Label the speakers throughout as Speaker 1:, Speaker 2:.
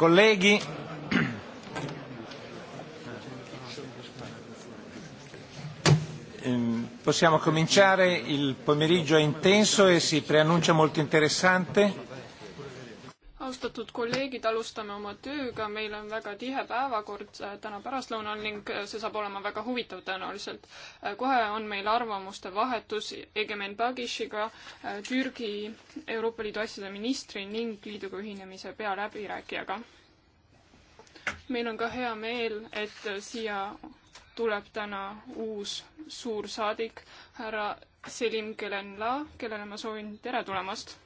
Speaker 1: Colleghi, ehm, possiamo cominciare, il pomeriggio è intenso e si preannuncia molto interessante
Speaker 2: austatud kolleegid, alustame oma tööga, meil on väga tihe päevakord äh, täna pärastlõunal ning äh, see saab olema väga huvitav tõenäoliselt. Äh, kohe on meil arvamuste vahetus Egemen Bagishiga, Türgi Euroopa Liidu asjade ministri ning liiduga ühinemise pealäbirääkijaga. meil on ka hea meel, et siia tuleb täna uus suursaadik, härra Selim Kelenla, kellele ma soovin tere tulemast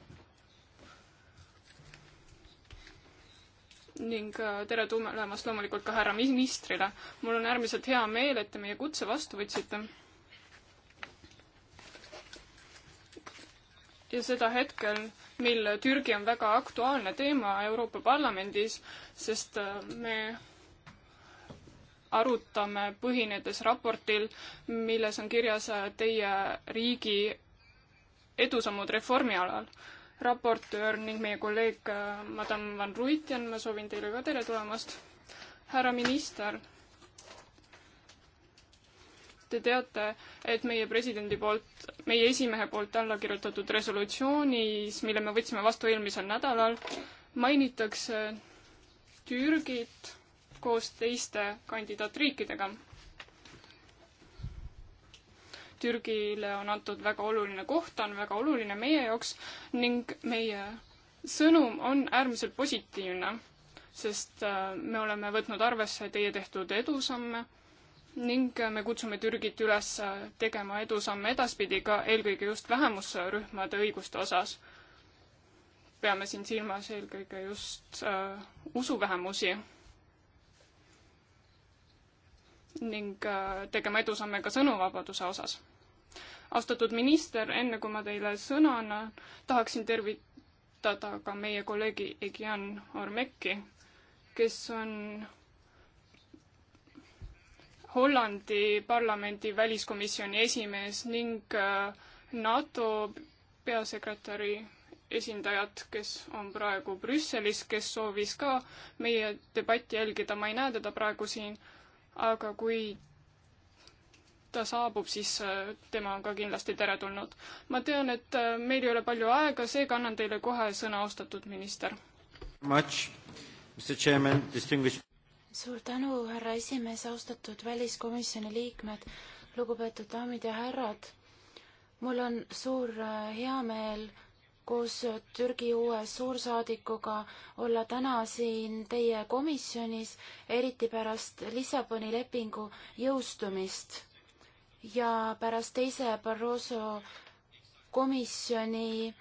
Speaker 2: ning äh, tere tulemast loomulikult ka härra ministrile. mul on äärmiselt hea meel, et te meie kutse vastu võtsite. ja seda hetkel, mil Türgi on väga aktuaalne teema Euroopa Parlamendis, sest äh, me arutame põhinedes raportil, milles on kirjas äh, teie riigi edusammud reformi alal raportöör ning meie kolleeg äh, Madame Van Ruiten, ma soovin teile ka tere tulemast. härra minister, te teate, et meie presidendi poolt, meie esimehe poolt alla kirjutatud resolutsioonis, mille me võtsime vastu eelmisel nädalal, mainitakse Türgit koos teiste kandidaatriikidega Türgile on antud väga oluline koht, ta on väga oluline meie jaoks ning meie sõnum on äärmiselt positiivne, sest äh, me oleme võtnud arvesse teie tehtud edusamme ning me kutsume Türgit üles äh, tegema edusamme edaspidi ka eelkõige just vähemusrühmade õiguste osas. peame siin silmas eelkõige just äh, usuvähemusi ning äh, tegema edusamme ka sõnuvabaduse osas austatud minister, enne kui ma teile sõna annan, tahaksin tervitada ka meie kolleegi Egian Ormeki, kes on Hollandi parlamendi väliskomisjoni esimees ning äh, NATO peasekretäri esindajat, kes on praegu Brüsselis, kes soovis ka meie debatti jälgida, ma ei näe teda praegu siin, aga kui ta saabub, siis äh, tema on ka kindlasti teretulnud. ma tean, et äh, meil ei ole palju aega, seega annan teile kohe sõna, austatud minister. suur tänu, härra esimees,
Speaker 3: austatud väliskomisjoni liikmed, lugupeetud daamid ja härrad. mul on suur äh, heameel koos Türgi uue suursaadikuga olla täna siin teie komisjonis, eriti pärast Lissaboni lepingu jõustumist ja pärast teise Barroso komisjoni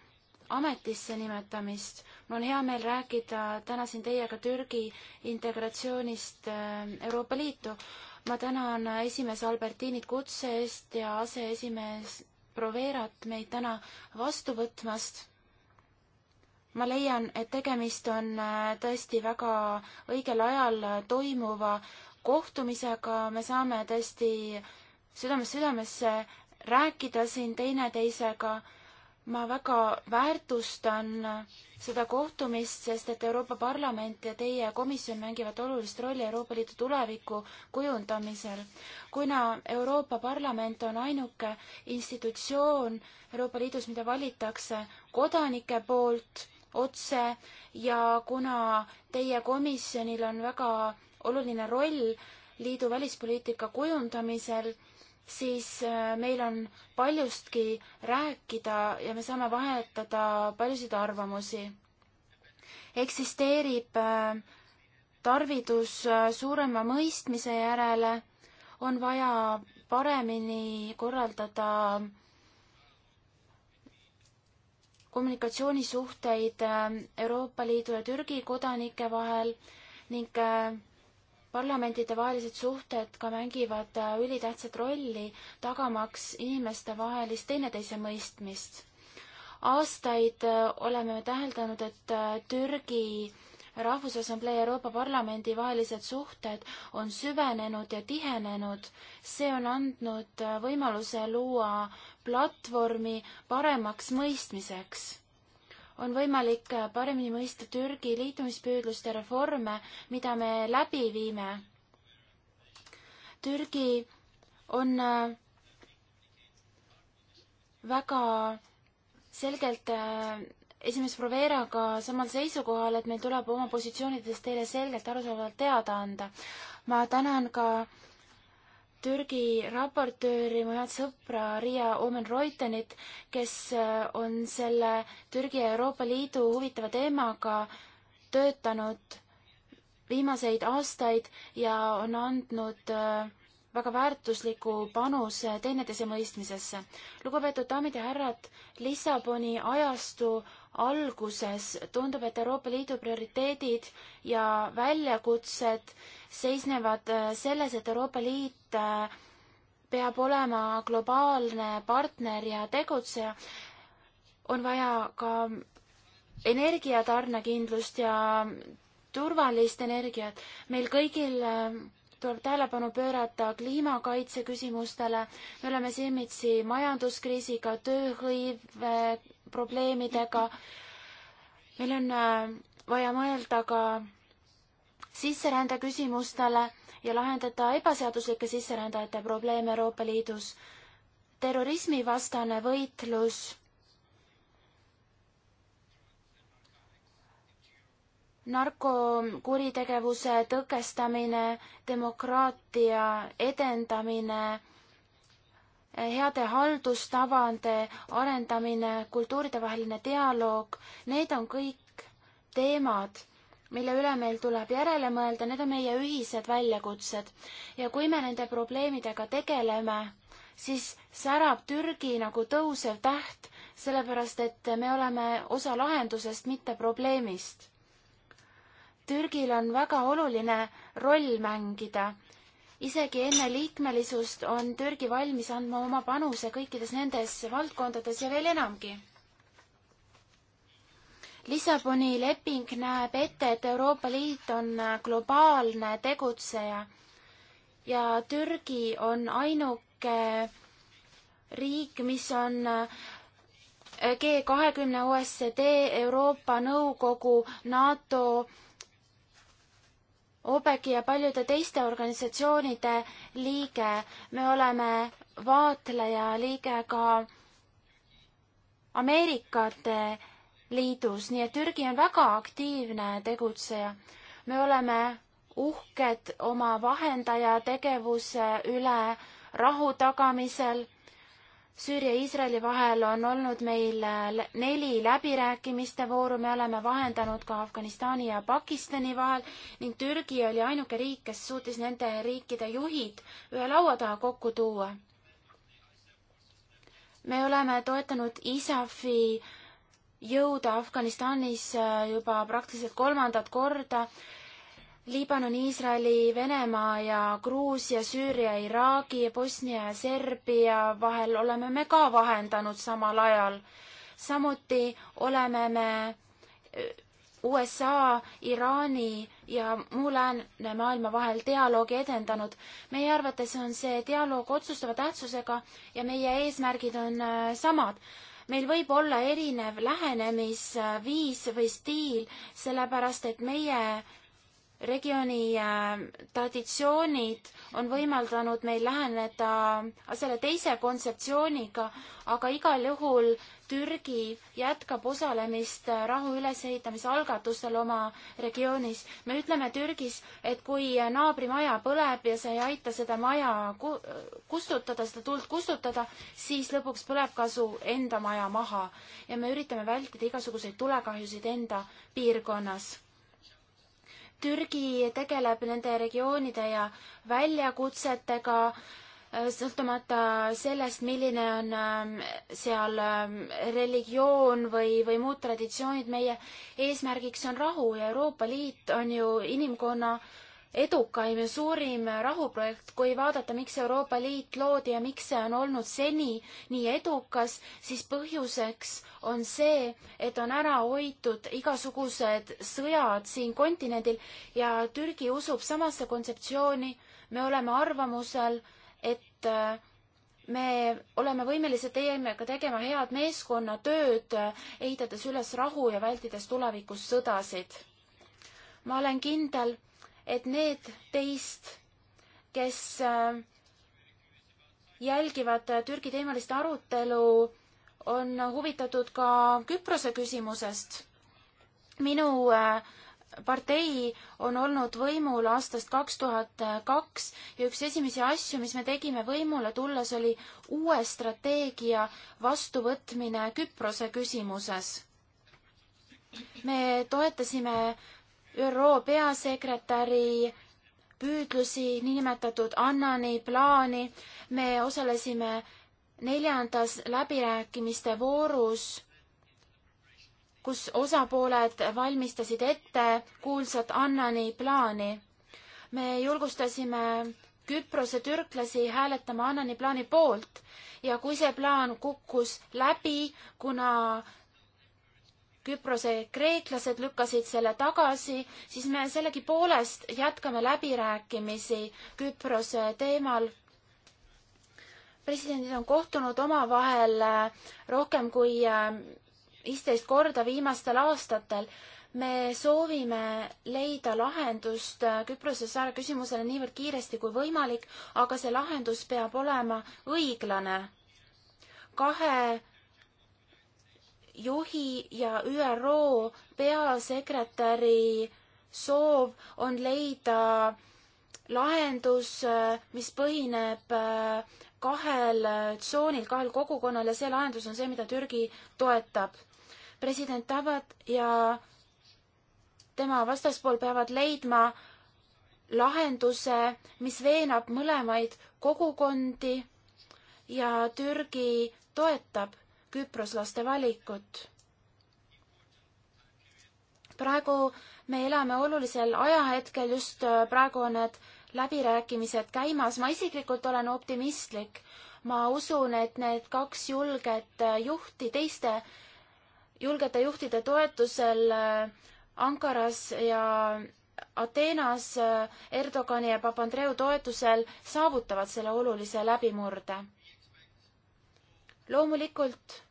Speaker 3: ametisse nimetamist. mul on hea meel rääkida täna siin teiega Türgi integratsioonist äh, Euroopa Liitu. ma tänan esimees Albertinit kutse eest ja aseesimees Proverat meid täna vastu võtmast ma leian, et tegemist on äh, tõesti väga õigel ajal toimuva kohtumisega, me saame tõesti südamest südamesse rääkida siin teineteisega. ma väga väärtustan seda kohtumist, sest et Euroopa Parlament ja teie komisjon mängivad olulist rolli Euroopa Liidu tuleviku kujundamisel. kuna Euroopa Parlament on ainuke institutsioon Euroopa Liidus, mida valitakse kodanike poolt otse ja kuna teie komisjonil on väga oluline roll liidu välispoliitika kujundamisel, siis äh, meil on paljustki rääkida ja me saame vahetada paljusid arvamusi. eksisteerib äh, tarvidus äh, suurema mõistmise järele, on vaja paremini korraldada kommunikatsioonisuhteid Euroopa Liidu ja Türgi kodanike vahel ning parlamentidevahelised suhted ka mängivad äh, ülitähtsat rolli, tagamaks inimestevahelist teineteise mõistmist. aastaid äh, oleme täheldanud, et äh, Türgi Rahvusassamblee Euroopa Parlamendi vahelised suhted on süvenenud ja tihenenud. see on andnud võimaluse luua platvormi paremaks mõistmiseks on võimalik paremini mõista Türgi liitumispüüdluste reforme, mida me läbi viime. Türgi on äh, väga selgelt äh, esimees Proveraga samal seisukohal, et meil tuleb oma positsioonidest teile selgelt arusaadavalt teada anda. ma tänan ka äh, Türgi raportööri, mu head sõpra Riia Omen-Reutenit, kes äh, on selle Türgi ja Euroopa Liidu huvitava teemaga töötanud viimaseid aastaid ja on andnud äh, väga väärtusliku panuse teineteise mõistmisesse. lugupeetud daamid ja härrad, Lissaboni ajastu alguses tundub, et Euroopa Liidu prioriteedid ja väljakutsed seisnevad äh, selles, et Euroopa Liit äh, peab olema globaalne partner ja tegutseja. on vaja ka energiatarnekindlust ja turvalist energiat. meil kõigil äh, tuleb tähelepanu pöörata kliimakaitse küsimustele. me oleme silmitsi majanduskriisiga, tööhõive probleemidega. meil on äh, vaja mõelda ka sisserände küsimustele ja lahendada ebaseaduslike sisserändajate probleeme Euroopa Liidus. terrorismivastane võitlus, narkokuritegevuse tõkestamine, demokraatia edendamine heade haldustavade arendamine, kultuuridevaheline dialoog, need on kõik teemad, mille üle meil tuleb järele mõelda, need on meie ühised väljakutsed. ja kui me nende probleemidega tegeleme, siis särab Türgi nagu tõusev täht, sellepärast et me oleme osa lahendusest, mitte probleemist. Türgil on väga oluline roll mängida isegi enne liikmelisust on Türgi valmis andma oma panuse kõikides nendes valdkondades ja veel enamgi. Lissaboni leping näeb ette, et Euroopa Liit on globaalne tegutseja ja Türgi on ainuke riik, mis on G kahekümne OSCD, Euroopa Nõukogu, NATO OBEC-i ja paljude teiste organisatsioonide liige, me oleme vaatleja liige ka Ameerikate Liidus, nii et Türgi on väga aktiivne tegutseja. me oleme uhked oma vahendaja tegevuse üle rahu tagamisel Süüria ja Iisraeli vahel on olnud meil äh, neli läbirääkimiste vooru, me oleme vahendanud ka Afganistani ja Pakistani vahel ning Türgi oli ainuke riik, kes suutis nende riikide juhid ühe laua taha kokku tuua. me oleme toetanud ISAF-i jõuda Afganistanis äh, juba praktiliselt kolmandat korda Liibanon, Iisraeli, Venemaa ja Gruusia, Süüria, Iraagi, Bosnia ja Serbia vahel oleme me ka vahendanud samal ajal. samuti oleme me eh, USA, Iraani ja muu lääne maailma vahel dialoogi edendanud. meie arvates on see dialoog otsustava tähtsusega ja meie eesmärgid on eh, samad. meil võib olla erinev lähenemisviis või stiil, sellepärast et meie regiooni äh, traditsioonid on võimaldanud meil läheneda asjale teise kontseptsiooniga, aga igal juhul Türgi jätkab osalemist äh, rahu ülesehitamise algatusel oma regioonis. me ütleme Türgis, et kui naabrimaja põleb ja see ei aita seda maja kustutada, seda tuld kustutada, siis lõpuks põleb ka su enda maja maha ja me üritame vältida igasuguseid tulekahjusid enda piirkonnas Türgi tegeleb nende regioonide ja väljakutsetega, äh, sõltumata sellest, milline on ähm, seal ähm, religioon või, või muud traditsioonid, meie eesmärgiks on rahu ja Euroopa Liit on ju inimkonna edukaim ja suurim rahuprojekt, kui vaadata, miks Euroopa Liit loodi ja miks see on olnud seni nii edukas, siis põhjuseks on see, et on ära hoitud igasugused sõjad siin kontinendil ja Türgi usub samasse kontseptsiooni. me oleme arvamusel, et äh, me oleme võimelised teiega tegema head meeskonnatööd, ehitades üles rahu ja vältides tulevikus sõdasid. ma olen kindel et need teist, kes äh, jälgivad äh, Türgi teemalist arutelu, on huvitatud ka Küprose küsimusest. minu äh, partei on olnud võimul aastast kaks tuhat kaks ja üks esimesi asju, mis me tegime võimule tulles, oli uue strateegia vastuvõtmine Küprose küsimuses. me toetasime ÜRO peasekretäri püüdlusi, niinimetatud Annani plaani. me osalesime neljandas läbirääkimiste voorus, kus osapooled valmistasid ette kuulsat Annani plaani. me julgustasime Küprose türklasi hääletama Annani plaani poolt ja kui see plaan kukkus läbi, kuna Küprose kreeklased lükkasid selle tagasi, siis me sellegipoolest jätkame läbirääkimisi Küprose teemal. presidendid on kohtunud omavahel äh, rohkem kui äh, viisteist korda viimastel aastatel. me soovime leida lahendust äh, Küprose saare küsimusele niivõrd kiiresti kui võimalik, aga see lahendus peab olema õiglane. kahe juhi ja ÜRO peasekretäri soov on leida lahendus, mis põhineb äh, kahel äh, tsoonil, kahel kogukonnal ja see lahendus on see, mida Türgi toetab. president Tabat ja tema vastaspool peavad leidma lahenduse, mis veenab mõlemaid kogukondi ja Türgi toetab küproslaste valikut. praegu me elame olulisel ajahetkel, just äh, praegu on need läbirääkimised käimas, ma isiklikult olen optimistlik. ma usun, et need kaks julget äh, juhti teiste julgete juhtide toetusel äh, Ankaras ja Ateenas Erdogani ja Papandreou toetusel saavutavad selle olulise läbimurde loomulikult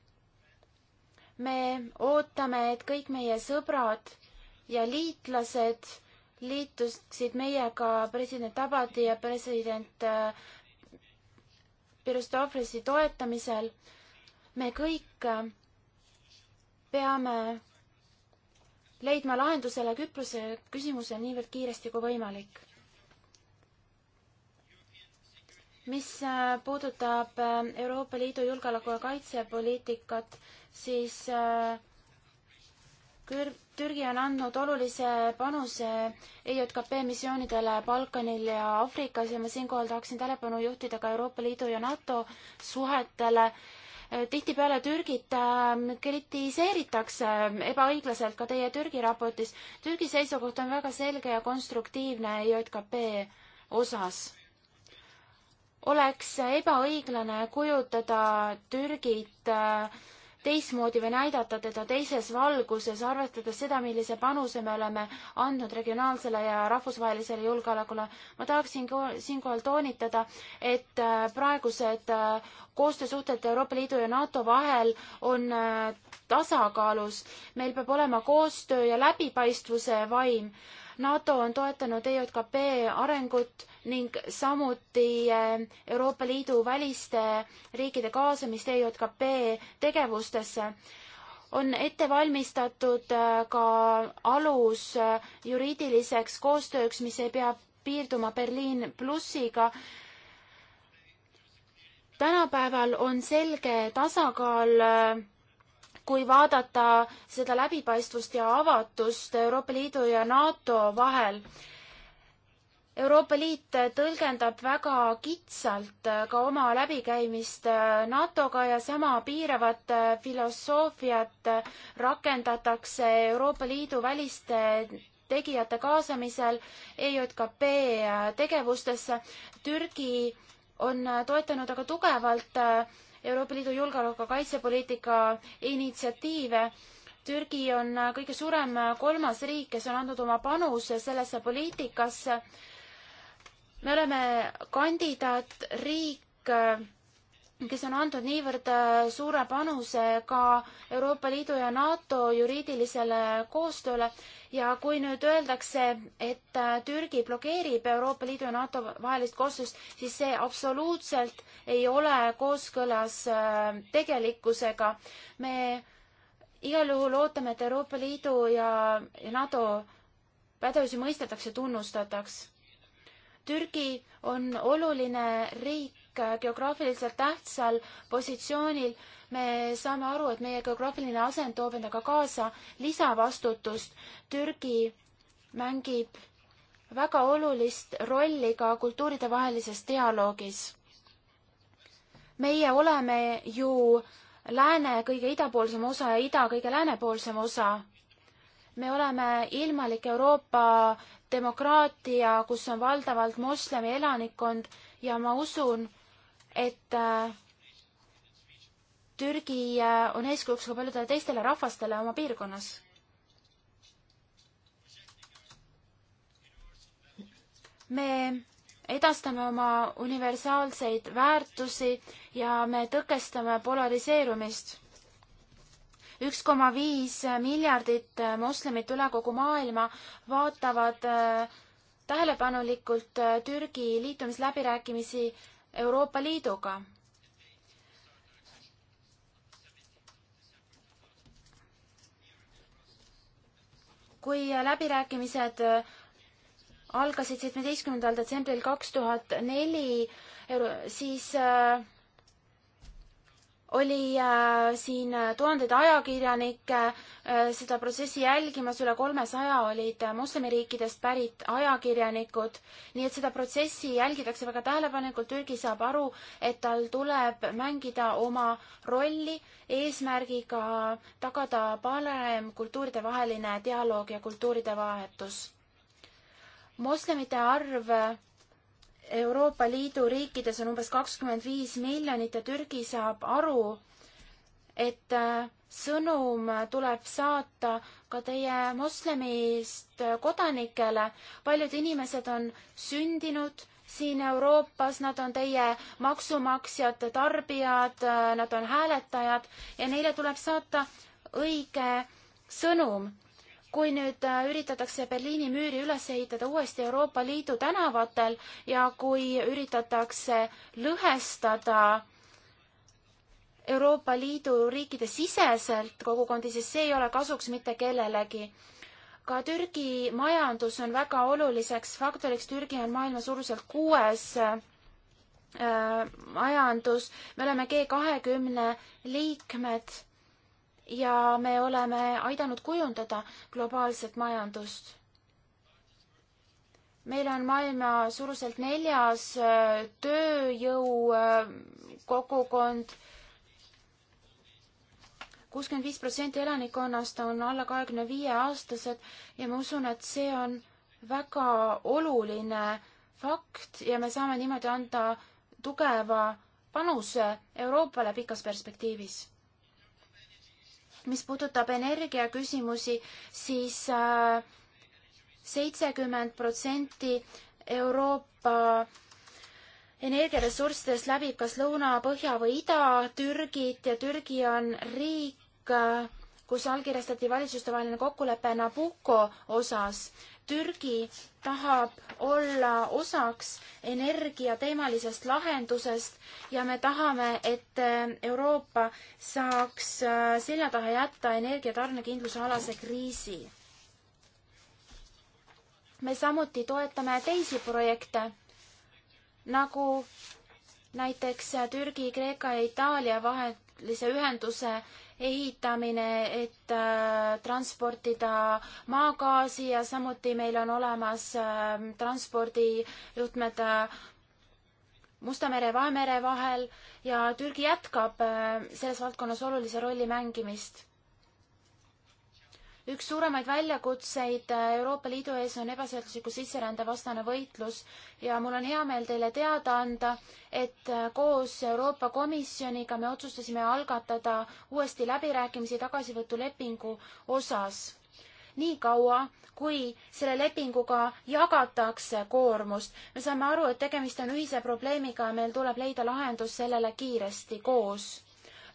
Speaker 3: me ootame, et kõik meie sõbrad ja liitlased liitusid meiega president Abadi ja president Birustovlesi äh, toetamisel. me kõik äh, peame leidma lahendusele Küprose küsimuse niivõrd kiiresti kui võimalik mis äh, puudutab äh, Euroopa Liidu julgeoleku- ja kaitsepoliitikat, siis äh, Kür-, Türgi on andnud olulise panuse EJKP missioonidele Balkanil ja Aafrikas ja ma siinkohal tahaksin tähelepanu juhtida ka Euroopa Liidu ja NATO suhetele. tihtipeale Türgit ähm, kritiseeritakse ebaõiglaselt ka teie Türgi raportis. Türgi seisukoht on väga selge ja konstruktiivne EJKP osas oleks ebaõiglane kujutada Türgit äh, teistmoodi või näidata teda teises valguses, arvestades seda, millise panuse me oleme andnud regionaalsele ja rahvusvahelisele julgeolekule. ma tahaksin siinkohal toonitada, et äh, praegused äh, koostöösuhted Euroopa Liidu ja NATO vahel on tasakaalus. meil peab olema koostöö ja läbipaistvuse vaim NATO on toetanud EJKP arengut ning samuti eh, Euroopa Liidu väliste riikide kaasamist EJKP tegevustesse. on ette valmistatud eh, ka alus eh, juriidiliseks koostööks, mis ei pea piirduma Berliin plussiga tänapäeval on selge tasakaal kui vaadata seda läbipaistvust ja avatust Euroopa Liidu ja NATO vahel. Euroopa Liit tõlgendab väga kitsalt ka oma läbikäimist NATO-ga ja sama piiravat filosoofiat rakendatakse Euroopa Liidu väliste tegijate kaasamisel EJKP tegevustesse. Türgi on toetanud aga tugevalt äh, Euroopa Liidu julgeoleku- ja kaitsepoliitika initsiatiive. Türgi on kõige suurem kolmas riik, kes on andnud oma panuse sellesse poliitikasse. me oleme kandidaatriik kes on andnud niivõrd äh, suure panuse ka Euroopa Liidu ja NATO juriidilisele koostööle ja kui nüüd öeldakse, et äh, Türgi blokeerib Euroopa Liidu ja NATO vahelist koostööst, siis see absoluutselt ei ole kooskõlas äh, tegelikkusega. me igal juhul ootame, et Euroopa Liidu ja, ja NATO pädevusi mõistetakse, tunnustataks. Türgi on oluline riik Äh, geograafiliselt tähtsal positsioonil, me saame aru, et meie geograafiline asend toob endaga kaasa lisavastutust. Türgi mängib väga olulist rolli ka kultuuridevahelises dialoogis. meie oleme ju lääne kõige idapoolsem osa ja ida kõige läänepoolsem osa. me oleme ilmalik Euroopa demokraatia, kus on valdavalt moslemi elanikkond ja ma usun, et äh, Türgi äh, on eeskujuks ka paljudele teistele rahvastele oma piirkonnas. me edastame oma universaalseid väärtusi ja me tõkestame polariseerumist. üks koma viis miljardit äh, moslemit üle kogu maailma vaatavad tähelepanulikult Türgi liitumisläbirääkimisi Euroopa Liiduga. kui läbirääkimised algasid seitsmeteistkümnendal detsembril kaks tuhat neli, siis äh, oli äh, siin äh, tuhandeid ajakirjanikke äh, seda protsessi jälgimas, üle kolmesaja olid moslemiriikidest pärit ajakirjanikud, nii et seda protsessi jälgitakse väga tähelepanelikult, Türgi saab aru, et tal tuleb mängida oma rolli eesmärgiga tagada parem kultuuridevaheline dialoog ja kultuuride vahetus. moslemite arv Euroopa Liidu riikides on umbes kakskümmend viis miljonit ja Türgi saab aru, et äh, sõnum tuleb saata ka teie moslemist äh, kodanikele. paljud inimesed on sündinud siin Euroopas, nad on teie maksumaksjad, tarbijad, äh, nad on hääletajad ja neile tuleb saata õige sõnum kui nüüd äh, üritatakse Berliini müüri üles ehitada uuesti Euroopa Liidu tänavatel ja kui üritatakse lõhestada Euroopa Liidu riikide siseselt kogukondi, siis see ei ole kasuks mitte kellelegi. ka Türgi majandus on väga oluliseks faktoriks, Türgi on maailma suuruselt kuues äh, majandus, me oleme G kahekümne liikmed ja me oleme aidanud kujundada globaalset majandust. meil on maailma suuruselt neljas äh, tööjõukogukond. Äh, kuuskümmend viis protsenti elanikkonnast on alla kahekümne viie aastased ja ma usun, et see on väga oluline fakt ja me saame niimoodi anda tugeva panuse Euroopale pikas perspektiivis mis puudutab energiaküsimusi, siis äh, seitsekümmend protsenti Euroopa energiaressurssidest läbib kas lõuna, põhja või ida Türgit ja Türgi on riik, äh, kus allkirjastati valitsustevaheline kokkulepe Nabucco osas. Türgi tahab olla osaks energiateemalisest lahendusest ja me tahame, et äh, Euroopa saaks äh, selja taha jätta energiatarnekindluse alase kriisi. me samuti toetame teisi projekte, nagu näiteks Türgi, Kreeka ja Itaalia vahelise ühenduse ehitamine, et äh, transportida maagaasi ja samuti meil on olemas äh, transpordijuhtmed äh, Musta mere ja Vahemere vahel ja Türgi jätkab selles valdkonnas olulise rolli mängimist üks suuremaid väljakutseid äh, Euroopa Liidu ees on ebaseadusliku sisserände vastane võitlus ja mul on hea meel teile teada anda, et äh, koos Euroopa Komisjoniga me otsustasime algatada uuesti läbirääkimisi tagasivõtulepingu osas. niikaua, kui selle lepinguga jagatakse koormust, me saame aru, et tegemist on ühise probleemiga ja meil tuleb leida lahendus sellele kiiresti koos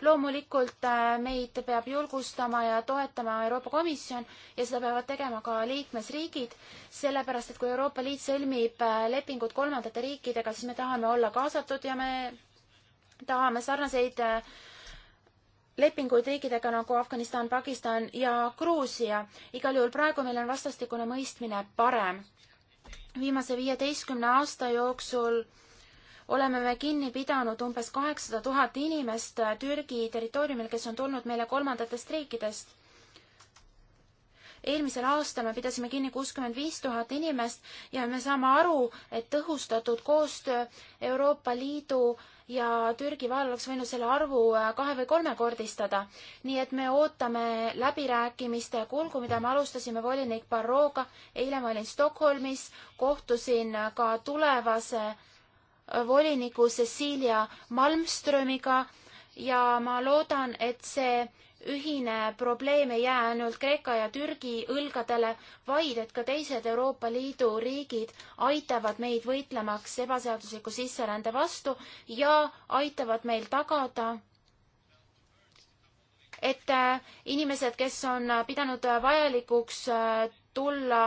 Speaker 3: loomulikult äh, meid peab julgustama ja toetama Euroopa Komisjon ja seda peavad tegema ka liikmesriigid, sellepärast et kui Euroopa Liit sõlmib äh, lepingud kolmandate riikidega, siis me tahame olla kaasatud ja me tahame sarnaseid äh, lepinguid riikidega nagu Afganistan, Pakistan ja Gruusia. igal juhul praegu meil on vastastikune mõistmine parem. viimase viieteistkümne aasta jooksul oleme me kinni pidanud umbes kaheksasada tuhat inimest Türgi territooriumil, kes on tulnud meile kolmandatest riikidest. eelmisel aastal me pidasime kinni kuuskümmend viis tuhat inimest ja me saame aru, et tõhustatud koostöö Euroopa Liidu ja Türgi vahel oleks võinud selle arvu äh, kahe või kolmekordistada. nii et me ootame läbirääkimiste kulgu, mida me alustasime volinik Barroga. eile ma olin Stockholmis, kohtusin ka tulevase voliniku Cecilia Malmströmiga ja ma loodan, et see ühine probleem ei jää ainult Kreeka ja Türgi õlgadele, vaid et ka teised Euroopa Liidu riigid aitavad meid võitlemaks ebaseadusliku sisserände vastu ja aitavad meil tagada, et äh, inimesed, kes on äh, pidanud äh, vajalikuks tulla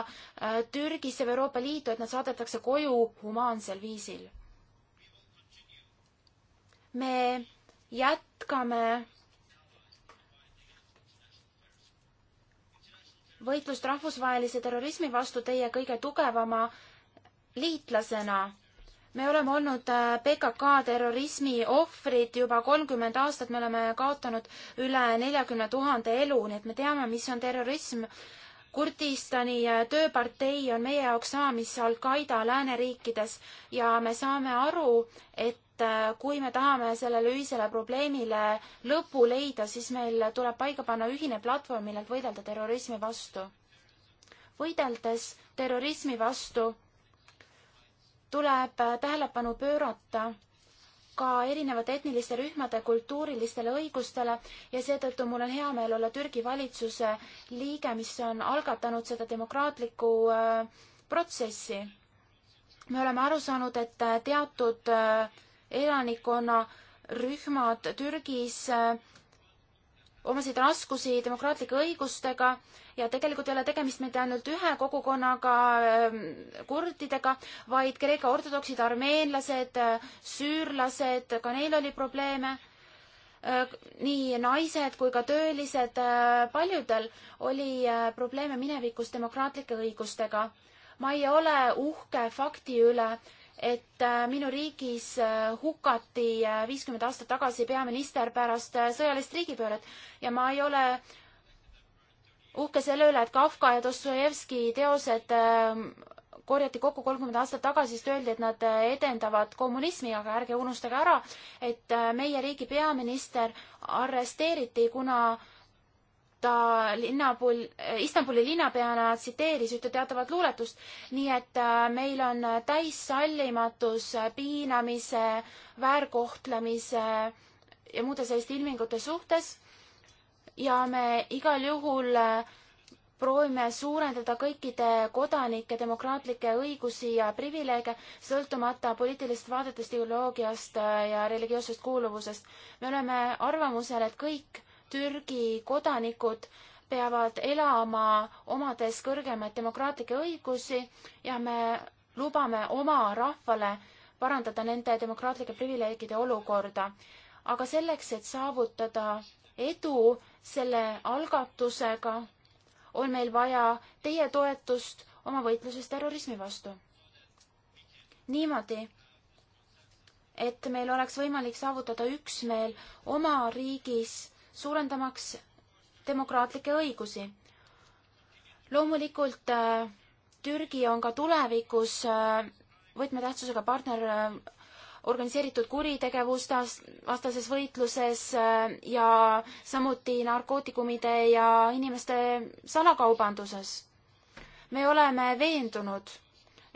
Speaker 3: Türgisse või Euroopa Liitu, et nad saadetakse koju humaansel viisil me jätkame võitlust rahvusvahelise terrorismi vastu teie kõige tugevama liitlasena. me oleme olnud äh, PKK terrorismi ohvrid juba kolmkümmend aastat, me oleme kaotanud üle neljakümne tuhande elu, nii et me teame, mis on terrorism. Kurdistani äh, tööpartei on meie jaoks sama, mis Al-Qaeda lääneriikides ja me saame aru, et et äh, kui me tahame sellele ühisele probleemile lõpu leida, siis meil tuleb paika panna ühine platvorm, millelt võidelda terrorismi vastu. võideldes terrorismi vastu tuleb äh, tähelepanu pöörata ka erinevate etniliste rühmade kultuurilistele õigustele ja seetõttu mul on hea meel olla Türgi valitsuse liige, mis on algatanud seda demokraatlikku äh, protsessi. me oleme aru saanud, et teatud elanikkonnarühmad Türgis äh, omasid raskusi demokraatlike õigustega ja tegelikult ei ole tegemist mitte ainult ühe kogukonnaga, ähm, kurdidega, vaid Kreeka ortodoksid, armeenlased, äh, süürlased, ka neil oli probleeme. Äh, nii naised kui ka töölised, paljudel oli probleeme minevikus demokraatlike õigustega. ma ei ole uhke fakti üle, et äh, minu riigis äh, hukati äh, viiskümmend aastat tagasi peaminister pärast sõjalist riigipööret ja ma ei ole uhke selle üle, et Kafka ja Dostojevski teosed ähm, korjati kokku kolmkümmend aastat tagasi, sest öeldi, et nad edendavad kommunismi, aga ärge unustage ära, et meie riigi peaminister arresteeriti, kuna ta linnapul-, Istanbuli linnapeana tsiteeris ühte teatavat luuletust, nii et äh, meil on täis sallimatus piinamise, väärkohtlemise ja muude selliste ilmingute suhtes ja me igal juhul äh, proovime suurendada kõikide kodanike demokraatlikke õigusi ja privileege, sõltumata poliitilist vaadetest, ideoloogiast äh, ja religioossest kuuluvusest. me oleme arvamusel, et kõik Türgi kodanikud peavad elama omades kõrgemaid demokraatlikke õigusi ja me lubame oma rahvale parandada nende demokraatlike privileegide olukorda. aga selleks, et saavutada edu selle algatusega, on meil vaja teie toetust oma võitluses terrorismi vastu. niimoodi, et meil oleks võimalik saavutada üksmeel oma riigis suurendamaks demokraatlikke õigusi. loomulikult äh, Türgi on ka tulevikus äh, võtmetähtsusega partner äh, organiseeritud kuritegevustas, vastases võitluses ja samuti narkootikumide ja inimeste salakaubanduses. me oleme veendunud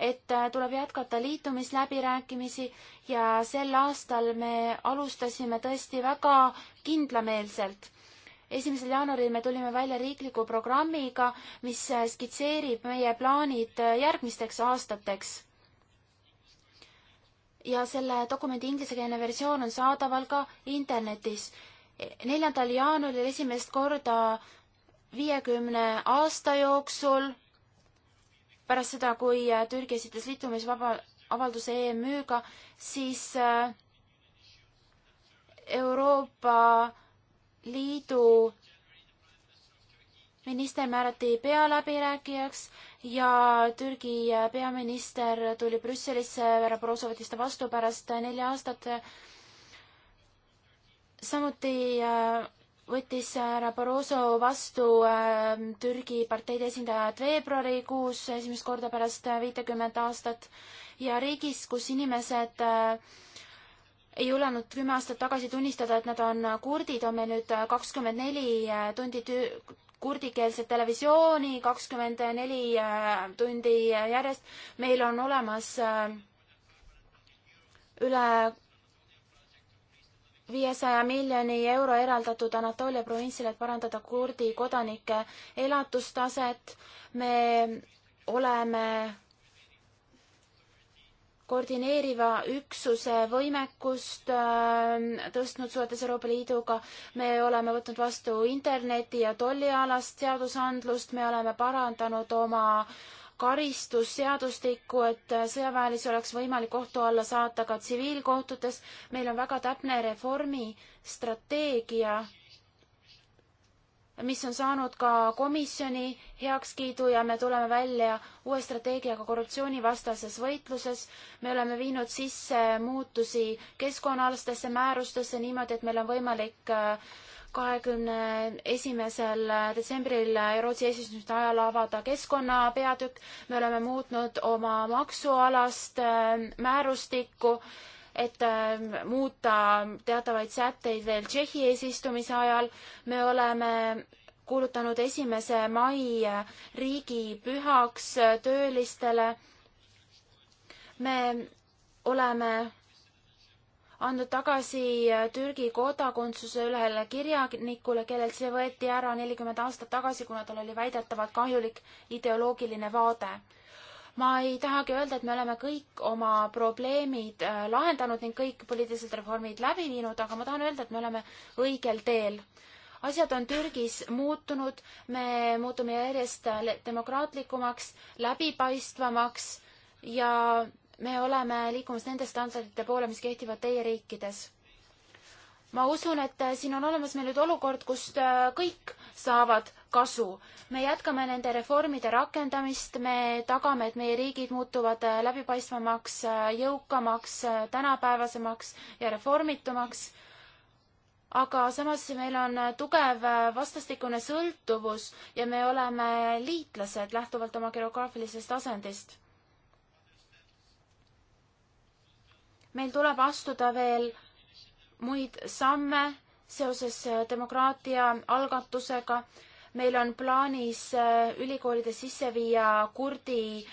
Speaker 3: et äh, tuleb jätkata liitumisläbirääkimisi ja sel aastal me alustasime tõesti väga kindlameelselt. esimesel jaanuaril me tulime välja riikliku programmiga, mis äh, skitseerib meie plaanid äh, järgmisteks aastateks. ja selle dokumendi inglisekeelne versioon on saadaval ka internetis. E, neljandal jaanuaril esimest korda viiekümne aasta jooksul pärast seda, kui äh, Türgi esitas liitumisvaba avalduse EMÜ-ga, siis äh, Euroopa Liidu minister määrati pealäbirääkijaks ja Türgi äh, peaminister tuli Brüsselisse, härra Borossov võttis ta vastu pärast nelja aastat. samuti võttis äh, härra Barroso vastu äh, Türgi parteide esindajad veebruarikuus esimest korda pärast äh, viitekümmet aastat ja riigis, kus inimesed äh, ei julgenud kümme aastat tagasi tunnistada, et nad on kurdid, on meil nüüd äh, kakskümmend neli tundi tü-, kurdikeelset televisiooni, kakskümmend neli tundi järjest. meil on olemas äh, üle viiesaja miljoni euro eraldatud Anatoolia provintsile, et parandada kurdi kodanike elatustaset. me oleme koordineeriva üksuse võimekust ähm, tõstnud suhetes Euroopa Liiduga, me oleme võtnud vastu interneti ja tollialast seadusandlust, me oleme parandanud oma äh, karistusseadustikku, et sõjaväelisi oleks võimalik kohtu alla saata ka tsiviilkohtutes. meil on väga täpne reformistrateegia, mis on saanud ka komisjoni heakskiidu ja me tuleme välja uue strateegiaga korruptsioonivastases võitluses. me oleme viinud sisse muutusi keskkonnaalastesse määrustesse niimoodi, et meil on võimalik äh, kahekümne esimesel detsembril Rootsi eesistumise ajal avada keskkonna peatükk, me oleme muutnud oma maksualast ähm, määrustikku, et ähm, muuta teatavaid sätteid veel Tšehhi eesistumise ajal, me oleme kuulutanud esimese mai äh, riigipühaks äh, töölistele. me oleme andnud tagasi äh, Türgi kodakondsuse ühele kirjanikule, kellelt see võeti ära nelikümmend aastat tagasi, kuna tal oli väidetavalt kahjulik ideoloogiline vaade. ma ei tahagi öelda, et me oleme kõik oma probleemid äh, lahendanud ning kõik poliitilised reformid läbi viinud, aga ma tahan öelda, et me oleme õigel teel asjad on Türgis muutunud, me muutume järjest demokraatlikumaks, läbipaistvamaks ja me oleme liikumas nende standardite poole, mis kehtivad teie riikides. ma usun, et äh, siin on olemas meil nüüd olukord, kust äh, kõik saavad kasu. me jätkame nende reformide rakendamist, me tagame, et meie riigid muutuvad äh, läbipaistvamaks, jõukamaks, tänapäevasemaks ja reformitumaks. aga samas meil on tugev vastastikune sõltuvus ja me oleme liitlased lähtuvalt oma geograafilisest asendist meil tuleb astuda veel muid samme seoses äh, demokraatia algatusega. meil on plaanis äh, ülikoolides sisse viia kurdi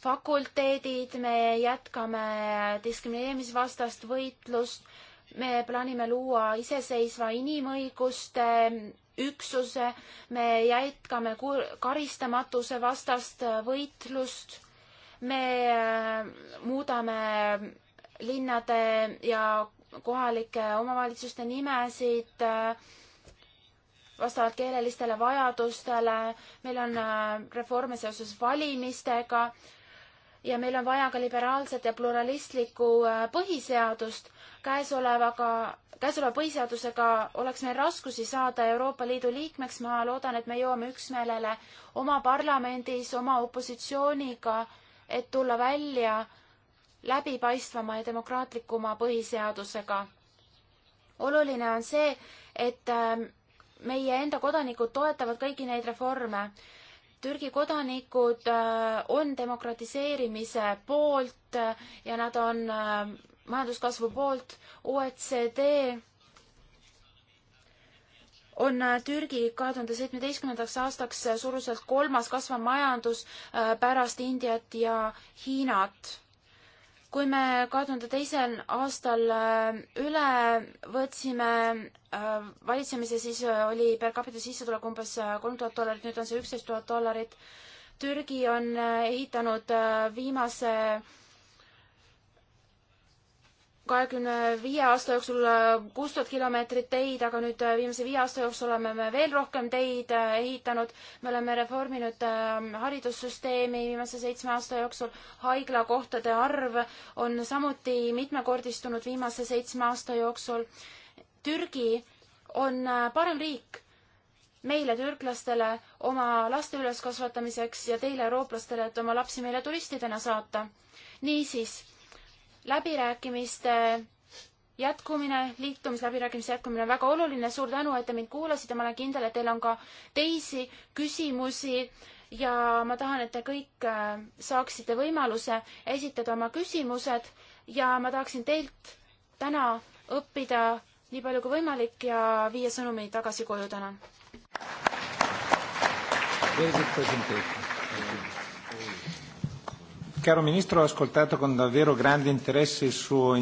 Speaker 3: fakulteedid, me jätkame diskrimineerimisvastast võitlust, me plaanime luua iseseisva inimõiguste üksuse, me jätkame karistamatuse vastast äh, võitlust, me muudame linnade ja kohalike omavalitsuste nimesid vastavalt keelelistele vajadustele, meil on äh, reforme seoses valimistega ja meil on vaja ka liberaalset ja pluralistlikku äh, põhiseadust. käesolevaga, käesoleva põhiseadusega oleks meil raskusi saada Euroopa Liidu liikmeks, ma loodan, et me jõuame üksmeelele oma parlamendis, oma opositsiooniga, et tulla välja äh, läbipaistvama ja demokraatlikuma põhiseadusega. oluline on see, et ähm, meie enda kodanikud toetavad kõiki neid reforme. Türgi kodanikud äh, on demokratiseerimise poolt äh, ja nad on ähm, majanduskasvu poolt. OECD on äh, Türgi kahe tuhande seitsmeteistkümnendaks aastaks suruselt kolmas kasvav majandus pärast Indiat ja Hiinat kui me kahe tuhande teisel aastal äh, üle võtsime äh, valitsemise, siis äh, oli per capita sissetulek umbes kolm tuhat dollarit, nüüd on see üksteist tuhat dollarit. Türgi on ehitanud viimase kahekümne viie aasta jooksul äh, kuus tuhat kilomeetrit teid, aga nüüd äh, viimase viie aasta jooksul oleme me veel rohkem teid äh, ehitanud. me oleme reforminud ähm, haridussüsteemi viimase seitsme aasta jooksul. haiglakohtade arv on samuti mitmekordistunud viimase seitsme aasta jooksul. Türgi on parem riik meile, türklastele, oma laste üleskasvatamiseks ja teile, eurooplastele, et oma lapsi meile turistidena saata. niisiis läbirääkimiste jätkumine, liitumisläbirääkimiste jätkumine on väga oluline, suur tänu, et te mind kuulasite, ma olen kindel, et teil on ka teisi küsimusi ja ma tahan, et te kõik äh, saaksite võimaluse esitada oma küsimused ja ma tahaksin teilt täna õppida nii palju kui võimalik ja viia sõnumi tagasi koju täna.
Speaker 1: Very good presentation. Caro ministro, ho ascoltato con davvero grande interesse il suo...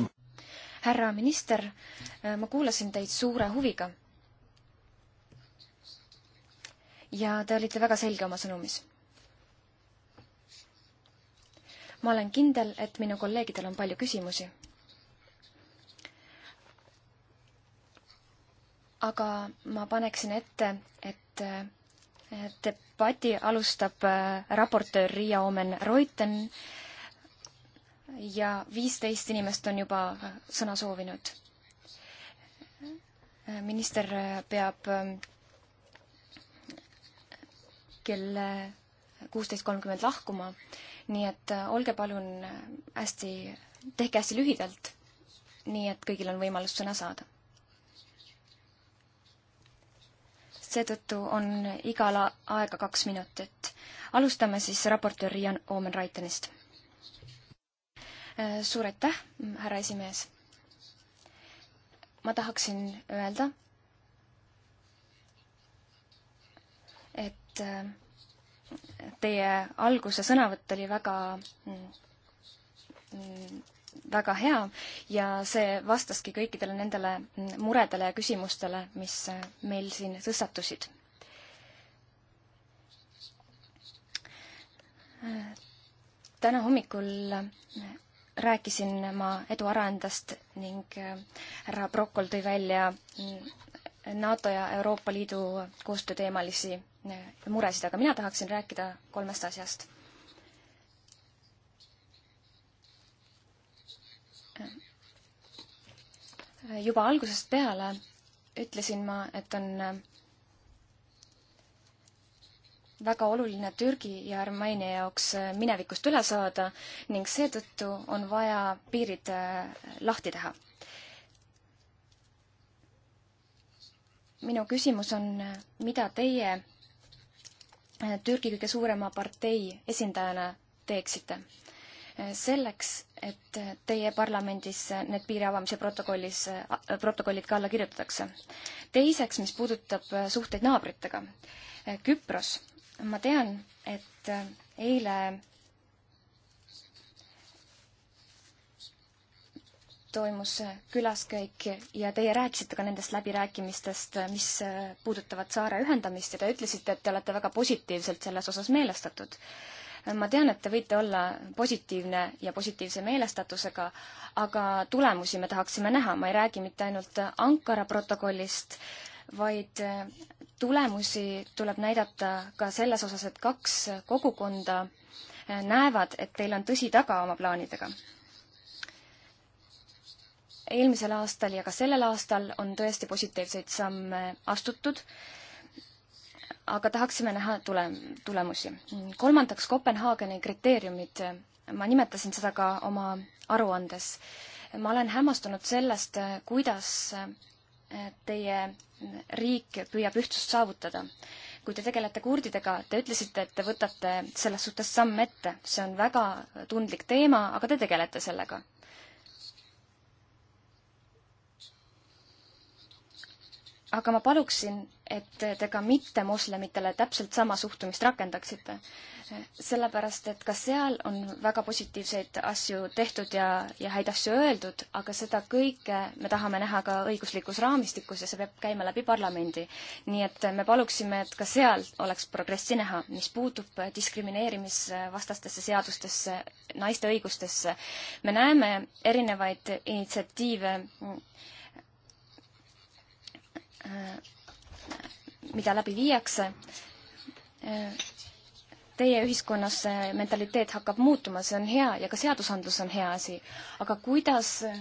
Speaker 4: härra minister, äh, ma kuulasin teid suure huviga. ja te olite väga selge oma sõnumis. ma olen kindel, et minu kolleegidel on palju küsimusi. aga ma paneksin ette, et äh, debati alustab äh, raportöör Riia Omen-Reuten ja viisteist inimest on juba sõna soovinud. Äh, minister peab ähm, kell kuusteist kolmkümmend lahkuma, nii et äh, olge palun hästi, tehke hästi lühidalt, nii et kõigil on võimalus sõna saada. seetõttu on igal aega kaks minutit. alustame siis raportöör Jan Oomen-Raitenist. Äh, suur aitäh, härra esimees. ma tahaksin öelda, et äh, teie alguse sõnavõtt oli väga mm, mm, väga hea ja see vastaski kõikidele nendele muredele ja küsimustele, mis äh, meil siin tõstatusid. Äh, täna hommikul rääkisin ma edu arendast ning äh, härra Brokkol tõi välja NATO ja Euroopa Liidu koostööteemalisi muresid, aga mina tahaksin rääkida kolmest asjast juba algusest peale ütlesin ma, et on äh, väga oluline Türgi ja Armeenia jaoks äh, minevikust üle saada ning seetõttu on vaja piirid äh, lahti teha. minu küsimus on, mida teie Türgi kõige suurema partei esindajana teeksite? selleks, et teie parlamendis need piiri avamise protokollis, protokollid ka alla kirjutatakse. teiseks, mis puudutab suhteid naabritega. Küpros, ma tean, et eile toimus külaskäik ja teie rääkisite ka nendest läbirääkimistest, mis puudutavad saare ühendamist ja te ütlesite, et te olete väga positiivselt selles osas meelestatud ma tean, et te võite olla positiivne ja positiivse meelestatusega, aga tulemusi me tahaksime näha, ma ei räägi mitte ainult Ankara protokollist, vaid eh, tulemusi tuleb näidata ka selles osas, et kaks kogukonda eh, näevad, et teil on tõsi taga oma plaanidega eelmisel aastal ja ka sellel aastal on tõesti positiivseid samme astutud aga tahaksime näha tule, tulemusi. kolmandaks, Kopenhaageni kriteeriumid. ma nimetasin seda ka oma aruandes. ma olen hämmastunud sellest, kuidas teie riik püüab ühtsust saavutada. kui te tegelete kurdidega, te ütlesite, et te võtate selles suhtes samm ette. see on väga tundlik teema, aga te tegelete sellega aga ma paluksin, et te ka mittemoslemitele täpselt sama suhtumist rakendaksite. sellepärast, et ka seal on väga positiivseid asju tehtud ja, ja häid asju öeldud, aga seda kõike me tahame näha ka õiguslikus raamistikus ja see peab käima läbi parlamendi. nii et me paluksime, et ka seal oleks progressi näha, mis puutub diskrimineerimisvastastesse seadustesse, naiste õigustesse. me näeme erinevaid initsiatiive Äh, mida läbi viiakse, äh, teie ühiskonnas see mentaliteet hakkab muutuma, see on hea ja ka seadusandlus on hea asi. aga kuidas äh,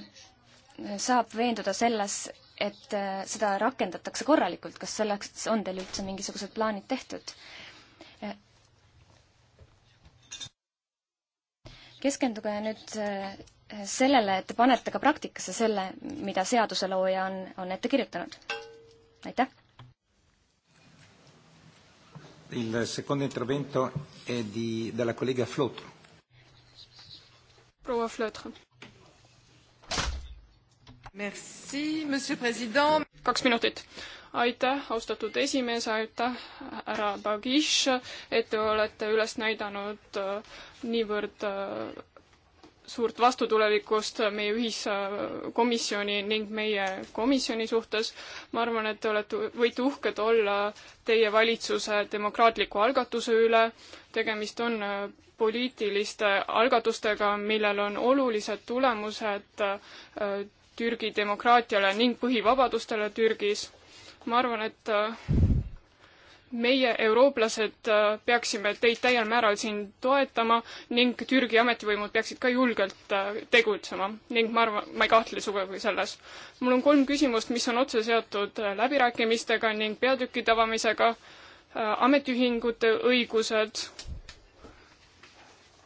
Speaker 4: saab veenduda selles, et seda rakendatakse korralikult, kas selleks on teil üldse mingisugused plaanid tehtud? keskenduge nüüd sellele, et te panete ka praktikasse selle, mida seaduselooja on, on ette kirjutanud aitäh!
Speaker 1: Il secondo intervento è di, della collega Flotro.
Speaker 2: Proua Flotro. Merci, monsieur president. kaks minutit. aitäh, austatud esimees, aitäh, härra Bagish, et te olete üles näidanud äh, niivõrd äh, suurt vastutulevikust meie ühiskomisjoni ning meie komisjoni suhtes. ma arvan, et te olete, võite uhked olla teie valitsuse demokraatliku algatuse üle. tegemist on äh, poliitiliste algatustega, millel on olulised tulemused äh, Türgi demokraatiale ning põhivabadustele Türgis. ma arvan, et äh, meie, eurooplased, äh, peaksime teid täiel määral siin toetama ning Türgi ametivõimud peaksid ka julgelt äh, tegutsema ning ma arvan, ma ei kahtle sugugi selles. mul on kolm küsimust, mis on otse seotud äh, läbirääkimistega ning peatükkide avamisega, ametiühingute õigused,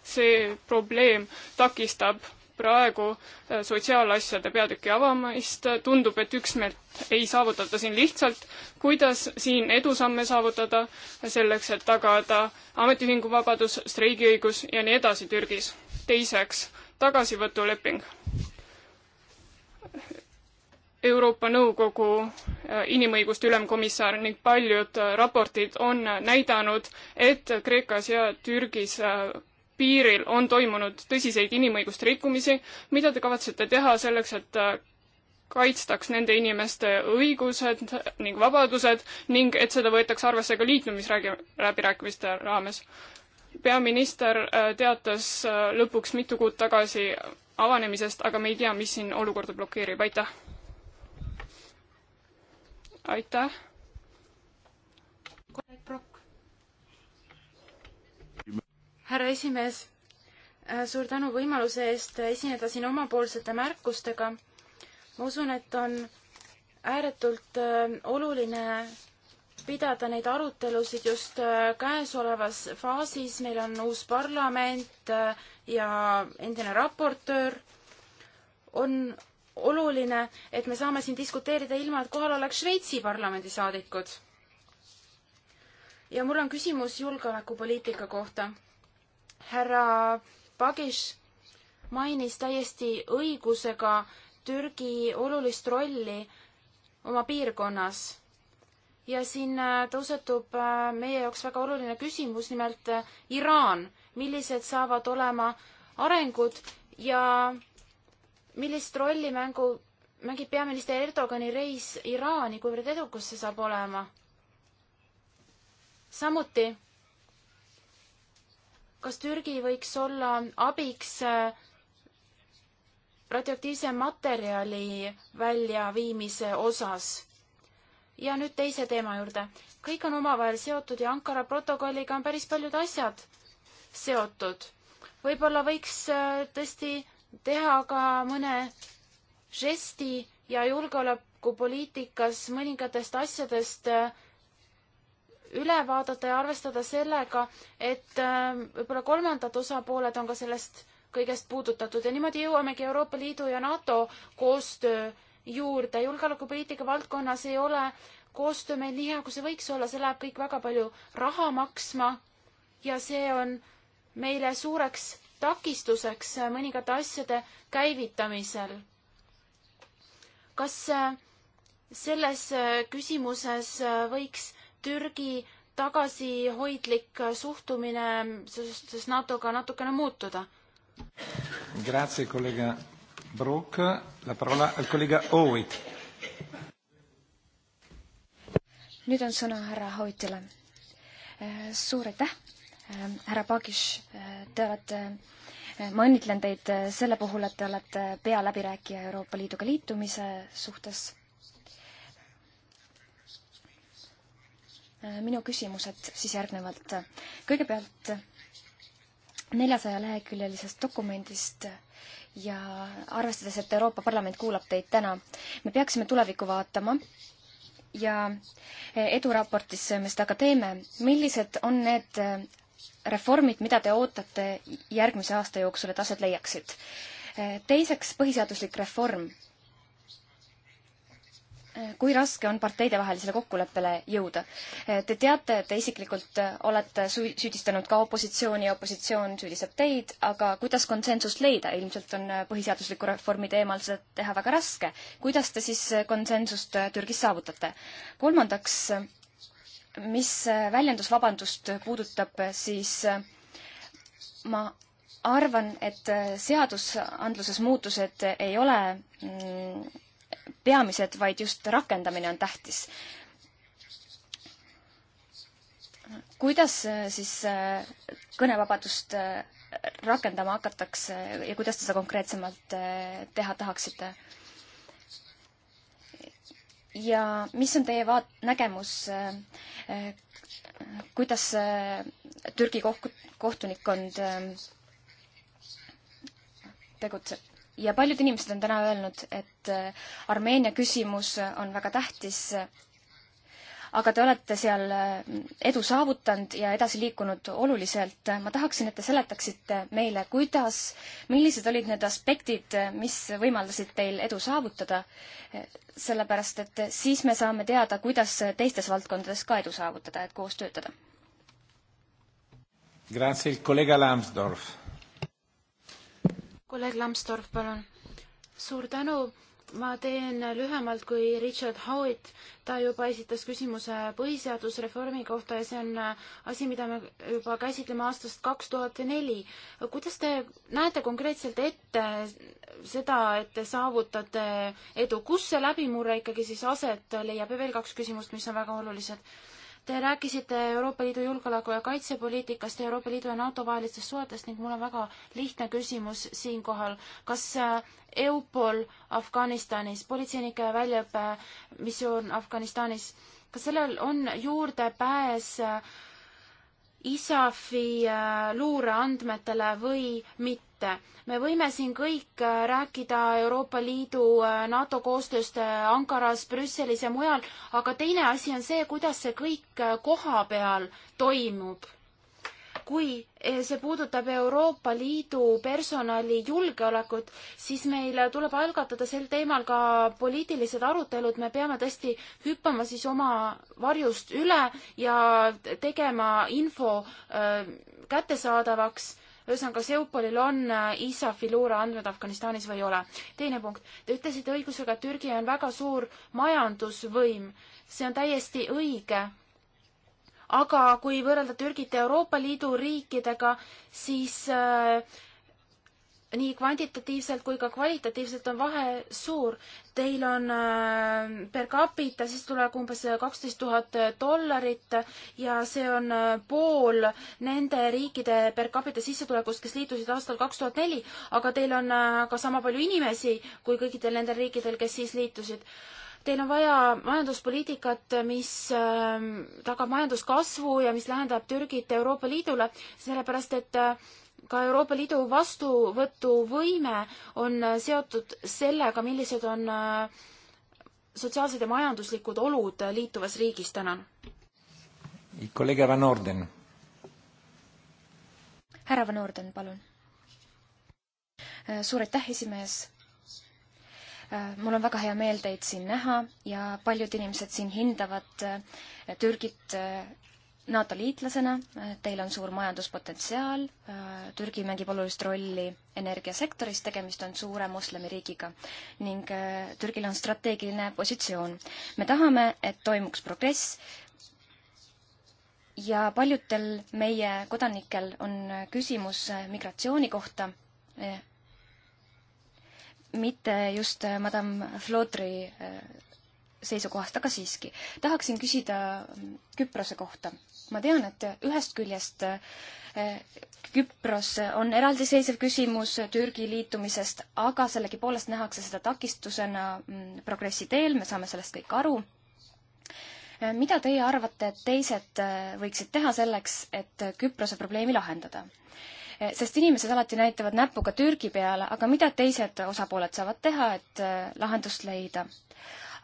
Speaker 2: see probleem takistab praegu äh, sotsiaalasjade peatüki avamist, tundub, et üksmeelt ei saavutata siin lihtsalt. kuidas siin edusamme saavutada selleks, et tagada ametiühingu vabadus, streigiõigus ja nii edasi Türgis? teiseks, tagasivõtuleping. Euroopa Nõukogu äh, inimõiguste ülemkomissar ning paljud äh, raportid on näidanud, et Kreekas ja Türgis piiril on toimunud tõsiseid inimõiguste rikkumisi, mida te kavatsete teha selleks, et äh, kaitstaks nende inimeste õigused ning vabadused ning et seda võetakse arvesse ka liitumisräägi-, läbirääkimiste raames. peaminister äh, teatas äh, lõpuks mitu kuud tagasi avanemisest, aga me ei tea, mis siin olukorda blokeerib, aitäh! aitäh! kolleeg Prokk härra esimees,
Speaker 3: äh, suur tänu võimaluse eest esineda siin omapoolsete märkustega. ma usun, et on ääretult äh, oluline pidada neid arutelusid just äh, käesolevas faasis, meil on uus parlament ja endine raportöör. on oluline, et me saame siin diskuteerida ilma, et kohal oleks Šveitsi parlamendisaadikud. ja mul on küsimus julgeolekupoliitika kohta härra Pagis mainis täiesti õigusega Türgi olulist rolli oma piirkonnas. ja siin äh, tõusetub äh, meie jaoks väga oluline küsimus, nimelt äh, Iraan, millised saavad olema arengud ja millist rolli mängu, mängib peaminister Erdogani reis Iraani, kuivõrd edukas see saab olema? samuti kas Türgi võiks olla abiks äh, radioaktiivse materjali väljaviimise osas? ja nüüd teise teema juurde. kõik on omavahel seotud ja Ankara protokolliga on päris paljud asjad seotud. võib-olla võiks äh, tõesti teha ka mõne žesti ja julgeolekupoliitikas mõningatest asjadest äh, üle vaadata ja arvestada sellega, et ähm, võib-olla kolmandad osapooled on ka sellest kõigest puudutatud ja niimoodi jõuamegi Euroopa Liidu ja NATO koostöö juurde. julgeolekupoliitika valdkonnas ei ole koostöö meil nii hea, kui see võiks olla, see läheb kõik väga palju raha maksma ja see on meile suureks takistuseks mõningate asjade käivitamisel. kas äh, selles äh, küsimuses äh, võiks Türgi tagasihoidlik suhtumine seoses NATO-ga natukene muutuda?
Speaker 1: Grazie, kolleeg Brock. La parola al kolleeg Howitt.
Speaker 3: nüüd on sõna
Speaker 4: härra Howitile. Äh, suur aitäh, äh, härra Pagiš, äh, te olete ma õnnitlen teid selle puhul, et te olete pealäbirääkija Euroopa Liiduga liitumise suhtes Äh, minu küsimused siis järgnevalt. kõigepealt neljasaja leheküljelisest dokumendist ja arvestades, et Euroopa Parlament kuulab teid täna, me peaksime tulevikku vaatama ja äh, eduraportis me seda ka teeme. millised on need äh, reformid, mida te ootate järgmise aasta jooksul, et aset leiaksid? teiseks, põhiseaduslik reform kui raske on parteidevahelisele kokkuleppele jõuda? Te teate, te isiklikult olete süüdistanud ka opositsiooni ja opositsioon süüdistab teid, aga kuidas konsensust leida? ilmselt on põhiseadusliku reformi teemal seda teha väga raske. kuidas te siis konsensust Türgis saavutate? kolmandaks, mis väljendusvabandust puudutab, siis ma arvan, et seadusandluses muutused ei ole mm, peamised, vaid just rakendamine on tähtis. kuidas äh, siis äh, kõnevabadust äh, rakendama hakatakse ja kuidas te seda konkreetsemalt teha tahaksite? ja mis on teie vaat-, nägemus, kuidas Türgi kohtu-, kohtunikkond tegutseb? ja paljud inimesed on täna öelnud, et äh, Armeenia küsimus äh, on väga tähtis, aga te olete seal äh, edu saavutanud ja edasi liikunud oluliselt. ma tahaksin, et te seletaksite meile, kuidas, millised olid need aspektid, mis võimaldasid teil edu saavutada, sellepärast et siis me saame teada, kuidas teistes valdkondades ka edu
Speaker 3: saavutada, et koos töötada.
Speaker 1: Grazie, kolleeg Lambsdorff
Speaker 3: kolleeg Lambsdorff, palun. suur tänu, ma teen lühemalt kui Richard Howitt, ta juba esitas küsimuse põhiseadusreformi kohta ja see on äh, asi, mida me juba käsitleme aastast kaks tuhat neli. kuidas te näete konkreetselt ette seda, et te saavutate edu, kus see läbimurre ikkagi siis aset leiab ja veel kaks küsimust, mis on väga olulised Te rääkisite Euroopa Liidu julgeoleku- ja kaitsepoliitikast, Euroopa Liidu ja NATO vahelistest suhetest ning mul on väga lihtne küsimus siinkohal. kas äh, EUPOL Afganistanis, politseinike väljaõppe missioon Afganistanis, kas sellel on juurdepääs äh, ISAF-i äh, luureandmetele või mitte? ette. me võime siin kõik rääkida Euroopa Liidu, äh, NATO koostööst äh, Ankaras, Brüsselis ja mujal, aga teine asi on see, kuidas see kõik äh, koha peal toimub. kui see puudutab Euroopa Liidu personali julgeolekut, siis meil tuleb algatada sel teemal ka poliitilised arutelud, me peame tõesti hüppama siis oma varjust üle ja tegema info öö, kättesaadavaks ühesõnaga, kas EUPOL-il on äh, ISAF-i luureandmed Afganistanis või ei ole? teine punkt, te ütlesite õigusega, et Türgi on väga suur majandusvõim. see on täiesti õige aga kui võrrelda Türgit Euroopa Liidu riikidega, siis äh, nii kvantitatiivselt kui ka kvalitatiivselt on vahe suur. Teil on äh, per capita sissetulek umbes kaksteist tuhat dollarit ja see on äh, pool nende riikide per capita sissetulekust, kes liitusid aastal kaks tuhat neli, aga teil on äh, ka sama palju inimesi kui kõikidel nendel riikidel, kes siis liitusid teil on vaja majanduspoliitikat, mis tagab majanduskasvu ja mis lähendab Türgit Euroopa Liidule, sellepärast et ka Euroopa Liidu vastuvõtuvõime on äh, seotud sellega, millised on äh, sotsiaalsed ja majanduslikud olud äh, liituvas riigis, tänan.
Speaker 1: kolleeg Van Orden.
Speaker 3: härra Van Orden,
Speaker 4: palun. suur aitäh, esimees mul on väga hea meel teid siin näha ja paljud inimesed siin hindavad Türgit NATO liitlasena, äh, teil on suur majanduspotentsiaal, äh, Türgi mängib olulist rolli energiasektoris, tegemist on suure moslemiriigiga ning äh, Türgil on strateegiline positsioon. me tahame, et toimuks progress ja paljudel meie kodanikel on küsimus migratsiooni kohta, mitte just madam Flodri seisukohast, aga siiski. tahaksin küsida mm, Küprose kohta ma tean, et ühest küljest äh, Küpros on eraldiseisev küsimus Türgi liitumisest, aga sellegipoolest nähakse seda takistusena mm, progressi teel, me saame sellest kõik aru. Äh, mida teie arvate, et teised äh, võiksid teha selleks, et Küprose probleemi lahendada? sest inimesed alati näitavad näpuga Türgi peale, aga mida teised osapooled saavad teha, et lahendust leida?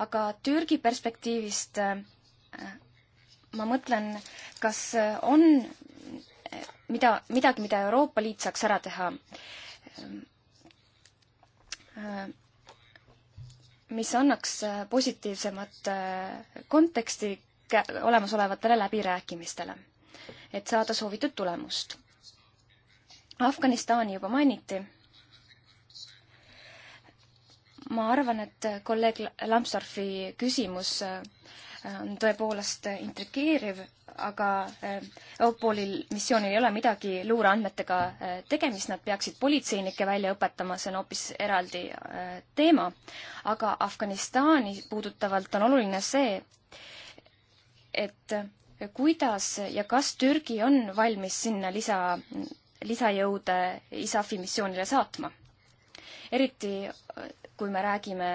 Speaker 4: aga Türgi perspektiivist ma mõtlen, kas on mida, midagi, mida Euroopa Liit saaks ära teha, mis annaks positiivsemat konteksti olemasolevatele läbirääkimistele, et saada soovitud tulemust. Afganistani juba mainiti. ma arvan, et kolleeg Lambsdorfi küsimus on tõepoolest intrigeeriv, aga eh, Europolil missioonil ei ole midagi luureandmetega eh, tegemist, nad peaksid politseinikke välja õpetama, see on hoopis eraldi eh, teema. aga Afganistani puudutavalt on oluline see, et kuidas ja kas Türgi on valmis sinna lisa, lisajõude ISAF-i missioonile saatma? eriti kui me räägime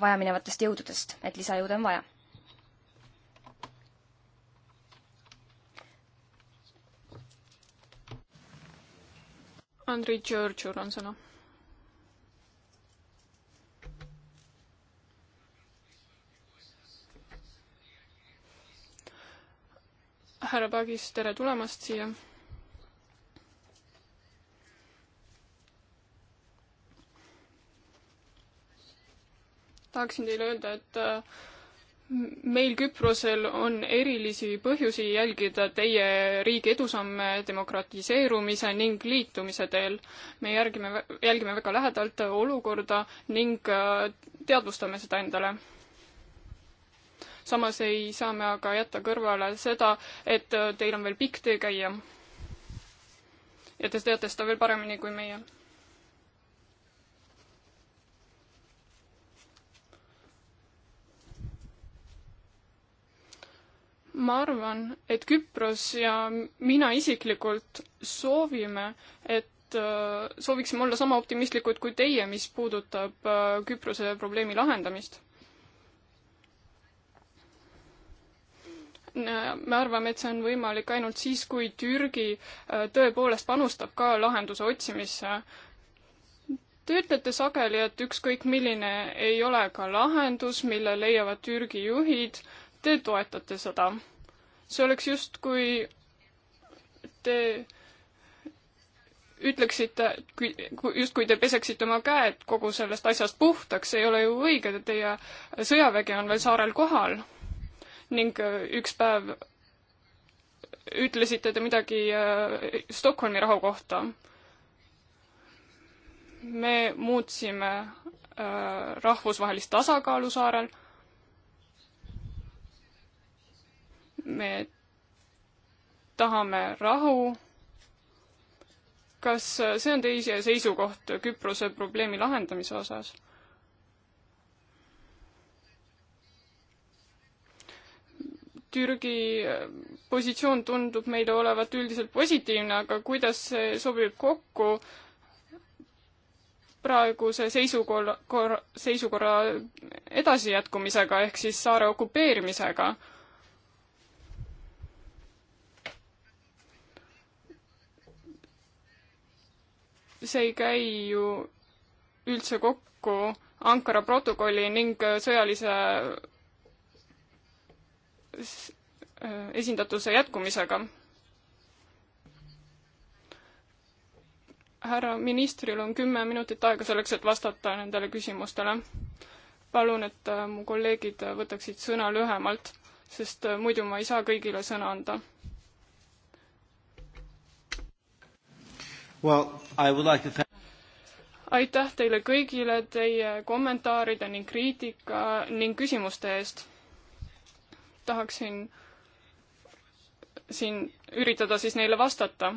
Speaker 4: vajaminevatest jõududest, et lisajõude on vaja.
Speaker 2: Andrei Tšõrtšur on sõna. härra Pagis, tere tulemast siia tahaksin teile öelda, et äh, meil Küprosel on erilisi põhjusi jälgida teie riigi edusamme demokratiseerumise ning liitumise teel. me järgime, jälgime väga lähedalt olukorda ning äh, teadvustame seda endale samas ei saa me aga jätta kõrvale seda, et äh, teil on veel pikk tee käia. ja te teate seda veel paremini kui meie ma arvan, et Küpros ja mina isiklikult soovime, et äh, sooviksime olla sama optimistlikud kui teie, mis puudutab äh, Küprose probleemi lahendamist. me arvame, et see on võimalik ainult siis, kui Türgi äh, tõepoolest panustab ka lahenduse otsimisse. Te ütlete sageli, et ükskõik milline ei ole ka lahendus, mille leiavad Türgi juhid äh, te toetate seda. see oleks justkui te ütleksite, kui, justkui te peseksite oma käed kogu sellest asjast puhtaks, ei ole ju õige, teie sõjavägi on veel saarel kohal. ning äh, üks päev ütlesite te midagi äh, Stockholmi rahu kohta. me muutsime äh, rahvusvahelist tasakaalu saarel me tahame rahu. kas see on teie seisukoht Küprose probleemi lahendamise osas? Türgi positsioon tundub meile olevat üldiselt positiivne, aga kuidas see sobib kokku praeguse seisukorra, seisukorra edasijätkumisega ehk siis saare okupeerimisega? see ei käi ju üldse kokku Ankara protokolli ning äh, sõjalise äh, esindatuse jätkumisega. härra ministril on kümme minutit aega selleks, et vastata nendele küsimustele. palun, et äh, mu kolleegid võtaksid sõna lühemalt, sest muidu ma ei saa kõigile sõna anda
Speaker 1: Well, like to...
Speaker 2: aitäh teile kõigile teie kommentaaride ning kriitika ning küsimuste eest. tahaksin siin üritada siis neile vastata.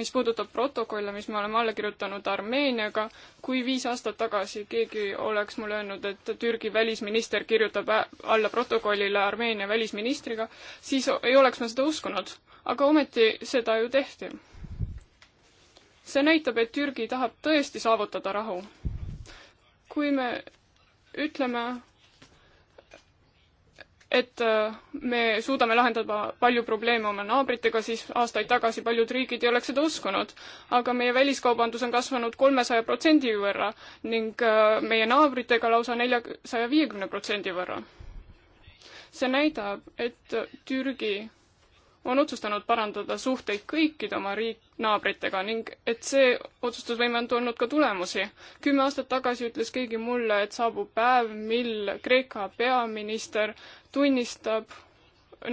Speaker 2: mis puudutab protokolle, mis me oleme alla kirjutanud Armeeniaga, kui viis aastat tagasi keegi oleks mulle öelnud, et Türgi välisminister kirjutab alla protokollile Armeenia välisministriga, siis ei oleks ma seda uskunud. aga ometi seda ju tehti see näitab, et Türgi tahab tõesti saavutada rahu. kui me ütleme, et äh, me suudame lahendada palju probleeme oma naabritega, siis aastaid tagasi paljud riigid ei oleks seda uskunud. aga meie väliskaubandus on kasvanud kolmesaja protsendi võrra ning äh, meie naabritega lausa neljasaja viiekümne protsendi võrra. see näitab, et Türgi on otsustanud parandada suhteid kõikide oma riik, naabritega ning et see otsustusvõime on toonud ka tulemusi. kümme aastat tagasi ütles keegi mulle, et saabub päev, mil Kreeka peaminister tunnistab,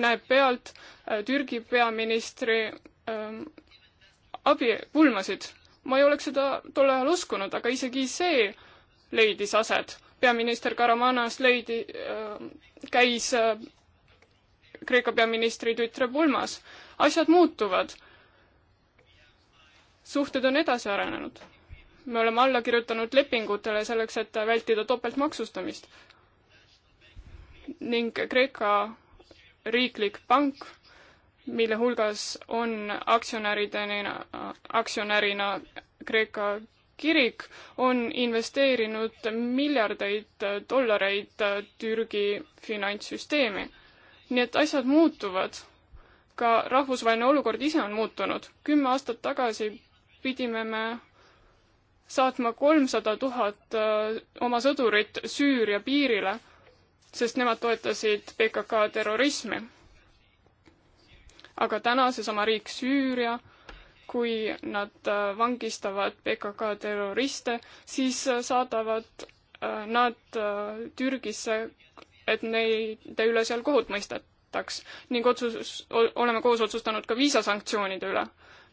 Speaker 2: näeb pealt äh, Türgi peaministri ähm, abi, pulmasid. ma ei oleks seda tol ajal uskunud, aga isegi see leidis aset. peaminister Karamanas leidi äh,, käis äh, Kreeka peaministri tütre pulmas. asjad muutuvad. suhted on edasi arenenud. me oleme alla kirjutanud lepingutele selleks, et vältida topeltmaksustamist. ning Kreeka riiklik pank, mille hulgas on aktsionäridena, aktsionärina Kreeka kirik on investeerinud miljardeid dollareid Türgi finantssüsteemi nii et asjad muutuvad. ka rahvusvaheline olukord ise on muutunud. kümme aastat tagasi pidime me saatma kolmsada tuhat äh, oma sõdurit Süüria piirile, sest nemad toetasid PKK terrorismi. aga täna seesama riik Süüria, kui nad äh, vangistavad PKK terroriste, siis äh, saadavad nad Türgisse et neid üle seal kohut mõistetaks ning otsus, oleme koos otsustanud ka viisasanktsioonide üle.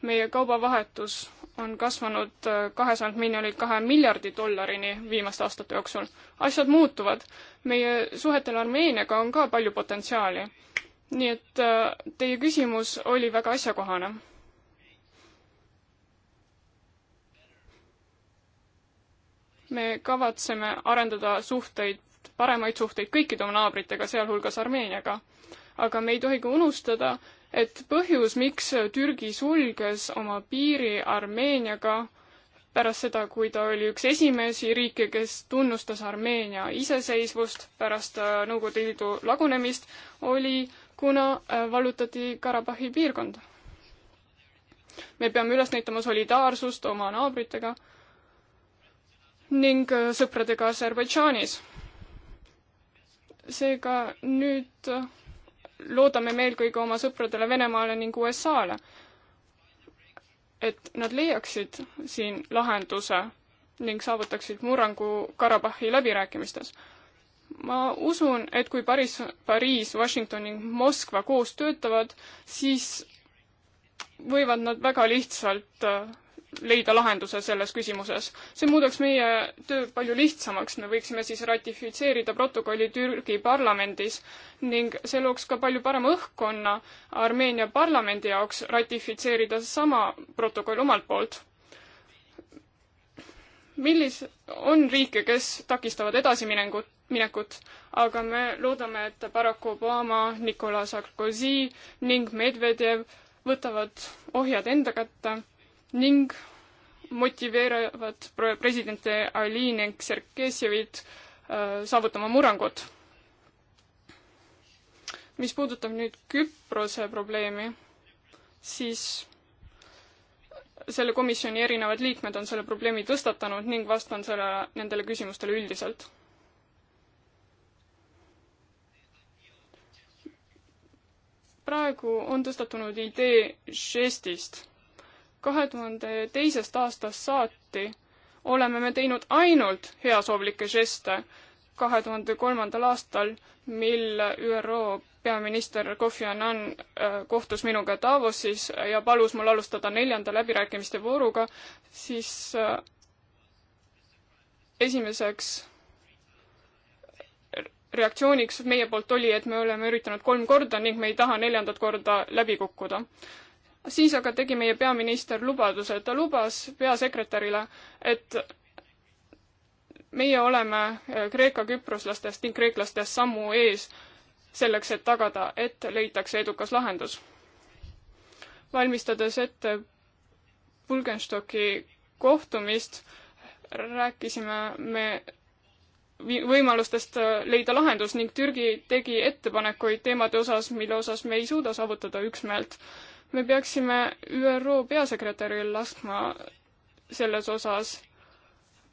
Speaker 2: meie kaubavahetus on kasvanud äh, kahesajalt miljonilt kahe miljardi dollarini viimaste aastate jooksul. asjad muutuvad. meie suhetel Armeeniaga on ka palju potentsiaali. nii et äh, teie küsimus oli väga asjakohane. me kavatseme arendada suhteid järjest paremaid suhteid kõikide oma naabritega, sealhulgas Armeeniaga. aga me ei tohi ka unustada, et põhjus, miks Türgi sulges oma piiri Armeeniaga pärast seda, kui ta oli üks esimesi riike, kes tunnustas Armeenia iseseisvust pärast äh, Nõukogude Liidu lagunemist, oli kuna äh, vallutati Karabahhi piirkond. me peame üles näitama solidaarsust oma naabritega ning äh, sõpradega Aserbaidžaanis seega nüüd loodame me eelkõige oma sõpradele Venemaale ning USA-le, et nad leiaksid siin lahenduse ning saavutaksid murrangu Karabahhi läbirääkimistes. ma usun, et kui Paris, Pariis, Washington ning Moskva koos töötavad, siis võivad nad väga lihtsalt äh, leida lahenduse selles küsimuses. see muudaks meie töö palju lihtsamaks, me võiksime siis ratifitseerida protokolli Türgi parlamendis ning see looks ka palju parema õhkkonna Armeenia parlamendi jaoks ratifitseerida sama protokoll omalt poolt. millis-, on riike, kes takistavad edasiminekut, minekut, aga me loodame, et Barack Obama, Nicolas Sarkozy ning Medvedjev võtavad ohjad enda kätte ning motiveerivad presidente Ali ning Sergesjevit äh, saavutama murrangut. mis puudutab nüüd Küprose probleemi, siis selle komisjoni erinevad liikmed on selle probleemi tõstatanud ning vastan selle, nendele küsimustele üldiselt. praegu on tõstatunud idee žestist kahe tuhande teisest aastast saati oleme me teinud ainult heasoovlikke žeste. kahe tuhande kolmandal aastal, mil ÜRO peaminister Kofi Annan äh, kohtus minuga Davosis ja palus mul alustada neljanda läbirääkimiste vooruga, siis äh, esimeseks reaktsiooniks meie poolt oli, et me oleme üritanud kolm korda ning me ei taha neljandat korda läbi kukkuda siis aga tegi meie peaminister lubaduse, ta lubas peasekretärile, et meie oleme eh, Kreeka küproslastest ning kreeklastest sammu ees selleks, et tagada, et leitakse edukas lahendus. valmistades ette Bulgenstocki kohtumist, rääkisime me võimalustest eh, leida lahendus ning Türgi tegi ettepanekuid teemade osas, mille osas me ei suuda saavutada üksmeelt me peaksime ÜRO peasekretäril laskma selles osas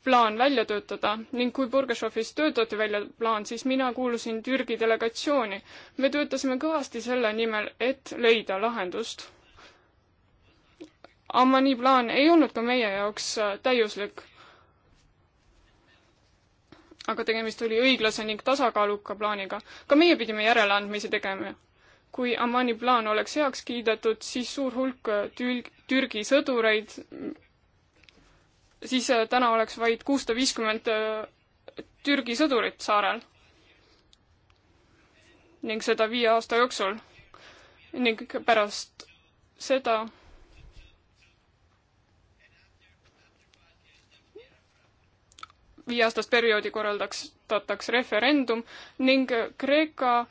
Speaker 2: plaan välja töötada ning kui Burgasofis töötati välja plaan, siis mina kuulusin Türgi delegatsiooni. me töötasime kõvasti selle nimel, et leida lahendust. Ammani plaan ei olnud ka meie jaoks äh, täiuslik. aga tegemist oli õiglase ning tasakaaluka plaaniga. ka meie pidime järeleandmisi tegema kui Amani plaan oleks heaks kiidetud, siis suur hulk äh, tül-, Türgi sõdureid, siis äh, täna oleks vaid kuussada viiskümmend äh, Türgi sõdurit saarel. ning seda viie aasta jooksul. ning pärast seda viieaastast perioodi korraldataks referendum ning Kreeka äh,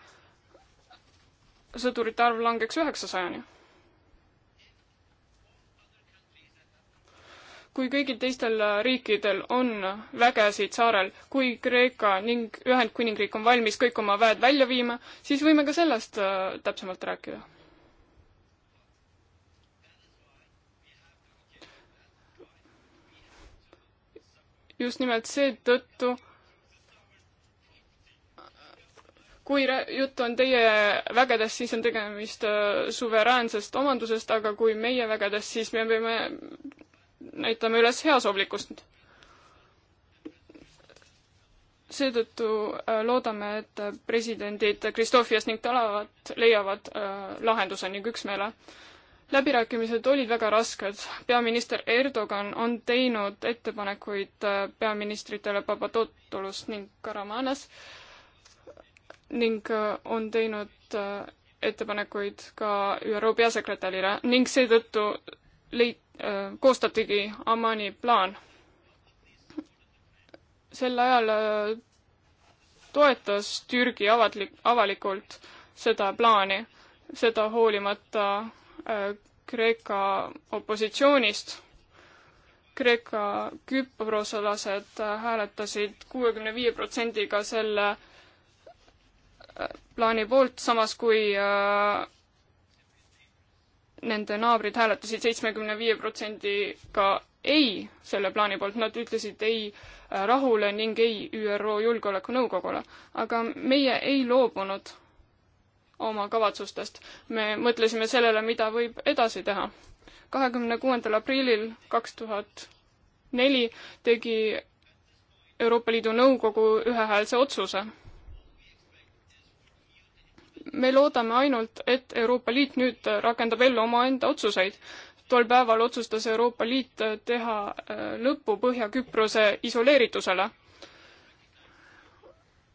Speaker 2: sõdurite arv langeks üheksasajani. kui kõigil teistel riikidel on vägesid saarel, kui Kreeka ning Ühendkuningriik on valmis kõik oma väed välja viima, siis võime ka sellest äh, täpsemalt rääkida. just nimelt seetõttu kui jutt on teie vägedest, siis on tegemist äh, suveräänsest omandusest, aga kui meie vägedest, siis me peame, näitame üles heasoovlikkust. seetõttu äh, loodame, et presidendid Kristofias ning Talavat leiavad äh, lahenduse ning üksmeele. läbirääkimised olid väga rasked. peaminister Erdogan on teinud ettepanekuid peaministritele Papadopoulos ning Karamanas äh, ning äh, on teinud äh, ettepanekuid ka ÜRO peasekretärile ning seetõttu leid-, äh, koostatigi Amani plaan. sel ajal toetas Türgi avalik, avalikult seda plaani, seda hoolimata Kreeka opositsioonist Kreeka küprosalased hääletasid kuuekümne viie protsendiga selle plaani poolt, samas kui äh, nende naabrid hääletasid seitsmekümne viie protsendiga ei selle plaani poolt, nad ütlesid ei äh, rahule ning ei ÜRO Julgeolekunõukogule. aga meie ei loobunud oma kavatsustest. me mõtlesime sellele, mida võib edasi teha. kahekümne kuuendal aprillil kaks tuhat neli tegi Euroopa Liidu Nõukogu ühehäälse otsuse me loodame ainult, et Euroopa Liit nüüd rakendab ellu omaenda otsuseid. tol päeval otsustas Euroopa Liit teha äh, lõpu Põhja-Küprose isoleeritusele.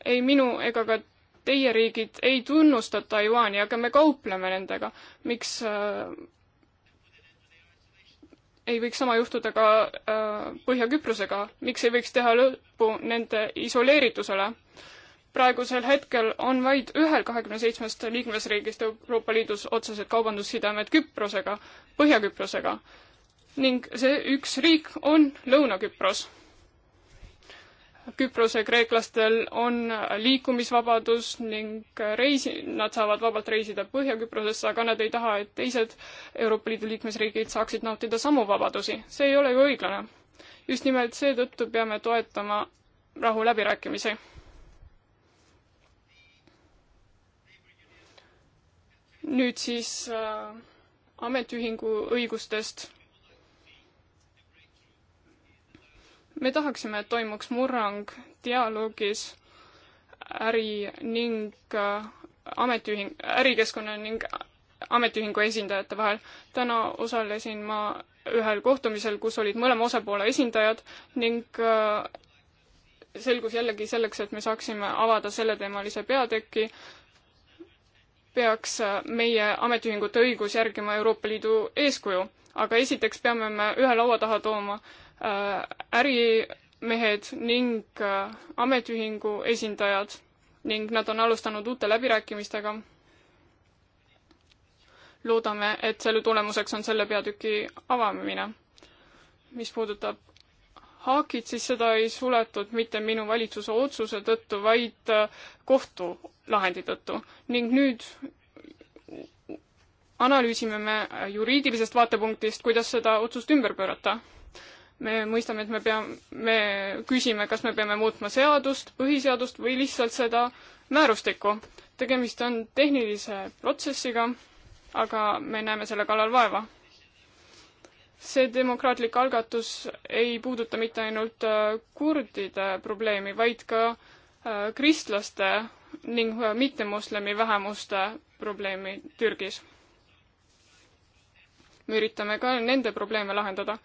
Speaker 2: ei minu ega ka teie riigid ei tunnusta Taiwani, aga me kaupleme nendega. miks äh, ei võiks sama juhtuda ka äh, Põhja-Küprosega, miks ei võiks teha lõppu nende isoleeritusele? praegusel hetkel on vaid ühel kahekümne seitsmest liikmesriigist Euroopa Liidus otsesed kaubandussidemed Küprosega, Põhja-Küprosega ning see üks riik on Lõuna-Küpros. Küprose kreeklastel on liikumisvabadus ning reisi, nad saavad vabalt reisida Põhja-Küprosesse, aga nad ei taha, et teised Euroopa Liidu liikmesriigid saaksid nautida samu vabadusi. see ei ole ju õiglane. just nimelt seetõttu peame toetama rahuläbirääkimisi nüüd siis äh, ametiühingu õigustest. me tahaksime, et toimuks murrang dialoogis äri ning äh, ametiühing, ärikeskkonna ning ametiühingu esindajate vahel. täna osalesin ma ühel kohtumisel, kus olid mõlema osapoole esindajad ning äh, selgus jällegi selleks, et me saaksime avada selleteemalise peateki äh, peaks äh, meie ametiühingute õigus järgima Euroopa Liidu eeskuju. aga esiteks peame me ühe laua taha tooma äh, ärimehed ning äh, ametiühingu esindajad ning nad on alustanud uute läbirääkimistega. loodame, et selle tulemuseks on selle peatüki avamine, mis puudutab Haagit, siis seda ei suletud mitte minu valitsuse otsuse tõttu, vaid äh, kohtulahendi tõttu. ning nüüd analüüsime me äh, juriidilisest vaatepunktist, kuidas seda otsust ümber pöörata. me mõistame, et me peame, me küsime, kas me peame muutma seadust, põhiseadust või lihtsalt seda määrustikku. tegemist on tehnilise protsessiga, aga me näeme selle kallal vaeva see demokraatlik algatus ei puuduta mitte ainult äh, kurdide probleemi, vaid ka äh, kristlaste ning äh, mittemoslemi vähemuste probleemi Türgis. me üritame ka nende probleeme lahendada.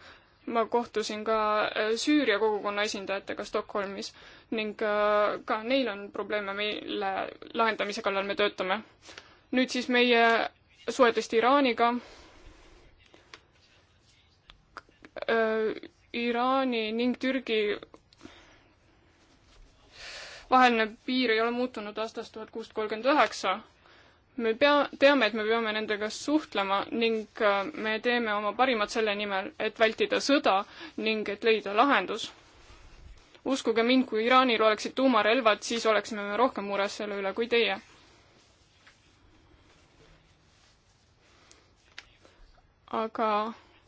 Speaker 2: ma kohtusin ka Süüria kogukonna esindajatega Stockholmis ning ka neil on probleeme, mille lahendamise kallal me töötame. nüüd siis meie suhetest Iraaniga Äh, Iraani ning Türgi vaheline piir ei ole muutunud aastast tuhat kuussada kolmkümmend üheksa. me pea, teame, et me peame nendega suhtlema ning äh, me teeme oma parimat selle nimel, et vältida sõda ning et leida lahendus. uskuge mind, kui Iraanil oleksid tuumarelvad, siis oleksime me rohkem mures selle üle kui teie. aga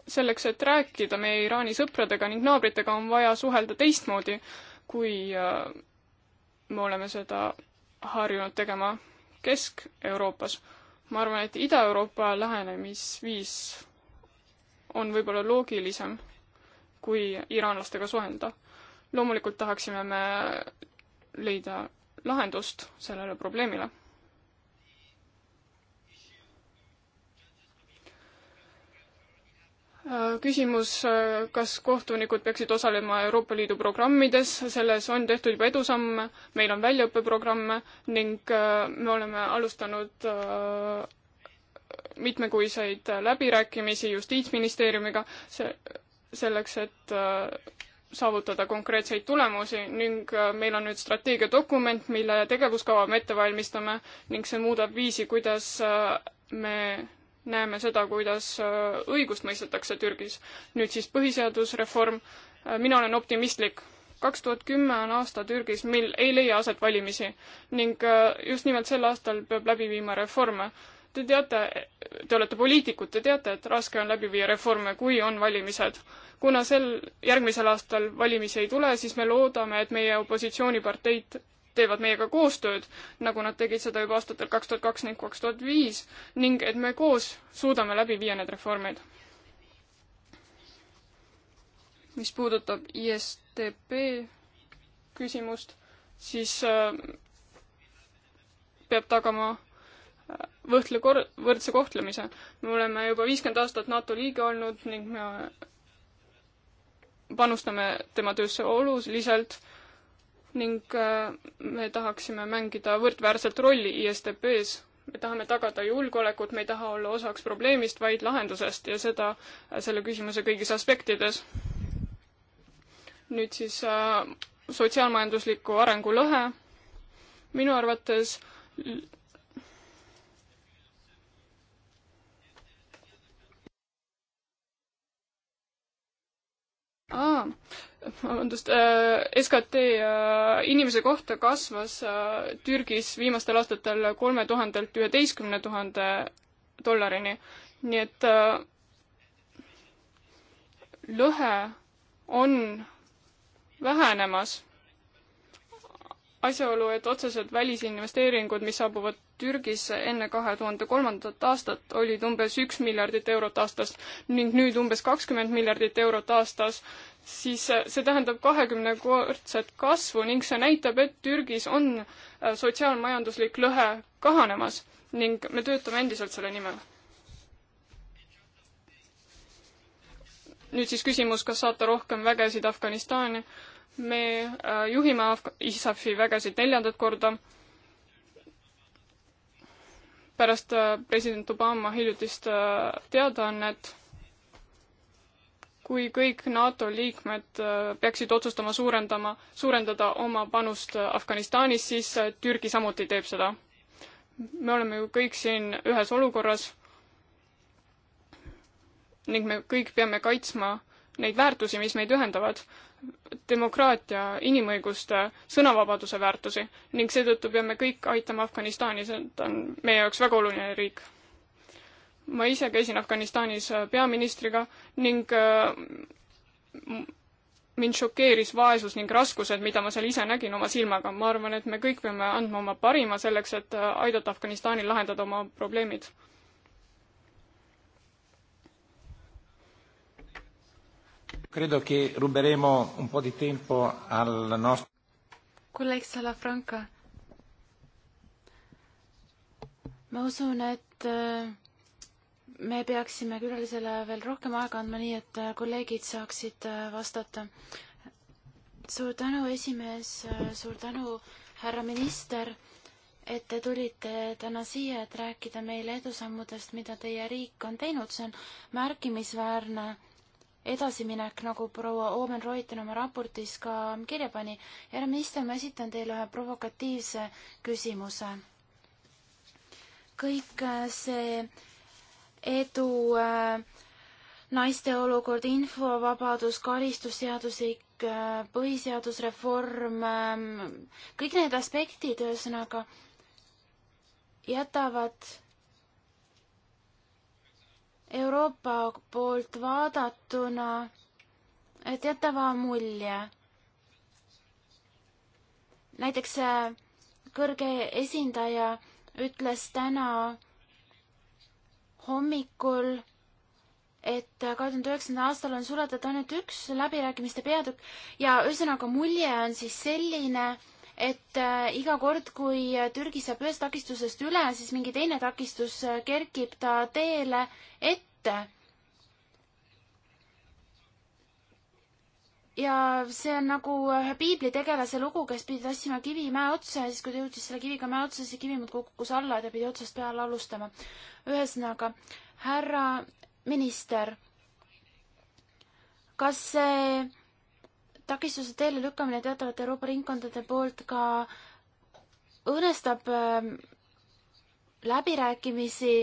Speaker 2: selleks, et rääkida meie Iraani sõpradega ning naabritega, on vaja suhelda teistmoodi, kui äh, me oleme seda harjunud tegema Kesk-Euroopas. ma arvan, et Ida-Euroopa lähenemisviis on võib-olla loogilisem, kui iraanlastega suhelda. loomulikult tahaksime me leida lahendust sellele probleemile Äh, küsimus, äh, kas kohtunikud peaksid osalema Euroopa Liidu programmides, selles on tehtud juba edusamme, meil on väljaõppeprogramme ning äh, me oleme alustanud mitmekuiseid läbirääkimisi Justiitsministeeriumiga se-, selleks, et saavutada konkreetseid tulemusi ning meil on nüüd strateegiadokument, mille tegevuskava me ette valmistame ning see muudab viisi, kuidas me näeme seda, kuidas äh, õigust mõistetakse Türgis. nüüd siis põhiseadusreform, äh, mina olen optimistlik. kaks tuhat kümme on aasta Türgis, mil ei leia aset valimisi ning äh, just nimelt sel aastal peab läbi viima reforme. Te teate, te olete poliitikud, te teate, et raske on läbi viia reforme, kui on valimised. kuna sel, järgmisel aastal valimisi ei tule, siis me loodame, et meie opositsiooniparteid teevad meiega koostööd, nagu nad tegid seda juba aastatel kaks tuhat kaks ning kaks tuhat viis ning et me koos suudame läbi viia need reformid. mis puudutab ISTP küsimust, siis äh, peab tagama äh, võrdle kor-, võrdse kohtlemise. me oleme juba viiskümmend aastat NATO liige olnud ning me panustame tema töösse oluliselt ning äh, me tahaksime mängida võrdväärselt rolli ISDP-s. me tahame tagada julgeolekut, me ei taha olla osaks probleemist, vaid lahendusest ja seda äh, selle küsimuse kõigis aspektides. nüüd siis äh, sotsiaalmajandusliku arengu lõhe. minu arvates Aa, vabandust, äh, SKT äh, inimese kohta kasvas äh, Türgis viimastel aastatel kolme tuhandelt üheteistkümne tuhande dollarini. nii et lõhe on vähenemas. asjaolu, et otsesed välisinvesteeringud, mis saabuvad Türgisse enne kahe tuhande kolmandat aastat, olid umbes üks miljardit eurot aastas ning nüüd umbes kakskümmend miljardit eurot aastas, siis äh, see tähendab kahekümnekordset kasvu ning see näitab, et Türgis on äh, sotsiaalmajanduslik lõhe kahanemas ning me töötame endiselt selle nimel. nüüd siis küsimus, kas saata rohkem vägesid Afganistani. me äh, juhime Afga-, ISAF-i vägesid neljandat korda pärast president Obama hiljutist teadaannet kui kõik NATO liikmed äh, peaksid otsustama suurendama, suurendada oma panust äh, Afganistanis, siis äh, Türgi samuti teeb seda. me oleme ju kõik siin ühes olukorras ning me kõik peame kaitsma neid väärtusi, mis meid ühendavad, demokraatia, inimõiguste, sõnavabaduse väärtusi ning seetõttu peame kõik aitama Afganistani, see on meie jaoks väga oluline riik ma ise käisin Afganistanis äh, peaministriga ning äh, mind šokeeris vaesus ning raskused, mida ma seal ise nägin oma silmaga. ma arvan, et me kõik peame andma oma parima selleks, et äh, aidata Afganistanil lahendada oma probleemid.
Speaker 1: Credo che ruberemo un po' di tempo al nostro
Speaker 3: kolleeg Salafranca. ma usun, et me peaksime külalisele veel rohkem aega andma, nii et äh, kolleegid saaksid äh, vastata. suur tänu, esimees, äh, suur tänu, härra minister, et te tulite täna siia, et rääkida meile edusammudest, mida teie riik on teinud, see on märkimisväärne edasiminek, nagu proua Oomen Reuten oma raportis ka kirja pani. härra minister, ma esitan teile ühe provokatiivse küsimuse. kõik see edu äh, naiste olukord, infovabadus, karistusseaduslik, äh, põhiseadusreform, äh, kõik need aspektid ühesõnaga jätavad Euroopa poolt vaadatuna teatava mulje. näiteks kõrge esindaja ütles täna hommikul, et kahe tuhande üheksandal aastal on suletud ainult üks läbirääkimiste peatükk ja ühesõnaga mulje on siis selline, et äh, iga kord, kui Türgi saab ühest takistusest üle, siis mingi teine takistus äh, kerkib ta teele ette ja see on nagu ühe piiblitegelase lugu, kes pidi tassima kivi mäe otsa ja siis, kui ta jõudis selle kiviga mäe otsa, siis kivi muudkui kukkus alla ja ta pidi otsast peale alustama. ühesõnaga, härra minister, kas see takistuse teele lükkamine teatavate Euroopa ringkondade poolt ka õõnestab äh, läbirääkimisi,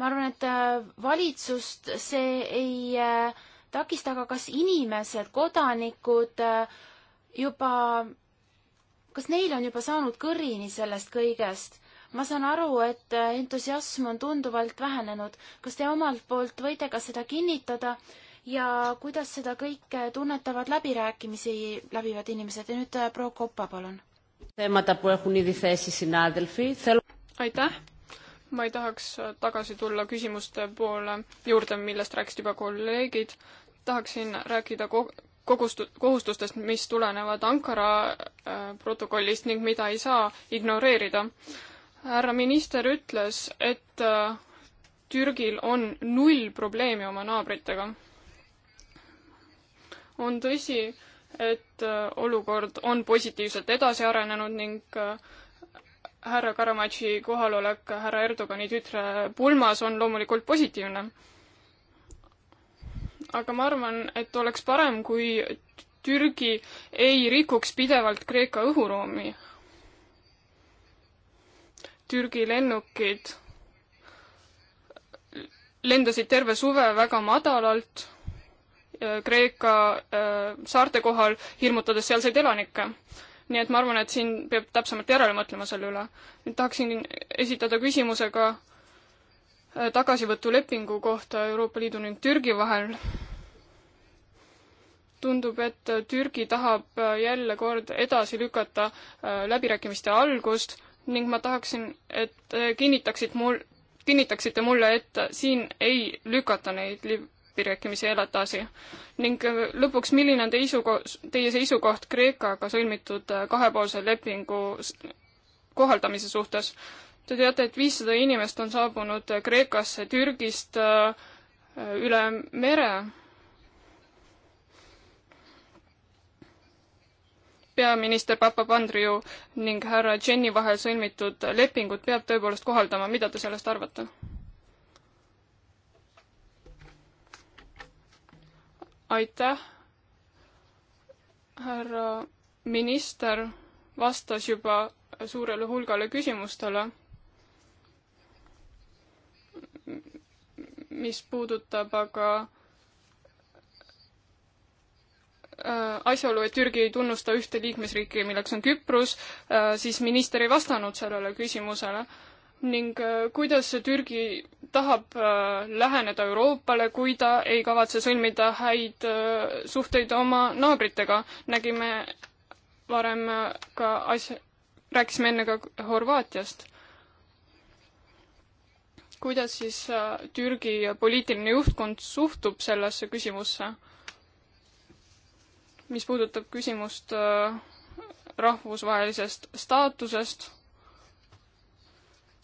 Speaker 3: ma arvan, et äh, valitsust see ei äh, takist, aga kas inimesed, kodanikud äh, juba, kas neil on juba saanud kõrini sellest kõigest? ma saan aru, et äh, entusiasm on tunduvalt vähenenud. kas te omalt poolt võite ka seda kinnitada ja kuidas seda kõike tunnetavad läbirääkimisi läbivad inimesed ja nüüd äh, proua Koppa, palun.
Speaker 2: aitäh, ma ei tahaks äh, tagasi tulla küsimuste poole juurde, millest rääkisid juba kolleegid. tahaksin rääkida kogustu-, kohustustest, mis tulenevad Ankara äh, protokollist ning mida ei saa ignoreerida. härra minister ütles, et äh, Türgil on null probleemi oma naabritega. on tõsi, et olukord on positiivselt edasi arenenud ning härra Karamatši kohalolek härra Erdogani tütre pulmas on loomulikult positiivne. aga ma arvan, et oleks parem, kui Türgi ei rikuks pidevalt Kreeka õhuruumi. Türgi lennukid lendasid terve suve väga madalalt Kreeka äh, saarte kohal, hirmutades sealseid elanikke nii et ma arvan, et siin peab täpsemalt järele mõtlema selle üle. nüüd tahaksin esitada küsimuse ka äh, tagasivõtulepingu kohta Euroopa Liidu ning Türgi vahel. tundub, et äh, Türgi tahab äh, jälle kord edasi lükata läbirääkimiste algust ning ma tahaksin, et kinnitaksid mul, kinnitaksite mulle, et siin ei lükata neid lib-, läbirääkimisi edasi? ning äh, lõpuks, milline on teie seisukoht, teie seisukoht Kreekaga sõlmitud äh, kahepoolse lepingu kohaldamise suhtes? Te teate, et viissada inimest on saabunud äh, Kreekasse Türgist üle mere peaminister Papapandriu ning härra Tšenni vahel sõlmitud lepingut peab tõepoolest kohaldama, mida te sellest arvate? aitäh, härra minister vastas juba suurele hulgale küsimustele, mis puudutab aga äh, asjaolu, et Türgi ei tunnusta ühte liikmesriiki, milleks on Küpros, äh, siis minister ei vastanud sellele küsimusele ning äh, kuidas Türgi tahab äh, läheneda Euroopale, kui ta ei kavatse sõlmida häid äh, suhteid oma naabritega. nägime varem ka asja, rääkisime enne ka Horvaatiast. kuidas siis Türgi poliitiline juhtkond suhtub sellesse küsimusse? mis puudutab küsimust rahvusvahelisest staatusest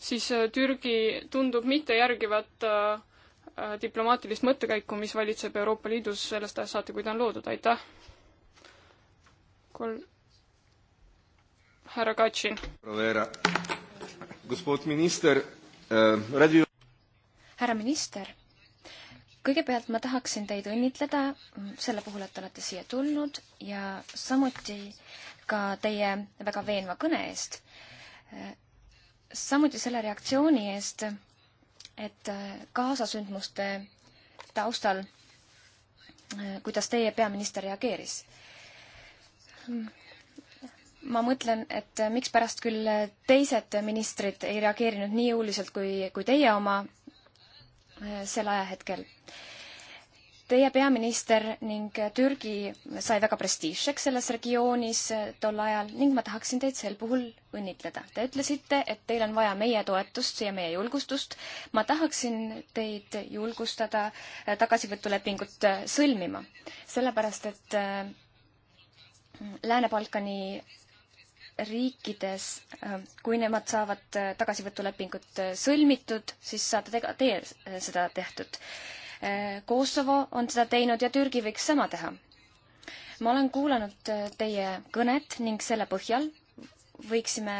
Speaker 2: siis äh, Türgi tundub mitte järgivat äh, äh, diplomaatilist mõttekäiku, mis valitseb Euroopa Liidus sellest ajast saati, kui ta on loodud, aitäh. kolm, härra Katšin.
Speaker 4: härra minister, kõigepealt ma tahaksin teid õnnitleda mm, selle puhul, et te olete siia tulnud ja samuti ka teie väga veenva kõne eest samuti selle reaktsiooni eest, et äh, kaasasündmuste taustal, äh, kuidas teie peaminister reageeris. ma mõtlen, et äh, mikspärast küll teised ministrid ei reageerinud nii jõuliselt kui, kui teie oma sel ajahetkel. Teie peaminister ning Türgi sai väga prestiižseks selles regioonis eh, tol ajal ning ma tahaksin teid sel puhul õnnitleda. Te ütlesite, et teil on vaja meie toetust ja meie julgustust. ma tahaksin teid julgustada eh, tagasivõtulepingut eh, sõlmima, sellepärast et Lääne-Balkani riikides, kui nemad saavad tagasivõtulepingut sõlmitud, siis saate tega, teie seda tehtud Eh, Kosovo on seda teinud ja Türgi võiks sama teha. ma olen kuulanud eh, teie kõnet ning selle põhjal võiksime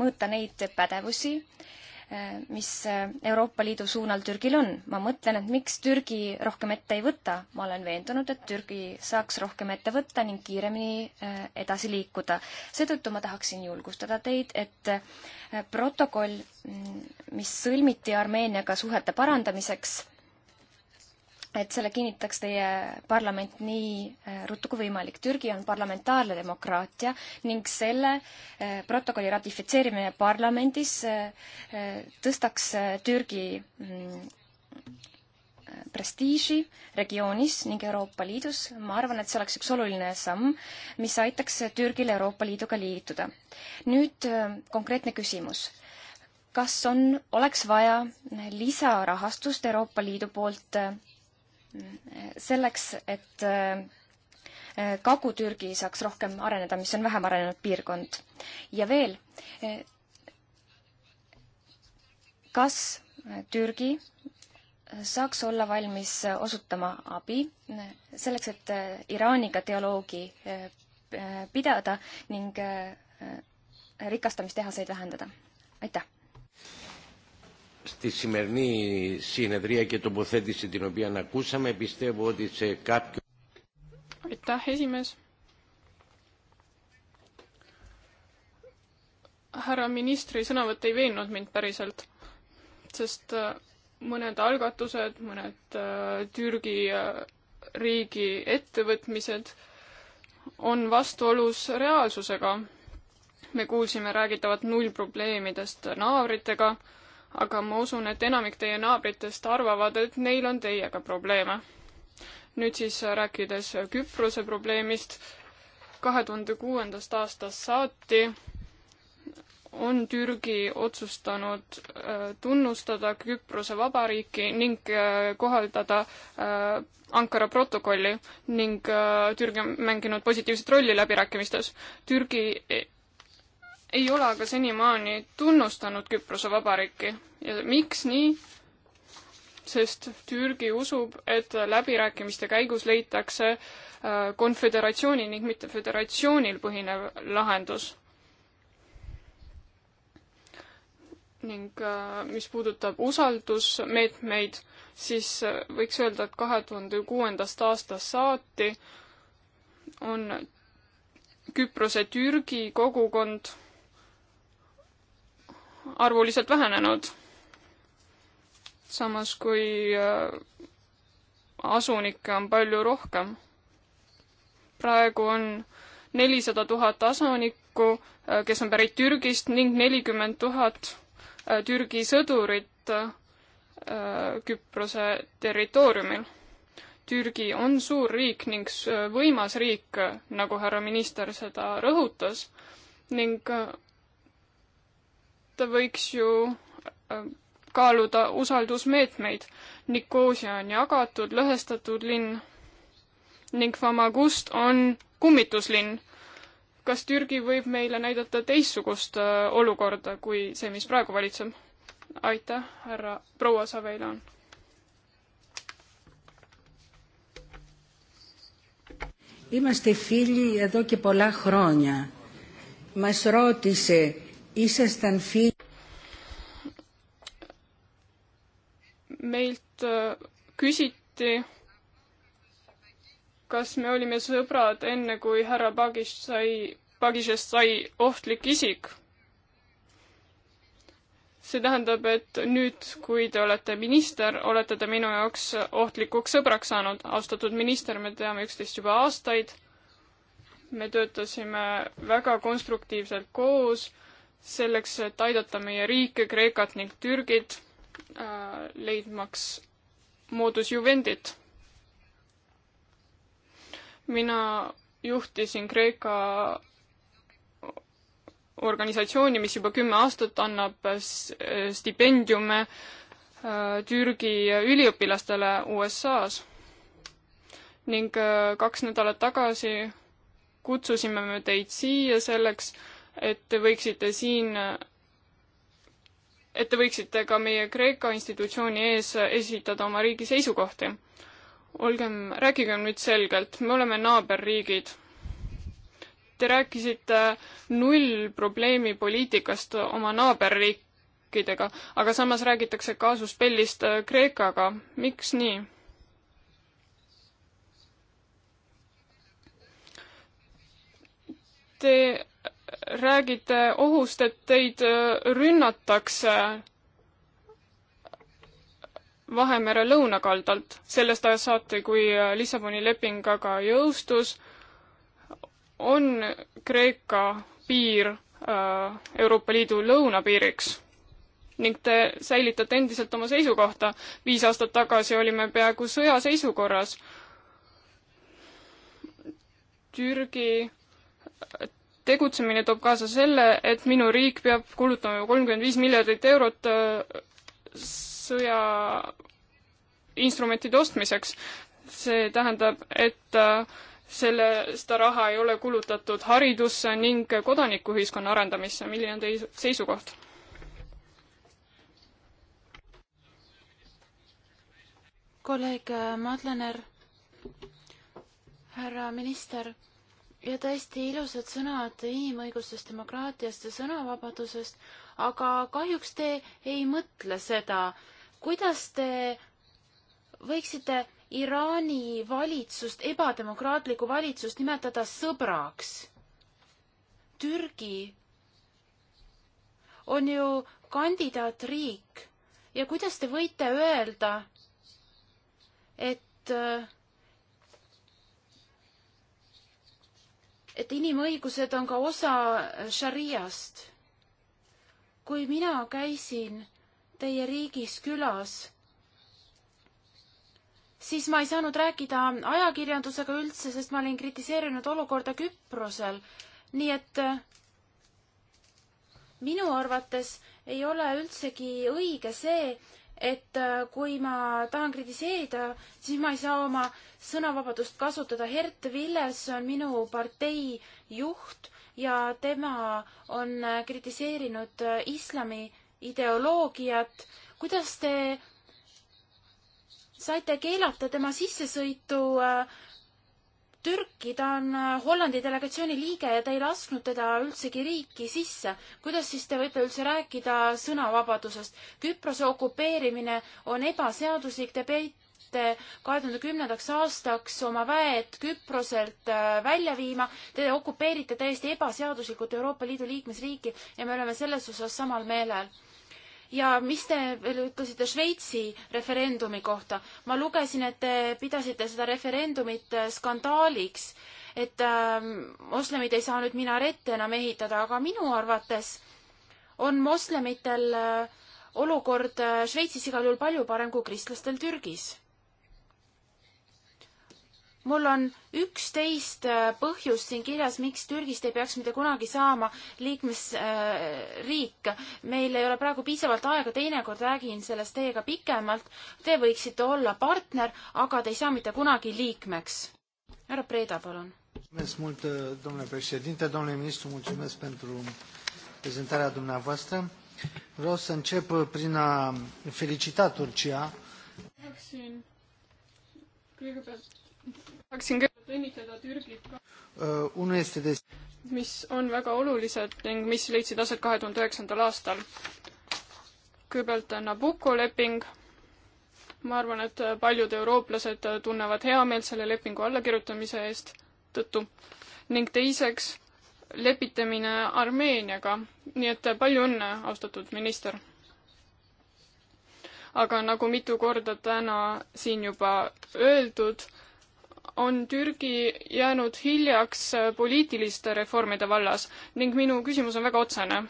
Speaker 4: mõõta neid pädevusi, eh, mis Euroopa Liidu suunal Türgil on. ma mõtlen, et miks Türgi rohkem ette ei võta. ma olen veendunud, et Türgi saaks rohkem ette võtta ning kiiremini edasi liikuda. seetõttu ma tahaksin julgustada teid, et protokoll, mm, mis sõlmiti Armeeniaga suhete parandamiseks, et selle kinnitaks teie parlament nii äh, ruttu kui võimalik. Türgi on parlamentaarne demokraatia ning selle äh, protokolli ratifitseerimine parlamendis äh, tõstaks Türgi mm, prestiiži regioonis ning Euroopa Liidus. ma arvan, et see oleks üks oluline samm, mis aitaks Türgil Euroopa Liiduga liituda. nüüd konkreetne küsimus. kas on, oleks vaja lisarahastust Euroopa Liidu poolt selleks, et äh, Kagu-Türgi saaks rohkem areneda, mis on vähem arenenud piirkond. ja veel, äh, kas Türgi saaks olla valmis osutama abi selleks, et äh, Iraaniga dialoogi pidada ning rikastamistehaseid vähendada? aitäh!
Speaker 1: στη σημερινή συνεδρία και τοποθέτηση την οποία ακούσαμε. Πιστεύω ότι σε κάποιο...
Speaker 2: Aitäh, esimees. härra ministri sõnavõtt ei veennud mind päriselt, sest äh, mõned algatused, mõned äh, Türgi äh, riigi ettevõtmised on vastuolus reaalsusega. me kuulsime räägitavat nullprobleemidest naabritega aga ma usun, et enamik teie naabritest arvavad, et neil on teiega probleeme. nüüd siis rääkides Küprose probleemist, kahe tuhande kuuendast aastast saati on Türgi otsustanud äh, tunnustada Küprose vabariiki ning äh, kohaldada äh, Ankara protokolli ning Türgi on mänginud positiivset rolli läbirääkimistes. Türgi ei ole aga senimaani tunnustanud Küprose Vabariiki. ja miks nii? sest Türgi usub, et läbirääkimiste käigus leitakse äh, konföderatsiooni ning mitte föderatsioonil põhinev lahendus ning äh, mis puudutab usaldusmeetmeid, siis äh, võiks öelda, et kahe tuhande kuuendast aastast saati on Küprose Türgi kogukond arvuliselt vähenenud. samas kui äh, asunikke on palju rohkem. praegu on nelisada tuhat asunikku, äh, kes on pärit Türgist ning nelikümmend tuhat äh, Türgi sõdurit Küprose territooriumil. Türgi on suur riik ning võimas riik, nagu härra minister seda rõhutas, ning võiks ju äh, kaaluda usaldusmeetmeid. Nikosia on jagatud, lõhestatud linn ning Famagust on kummituslinn. kas Türgi võib meile näidata teistsugust äh, olukorda kui see, mis praegu valitseb? aitäh, härra proua Savelan.
Speaker 3: Είμαστε φίλοι εδώ και πολλά χρόνια. Μας ρώτησε ήσασταν φίλοι.
Speaker 2: meilt äh, küsiti, kas me olime sõbrad enne, kui härra Bagis sai, Bagisest sai ohtlik isik. see tähendab, et nüüd, kui te olete minister, olete te minu jaoks ohtlikuks sõbraks saanud. austatud minister, me teame üksteist juba aastaid. me töötasime väga konstruktiivselt koos selleks, et aidata meie riike, Kreekat ning Türgit, äh, leidmaks moodus juvendit. mina juhtisin Kreeka organisatsiooni, mis juba kümme aastat annab stipendiume äh, Türgi üliõpilastele USA-s. ning äh, kaks nädalat tagasi kutsusime me teid siia selleks, et te võiksite siin, et te võiksite ka meie Kreeka institutsiooni ees esitada oma riigi seisukohti. olgem, rääkigem nüüd selgelt, me oleme naaberriigid. Te rääkisite nullprobleemi poliitikast oma naaberriikidega, aga samas räägitakse kaasuspellist Kreekaga. miks nii? Te räägite ohust, et teid äh, rünnatakse Vahemere lõunakaldalt sellest ajast saati, kui äh, Lissaboni leping aga jõustus, on Kreeka piir äh, Euroopa Liidu lõunapiiriks ning te säilitate endiselt oma seisukohta. viis aastat tagasi olime peaaegu sõjaseisukorras. Türgi tegutsemine toob kaasa selle, et minu riik peab kulutama kolmkümmend viis miljardit eurot äh, sõja instrumentide ostmiseks. see tähendab, et äh, selle, seda raha ei ole kulutatud haridusse ning kodanikuühiskonna arendamisse. milline on teie seisukoht?
Speaker 3: kolleeg Madlener, härra minister ja tõesti ilusad sõnad inimõigustest, demokraatiast ja sõnavabadusest, aga kahjuks te ei mõtle seda. kuidas te võiksite Iraani valitsust, ebademokraatlikku valitsust nimetada sõbraks? Türgi on ju kandidaatriik ja kuidas te võite öelda, et äh, et inimõigused on ka osa šariast. kui mina käisin teie riigis külas, siis ma ei saanud rääkida ajakirjandusega üldse, sest ma olin kritiseerinud olukorda Küprosel. nii et minu arvates ei ole üldsegi õige see, et kui ma tahan kritiseerida, siis ma ei saa oma sõnavabadust kasutada. Hert Villes on minu partei juht ja tema on kritiseerinud äh, islami ideoloogiat. kuidas te saite keelata tema sissesõitu äh, Türki, ta on äh, Hollandi delegatsiooni liige ja te ei lasknud teda üldsegi riiki sisse. kuidas siis te võite üldse rääkida sõnavabadusest? Küprose okupeerimine on ebaseaduslik, te peit-, peate kahe tuhande kümnendaks aastaks oma väed Küproselt äh, välja viima. Te okupeerite täiesti ebaseaduslikult Euroopa Liidu liikmesriiki ja me oleme selles osas samal meelel ja mis te veel ütlesite Šveitsi referendumi kohta? ma lugesin, et te pidasite seda referendumit äh, skandaaliks, et äh, moslemid ei saa nüüd minarette enam ehitada, aga minu arvates on moslemitel äh, olukord äh, Šveitsis igal juhul palju parem kui kristlastel Türgis mul on üksteist äh, põhjust siin kirjas, miks Türgist ei peaks mitte kunagi saama liikmesriik. meil ei ole praegu piisavalt aega, teinekord räägin sellest teiega pikemalt. Te võiksite olla partner, aga te ei saa mitte kunagi liikmeks. härra Preeda, palun.
Speaker 1: mulțumesc mult, domnule președinte, domnule ministru, mulțumesc pentru prezentarea dumneavoastră. Vreau să încep prin a felicita Turcia.
Speaker 2: Kõigepealt tahaksin kõigepealt õnnitleda Türgit ka, uh, mis on väga olulised ning mis leidsid aset kahe tuhande üheksandal aastal. kõigepealt Nabucco leping, ma arvan, et paljud eurooplased tunnevad heameelt selle lepingu allakirjutamise eest tõttu ning teiseks lepitamine Armeeniaga, nii et palju õnne, austatud minister! aga nagu mitu korda täna siin juba öeldud on Türgi jäänud hiljaks äh, poliitiliste reformide vallas ning minu küsimus on väga otsene.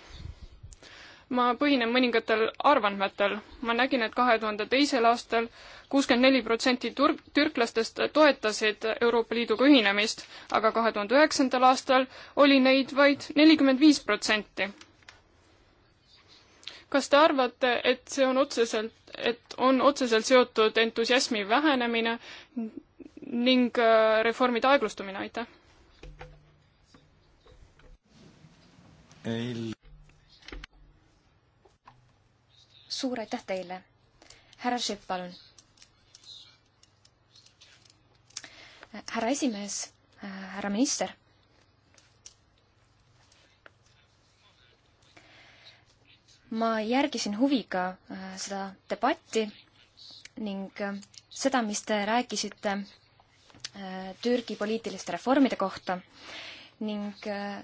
Speaker 2: ma põhinen mõningatel arvandmetel. ma nägin, et kahe tuhande teisel aastal kuuskümmend neli protsenti turg, türklastest toetasid Euroopa Liiduga ühinemist, aga kahe tuhande üheksandal aastal oli neid vaid nelikümmend viis protsenti. kas te arvate, et see on otseselt, et on otseselt seotud entusiasmi vähenemine ning äh, reformide aeglustumine, aitäh!
Speaker 4: suur aitäh teile! härra Šipp, palun! härra esimees, härra minister ma järgisin huviga äh, seda debatti ning äh, seda, mis te rääkisite Äh, Türgi poliitiliste reformide kohta ning äh,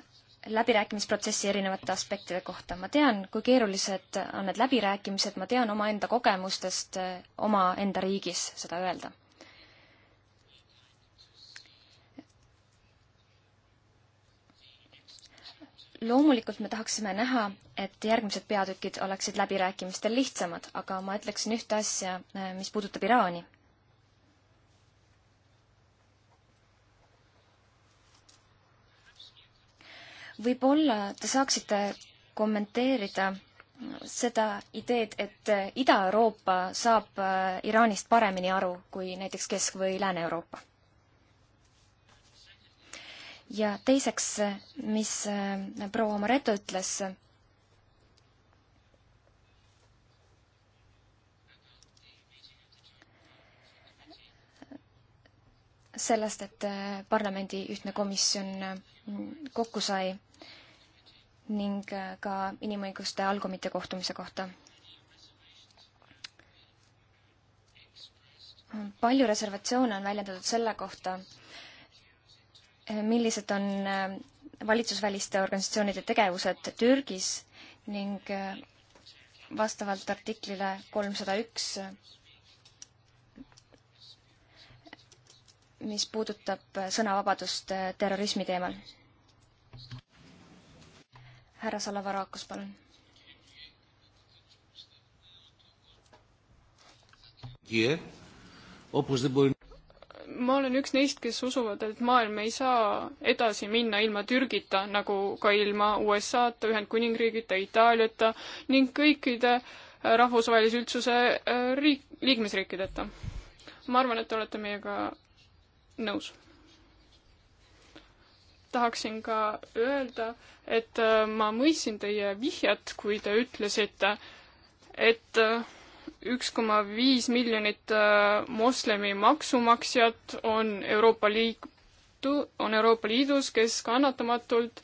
Speaker 4: läbirääkimisprotsessi erinevate aspektide kohta. ma tean, kui keerulised on need läbirääkimised, ma tean omaenda kogemustest äh, omaenda riigis seda öelda. loomulikult me tahaksime näha, et järgmised peatükid oleksid läbirääkimistel lihtsamad, aga ma ütleksin ühte asja, mis puudutab Iraani võib-olla te saaksite kommenteerida seda ideed, et Ida-Euroopa saab äh, Iraanist paremini aru kui näiteks Kesk- või Lääne-Euroopa? ja teiseks, mis äh, proua Mareto ütles, sellest, et äh, parlamendi ühtne komisjon kokku sai ning äh, ka inimõiguste algumite kohtumise kohta. palju reservatsioone on väljendatud selle kohta, äh, millised on äh, valitsusväliste organisatsioonide tegevused Türgis ning vastavalt artiklile kolmsada üks, mis puudutab sõnavabadust terrorismi teemal härra Salavarakas, palun.
Speaker 2: ma olen üks neist, kes usuvad, et maailm ei saa edasi minna ilma Türgita, nagu ka ilma USA-ta, Ühendkuningriigita, Itaaliata ning kõikide äh, rahvusvahelise üldsuse äh, riik, liikmesriikideta. ma arvan, et te olete meiega nõus tahaksin ka öelda, et äh, ma mõistsin teie vihjet, kui te ütlesite, et äh, üks koma viis miljonit äh, moslemi maksumaksjat on Euroopa Liitu, on Euroopa Liidus, kes kannatamatult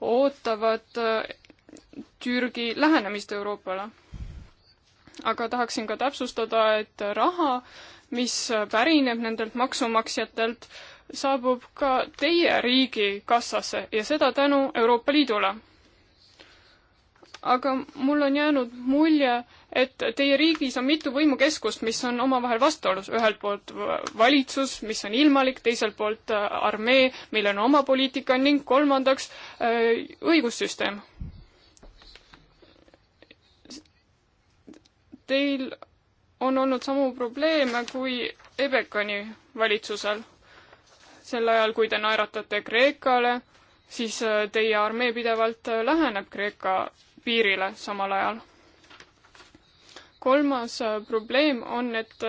Speaker 2: ootavad Türgi lähenemist Euroopale. aga tahaksin ka täpsustada, et raha, mis pärineb nendelt maksumaksjatelt, saabub ka teie riigi kassasse ja seda tänu Euroopa Liidule. aga mul on jäänud mulje, et teie riigis on mitu võimukeskust, mis on omavahel vastuolus, ühelt poolt valitsus, mis on ilmalik, teiselt poolt äh, armee, millel on oma poliitika ning kolmandaks äh, õigussüsteem. Teil on olnud samu probleeme kui Ebekoni valitsusel sel ajal, kui te naeratate Kreekale, siis äh, teie armee pidevalt äh, läheneb Kreeka piirile samal ajal. kolmas äh, probleem on, et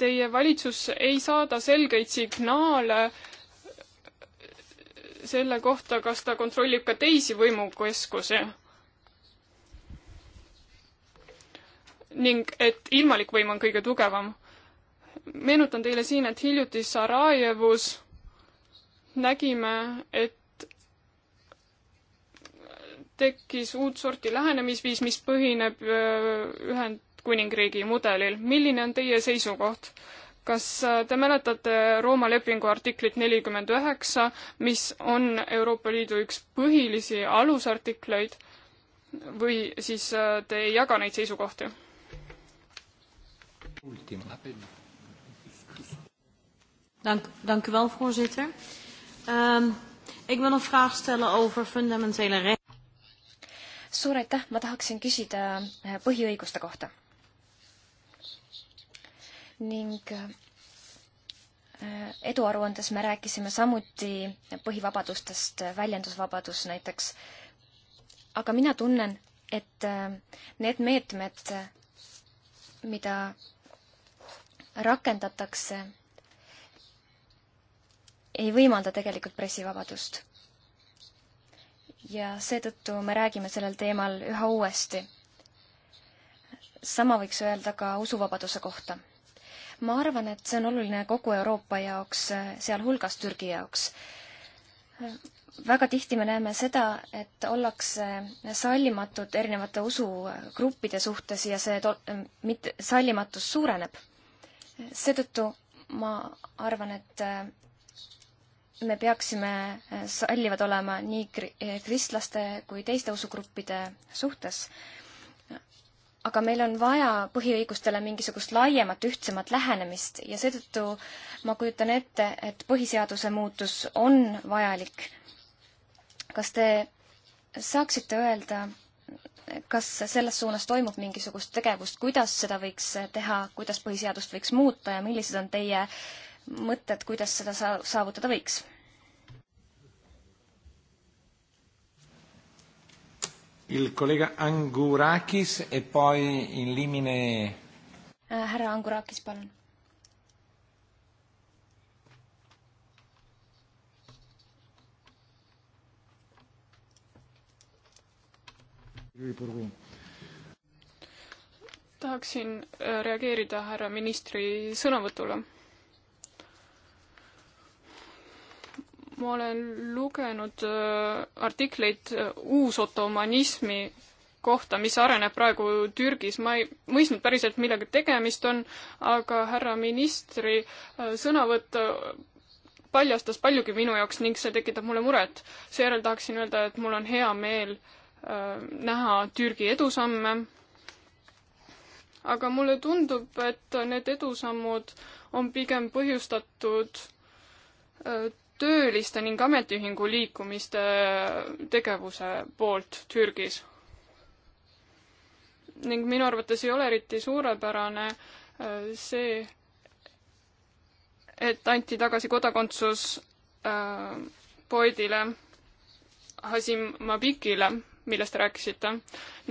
Speaker 2: teie valitsus ei saada selgeid signaale selle kohta, kas ta kontrollib ka teisi võimukeskusi. ning et ilmalik võim on kõige tugevam meenutan teile siin, et hiljuti Sarajevos nägime, et tekkis uut sorti lähenemisviis, mis põhineb äh, Ühendkuningriigi mudelil. milline on teie seisukoht? kas äh, te mäletate Rooma lepingu artiklit nelikümmend üheksa, mis on Euroopa Liidu üks põhilisi alusartikleid või siis äh, te ei jaga neid seisukohti? Dank,
Speaker 3: dank u wel, voorzitter. Um, ik wil een vraag stellen over fundamentele rechten. suur
Speaker 4: aitäh, ma tahaksin küsida eh, põhiõiguste kohta. ning eh, eduaruandes me rääkisime samuti põhivabadustest, väljendusvabadus näiteks. aga mina tunnen, et eh, need meetmed, mida rakendatakse ei võimalda tegelikult pressivabadust. ja seetõttu me räägime sellel teemal üha uuesti. sama võiks öelda ka usuvabaduse kohta. ma arvan, et see on oluline kogu Euroopa jaoks, sealhulgas Türgi jaoks. väga tihti me näeme seda, et ollakse sallimatud erinevate usugruppide suhtes ja see mitte, sallimatus suureneb. seetõttu ma arvan, et me peaksime eh, sallivad olema nii eh, kristlaste kui teiste usugruppide suhtes. aga meil on vaja põhiõigustele mingisugust laiemat, ühtsemat lähenemist ja seetõttu ma kujutan ette, et põhiseaduse muutus on vajalik. kas te saaksite öelda, kas selles suunas toimub mingisugust tegevust, kuidas seda võiks teha, kuidas põhiseadust võiks muuta ja millised on teie mõtted, kuidas seda saa-, saavutada võiks?
Speaker 1: Il collega Angurakis e poi in limine
Speaker 4: äh, härra Angurakis, palun.
Speaker 2: tahaksin äh, reageerida härra ministri sõnavõtule ma olen lugenud äh, artikleid äh, uusottomanismi kohta, mis areneb praegu Türgis, ma ei mõistnud päriselt, millega tegemist on, aga härra ministri äh, sõnavõtt paljastas paljugi minu jaoks ning see tekitab mulle muret. seejärel tahaksin öelda, et mul on hea meel näha Türgi edusamme, aga mulle tundub, et need edusammud on pigem põhjustatud tööliste ning ametiühingu liikumiste tegevuse poolt Türgis. ning minu arvates ei ole eriti suurepärane äh, see, et anti tagasi kodakondsus äh, poidile Hasim Mabikile millest te rääkisite,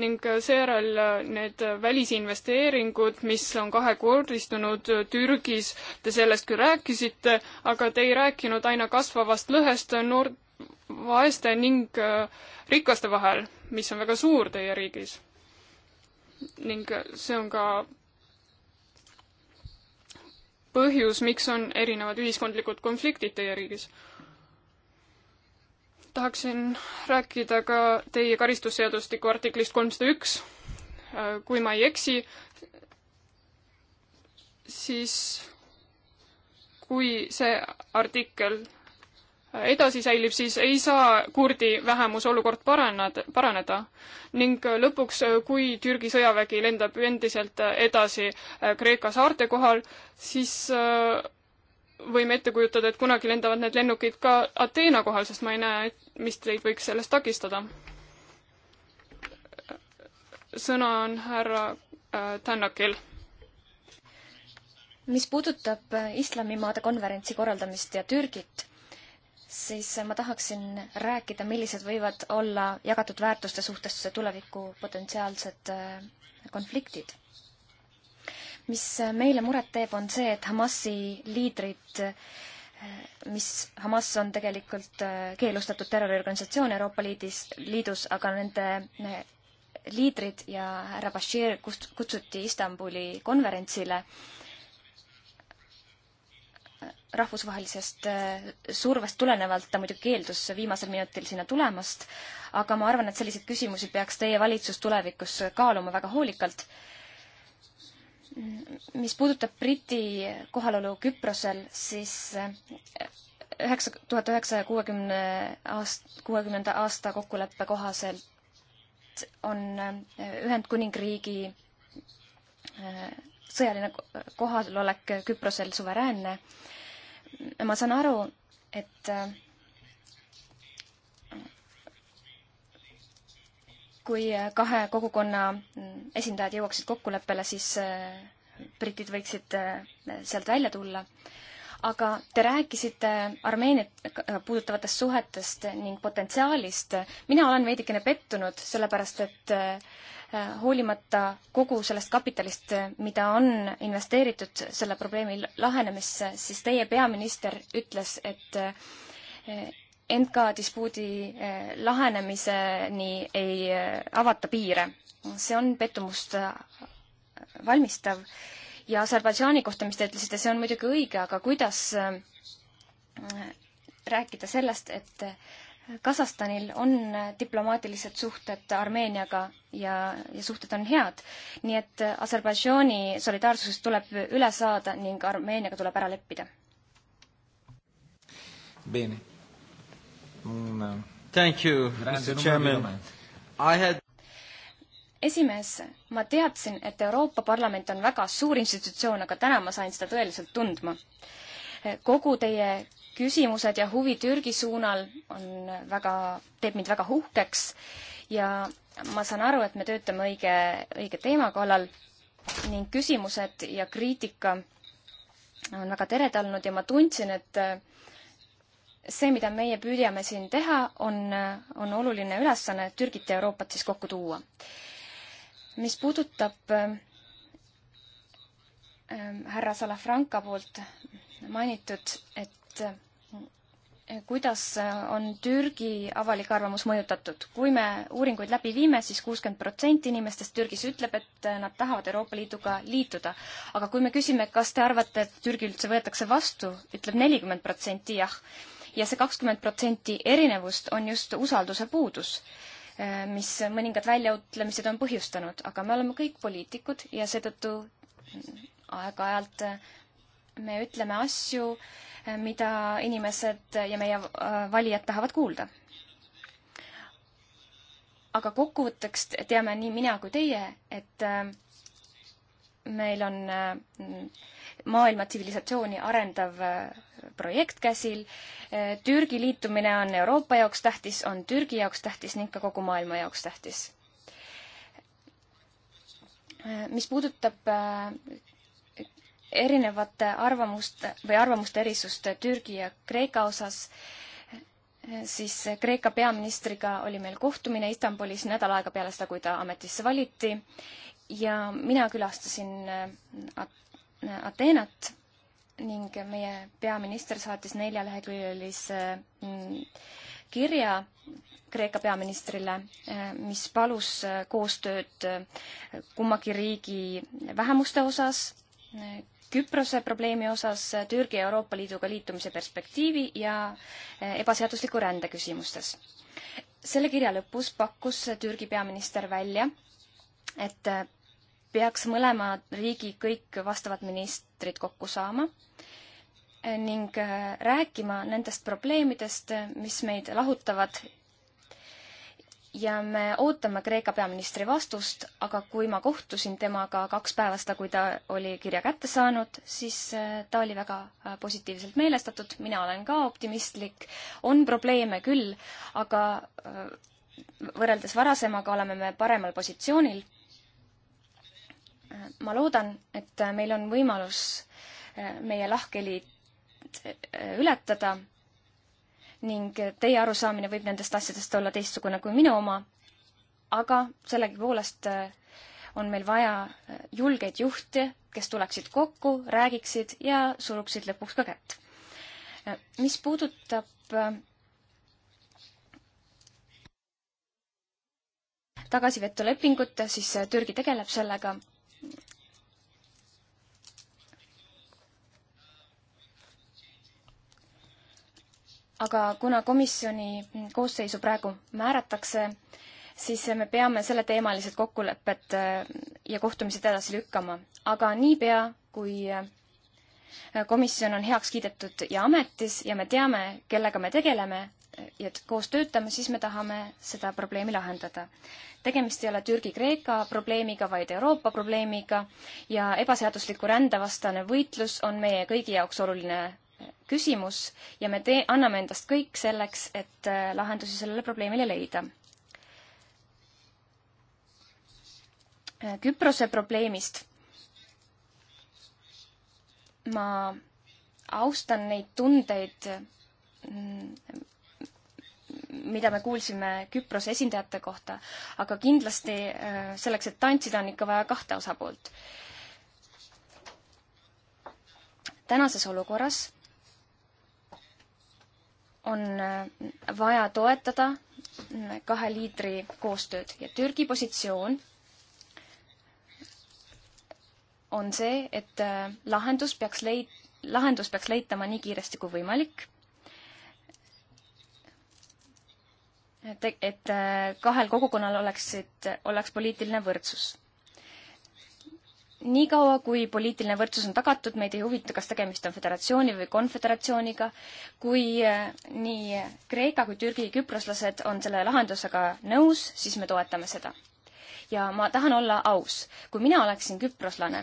Speaker 2: ning äh, seejärel äh, need äh, välisinvesteeringud, mis on kahekordistunud Türgis, te sellest küll rääkisite, aga te ei rääkinud aina kasvavast lõhest noor-, vaeste ning rikaste vahel, mis on väga suur teie riigis. ning see on ka põhjus, miks on erinevad ühiskondlikud konfliktid teie riigis tahaksin rääkida ka teie karistusseadustiku artiklist kolmsada üks. kui ma ei eksi, siis kui see artikkel edasi säilib, siis ei saa kurdi vähemuse olukord paraneda, paraneda. ning lõpuks, kui Türgi sõjavägi lendab endiselt edasi Kreeka saarte kohal, siis võime ette kujutada, et kunagi lendavad need lennukid ka Ateena kohal, sest ma ei näe, mis teid võiks sellest takistada. sõna on härra äh, Tännakil.
Speaker 4: mis puudutab äh, islamimaade konverentsi korraldamist ja Türgit, siis äh, ma tahaksin rääkida, millised võivad olla jagatud väärtuste suhtes tuleviku potentsiaalsed äh, konfliktid mis meile muret teeb, on see, et Hamasi liidrid, mis Hamas on tegelikult äh, keelustatud terroriorganisatsioon Euroopa Liidis, Liidus, aga nende liidrid ja härra Bashir kust-, kutsuti Istanbuli konverentsile rahvusvahelisest äh, survest tulenevalt ta muidugi keeldus viimasel minutil sinna tulemast, aga ma arvan, et selliseid küsimusi peaks teie valitsus tulevikus kaaluma väga hoolikalt mis puudutab Briti kohalolu Küprosel, siis eh, üheksa, tuhat üheksasaja kuuekümne aast-, kuuekümnenda aasta kokkuleppe kohaselt on eh, Ühendkuningriigi eh, sõjaline kohalolek Küprosel suveräänne. ma saan aru, et kui äh, kahe kogukonna mm, esindajad jõuaksid kokkuleppele, siis äh, britid võiksid äh, sealt välja tulla. aga te rääkisite Armeeniat puudutavatest suhetest ning potentsiaalist. mina olen veidikene pettunud, sellepärast et hoolimata kogu sellest kapitalist, mida on investeeritud selle probleemi lahenemisse, siis teie peaminister ütles, et NK dispuudi eh, lahenemiseni ei eh, avata piire. see on pettumust eh, valmistav ja Aserbaidžaani kohta, mis te ütlesite, see on muidugi õige, aga kuidas rääkida sellest, et Kasahstanil on diplomaatilised suhted Armeeniaga ja, ja suhted on head. nii et Aserbaidžaani solidaarsusest tuleb üle saada ning Armeeniaga tuleb ära leppida.
Speaker 1: Bene Un... Mm, äh, Thank you, Mr Chairman.
Speaker 3: I had
Speaker 4: esimees, ma teadsin, et Euroopa Parlament on väga suur institutsioon, aga täna ma sain seda tõeliselt tundma. kogu teie küsimused ja huvi Türgi suunal on väga, teeb mind väga uhkeks ja ma saan aru, et me töötame õige, õige teema kallal ning küsimused ja kriitika on väga teretulnud ja ma tundsin, et see, mida meie püüame siin teha, on, on oluline ülesanne Türgit ja Euroopat siis kokku tuua. mis puudutab ähm, härra Salafranca poolt mainitud, et äh, kuidas on Türgi avalik arvamus mõjutatud. kui me uuringuid läbi viime siis, siis kuuskümmend protsenti inimestest Türgis ütleb, et nad tahavad Euroopa Liiduga liituda. aga kui me küsime, kas te arvate, et Türgi üldse võetakse vastu ütleb, ütleb nelikümmend protsenti jah ja see kakskümmend protsenti erinevust on just usalduse puudus, eh, mis mõningad väljaütlemised on põhjustanud, aga me oleme kõik poliitikud ja seetõttu aeg-ajalt eh, me ütleme asju, eh, mida inimesed ja meie valijad tahavad kuulda. aga kokkuvõtteks teame nii mina kui teie, et meil on maailma tsivilisatsiooni arendav projekt käsil. Türgi liitumine on Euroopa jaoks tähtis, on Türgi jaoks tähtis ning ka kogu maailma jaoks tähtis. mis puudutab äh, erinevate arvamuste või arvamuste erisuste Türgi ja Kreeka osas, siis Kreeka peaministriga oli meil kohtumine Istanbulis nädal aega peale seda, kui ta ametisse valiti ja mina külastasin äh, Ateenat ning meie peaminister saatis neljaleheküljelise mm, kirja Kreeka peaministrile, eh, mis palus eh, koostööd eh, kummagi riigi vähemuste osas, Küprose probleemi osas, Türgi ja Euroopa Liiduga liitumise perspektiivi ja ebaseadusliku rände küsimustes. selle kirja lõpus pakkus Türgi peaminister välja, et peaks mõlema riigi kõik vastavad ministrid kokku saama ning äh, rääkima nendest probleemidest, mis meid lahutavad. ja me ootame Kreeka peaministri vastust, aga kui ma kohtusin temaga kaks päeva seda, kui ta oli kirja kätte saanud, siis äh, ta oli väga äh, positiivselt meelestatud, mina olen ka optimistlik, on probleeme küll, aga võrreldes varasemaga oleme me paremal positsioonil. ma loodan, et meil on võimalus meie lahkheli Äh, ületada ning teie arusaamine võib nendest asjadest olla teistsugune kui minu oma, aga sellegipoolest äh, on meil vaja äh, julgeid juhte, kes tuleksid kokku, räägiksid ja suruksid lõpuks ka kätt. mis puudutab tagasivetulepingut, siis Türgi tegeleb sellega aga kuna komisjoni koosseisu praegu määratakse, siis me peame selleteemalised kokkulepped äh, ja kohtumised edasi lükkama. aga niipea, kui äh, komisjon on heaks kiidetud ja ametis ja me teame, kellega me tegeleme äh, ja et koos töötame, siis me tahame seda probleemi lahendada. tegemist ei ole Türgi-Kreeka probleemiga, vaid Euroopa probleemiga ja ebaseadusliku rände vastane võitlus on meie kõigi jaoks oluline küsimus ja me tee-, anname endast kõik selleks, et äh, lahendusi sellele probleemile leida. Äh, Küprose probleemist. ma austan neid tundeid, mm, mida me kuulsime Küprose esindajate kohta, aga kindlasti äh, selleks, et tantsida, on ikka vaja kahte osapoolt. tänases olukorras on äh, vaja toetada mm, kahe liidri koostööd ja Türgi positsioon on see, et äh, lahendus peaks leid-, lahendus peaks leitama nii kiiresti kui võimalik. et, et äh, kahel kogukonnal oleksid, oleks poliitiline võrdsus niikaua, kui poliitiline võrdsus on tagatud, meid ei huvita, kas tegemist on föderatsiooni või konföderatsiooniga, kui eh, nii Kreeka kui Türgi küproslased on selle lahendusega nõus, siis me toetame seda. ja ma tahan olla aus, kui mina oleksin küproslane,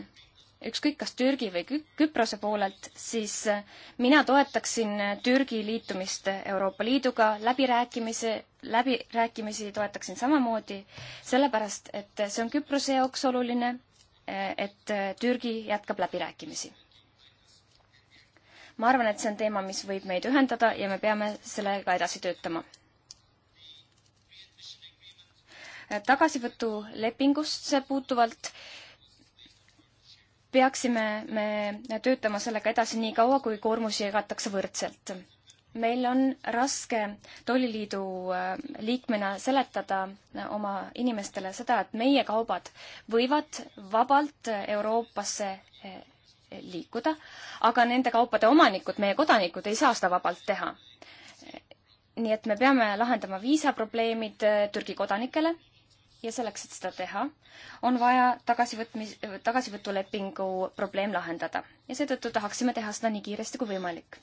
Speaker 4: ükskõik kas Türgi või Kü Küprose poolelt, siis eh, mina toetaksin Türgi liitumist Euroopa Liiduga, läbirääkimise, läbirääkimisi toetaksin samamoodi, sellepärast et see on Küprose jaoks oluline et Türgi jätkab läbirääkimisi. ma arvan, et see on teema, mis võib meid ühendada ja me peame sellega edasi töötama. tagasivõtulepingusse puutuvalt peaksime me töötama sellega edasi nii kaua, kui koormusi jagatakse võrdselt meil on raske tolliliidu äh, liikmena seletada äh, oma inimestele seda, et meie kaubad võivad vabalt äh, Euroopasse liikuda, aga nende kaupade omanikud, meie kodanikud, ei saa seda vabalt teha. nii et me peame lahendama viisaprobleemid Türgi kodanikele ja selleks, et seda teha, on vaja tagasivõtmis, tagasivõtulepingu probleem lahendada ja seetõttu tahaksime teha seda nii kiiresti kui võimalik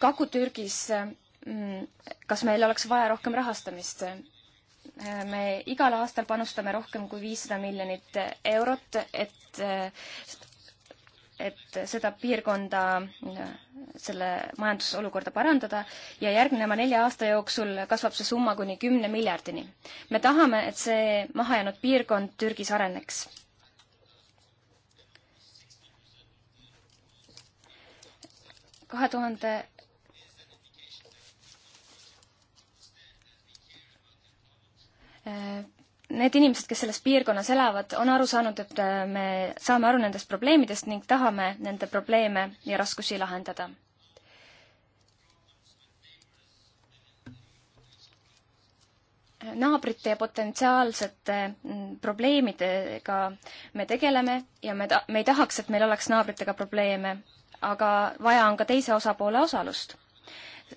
Speaker 4: Kagu-Türgis, mm, kas meil oleks vaja rohkem rahastamist? me igal aastal panustame rohkem kui viissada miljonit eurot, et, et seda piirkonda, selle majandusolukorda parandada ja järgneva nelja aasta jooksul kasvab see summa kuni kümne miljardini. me tahame, et see mahajäänud piirkond Türgis areneks kahe tuhande äh, Need inimesed, kes selles piirkonnas elavad, on aru saanud, et äh, me saame aru nendest probleemidest ning tahame nende probleeme ja raskusi lahendada. Äh, naabrite ja potentsiaalsete mm, probleemidega me tegeleme ja me ta-, me ei tahaks, et meil oleks naabritega probleeme aga vaja on ka teise osapoole osalust.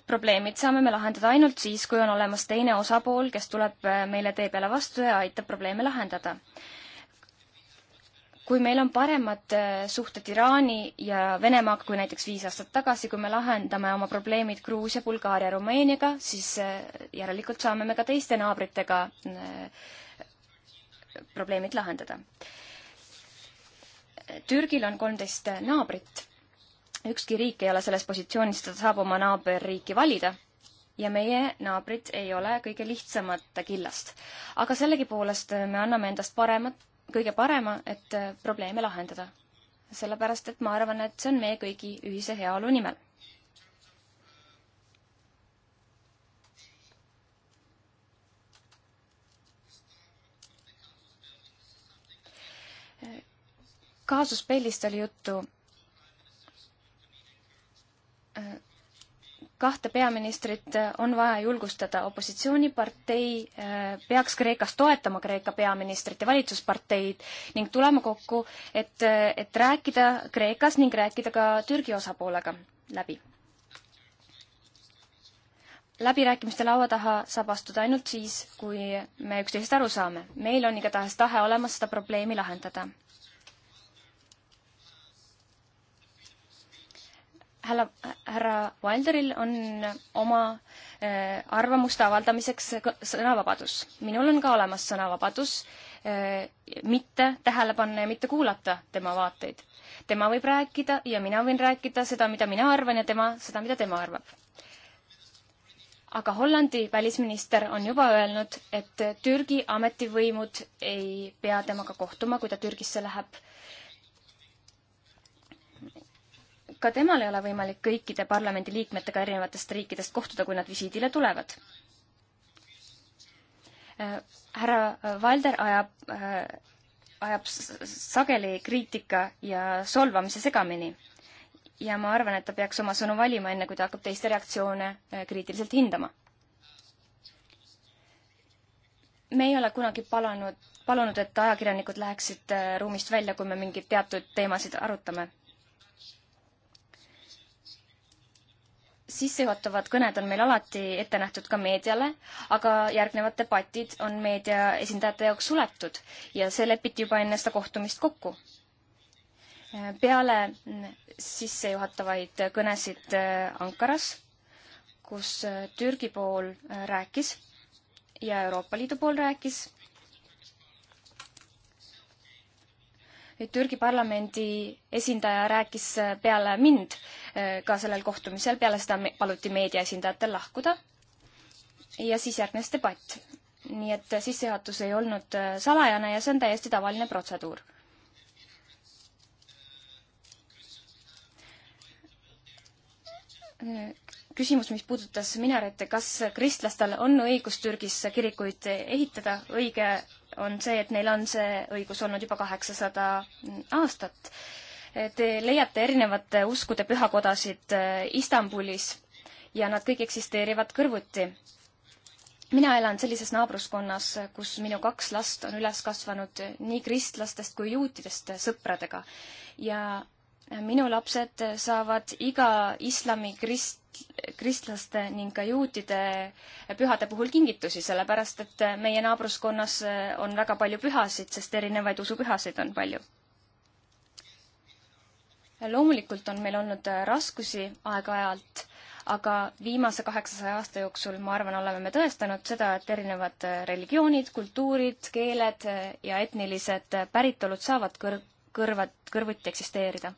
Speaker 4: probleemid saame me lahendada ainult siis, kui on olemas teine osapool, kes tuleb äh, meile tee peale vastu ja aitab probleeme lahendada. kui meil on paremad äh, suhted Iraani ja Venemaaga kui näiteks viis aastat tagasi, kui me lahendame oma probleemid Gruusia, Bulgaaria, Rumeeniaga, siis äh, järelikult saame me ka teiste naabritega probleemid lahendada. Türgil on kolmteist naabrit ükski riik ei ole selles positsioonis, ta saab oma naaberriiki valida ja meie naabrid ei ole kõige lihtsamad killast. aga sellegipoolest me anname endast paremat, kõige parema, et probleeme lahendada. sellepärast, et ma arvan, et see on meie kõigi ühise heaolu nimel. kaasus Bellist oli juttu kahte peaministrit on vaja julgustada. opositsioonipartei äh, peaks Kreekas toetama Kreeka peaministrit ja valitsusparteid ning tulema kokku, et, äh, et rääkida Kreekas ning rääkida ka Türgi osapoolega läbi. läbirääkimiste laua taha saab astuda ainult siis, kui me üksteisest aru saame. meil on igatahes tahe olemas seda probleemi lahendada härra, härra Wilderil on äh, oma äh, arvamuste avaldamiseks sõnavabadus. minul on ka olemas sõnavabadus äh, mitte tähele panna ja mitte kuulata tema vaateid. tema võib rääkida ja mina võin rääkida seda, mida mina arvan ja tema seda, mida tema arvab. aga Hollandi välisminister on juba öelnud, et Türgi ametivõimud ei pea temaga kohtuma, kui ta Türgisse läheb ka temal ei ole võimalik kõikide parlamendiliikmetega erinevatest riikidest kohtuda, kui nad visiidile tulevad. Äh, härra Valder ajab, äh, ajab sageli kriitika ja solvamise segamini. ja ma arvan, et ta peaks oma sõnu valima, enne kui ta hakkab teiste reaktsioone äh, kriitiliselt hindama. me ei ole kunagi palanud, palunud, et ajakirjanikud läheksid ruumist välja, kui me mingeid teatud teemasid arutame sissejuhatavad kõned on meil alati ette nähtud ka meediale, aga järgnevad debatid on meedia esindajate jaoks suletud ja see lepiti juba enne seda kohtumist kokku. peale sissejuhatavaid kõnesid äh, Ankaras, kus äh, Türgi pool äh, rääkis ja Euroopa Liidu pool rääkis, Türgi parlamendi esindaja rääkis äh, peale mind äh, ka sellel kohtumisel, peale seda paluti meedia esindajatel lahkuda ja siis järgnes debatt. nii et äh, sissejuhatus ei olnud salajane ja see on täiesti tavaline protseduur. küsimus, mis puudutas minarette, kas kristlastel on õigus Türgis kirikuid ehitada, õige on see, et neil on see õigus olnud juba kaheksasada aastat. Te leiate erinevate uskude pühakodasid eh, Istanbulis ja nad kõik eksisteerivad kõrvuti. mina elan sellises naabruskonnas, kus minu kaks last on üles kasvanud nii kristlastest kui juutidest sõpradega ja minu lapsed saavad iga islami krist-, kristlaste ning ka juutide pühade puhul kingitusi, sellepärast et meie naabruskonnas on väga palju pühasid, sest erinevaid usupühasid on palju. loomulikult on meil olnud raskusi aeg-ajalt, aga viimase kaheksasaja aasta jooksul, ma arvan, oleme me tõestanud seda, et erinevad religioonid, kultuurid, keeled ja etnilised päritolud saavad kõr-, kõrvad, kõrvuti eksisteerida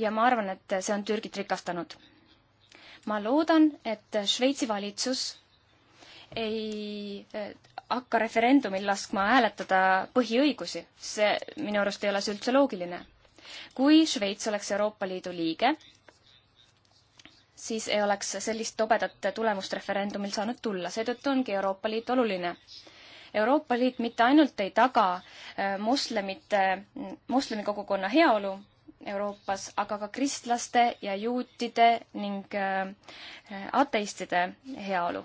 Speaker 4: ja ma arvan, et see on Türgit rikastanud ma loodan, et Šveitsi valitsus ei eh, hakka referendumil laskma hääletada põhiõigusi. see minu arust ei ole see üldse loogiline. kui Šveits oleks Euroopa Liidu liige, siis ei oleks sellist tobedat tulemust referendumil saanud tulla, seetõttu ongi Euroopa Liit oluline. Euroopa Liit mitte ainult ei taga eh, moslemite, moslemi kogukonna heaolu, Euroopas, aga ka kristlaste ja juutide ning äh, ateistide heaolu.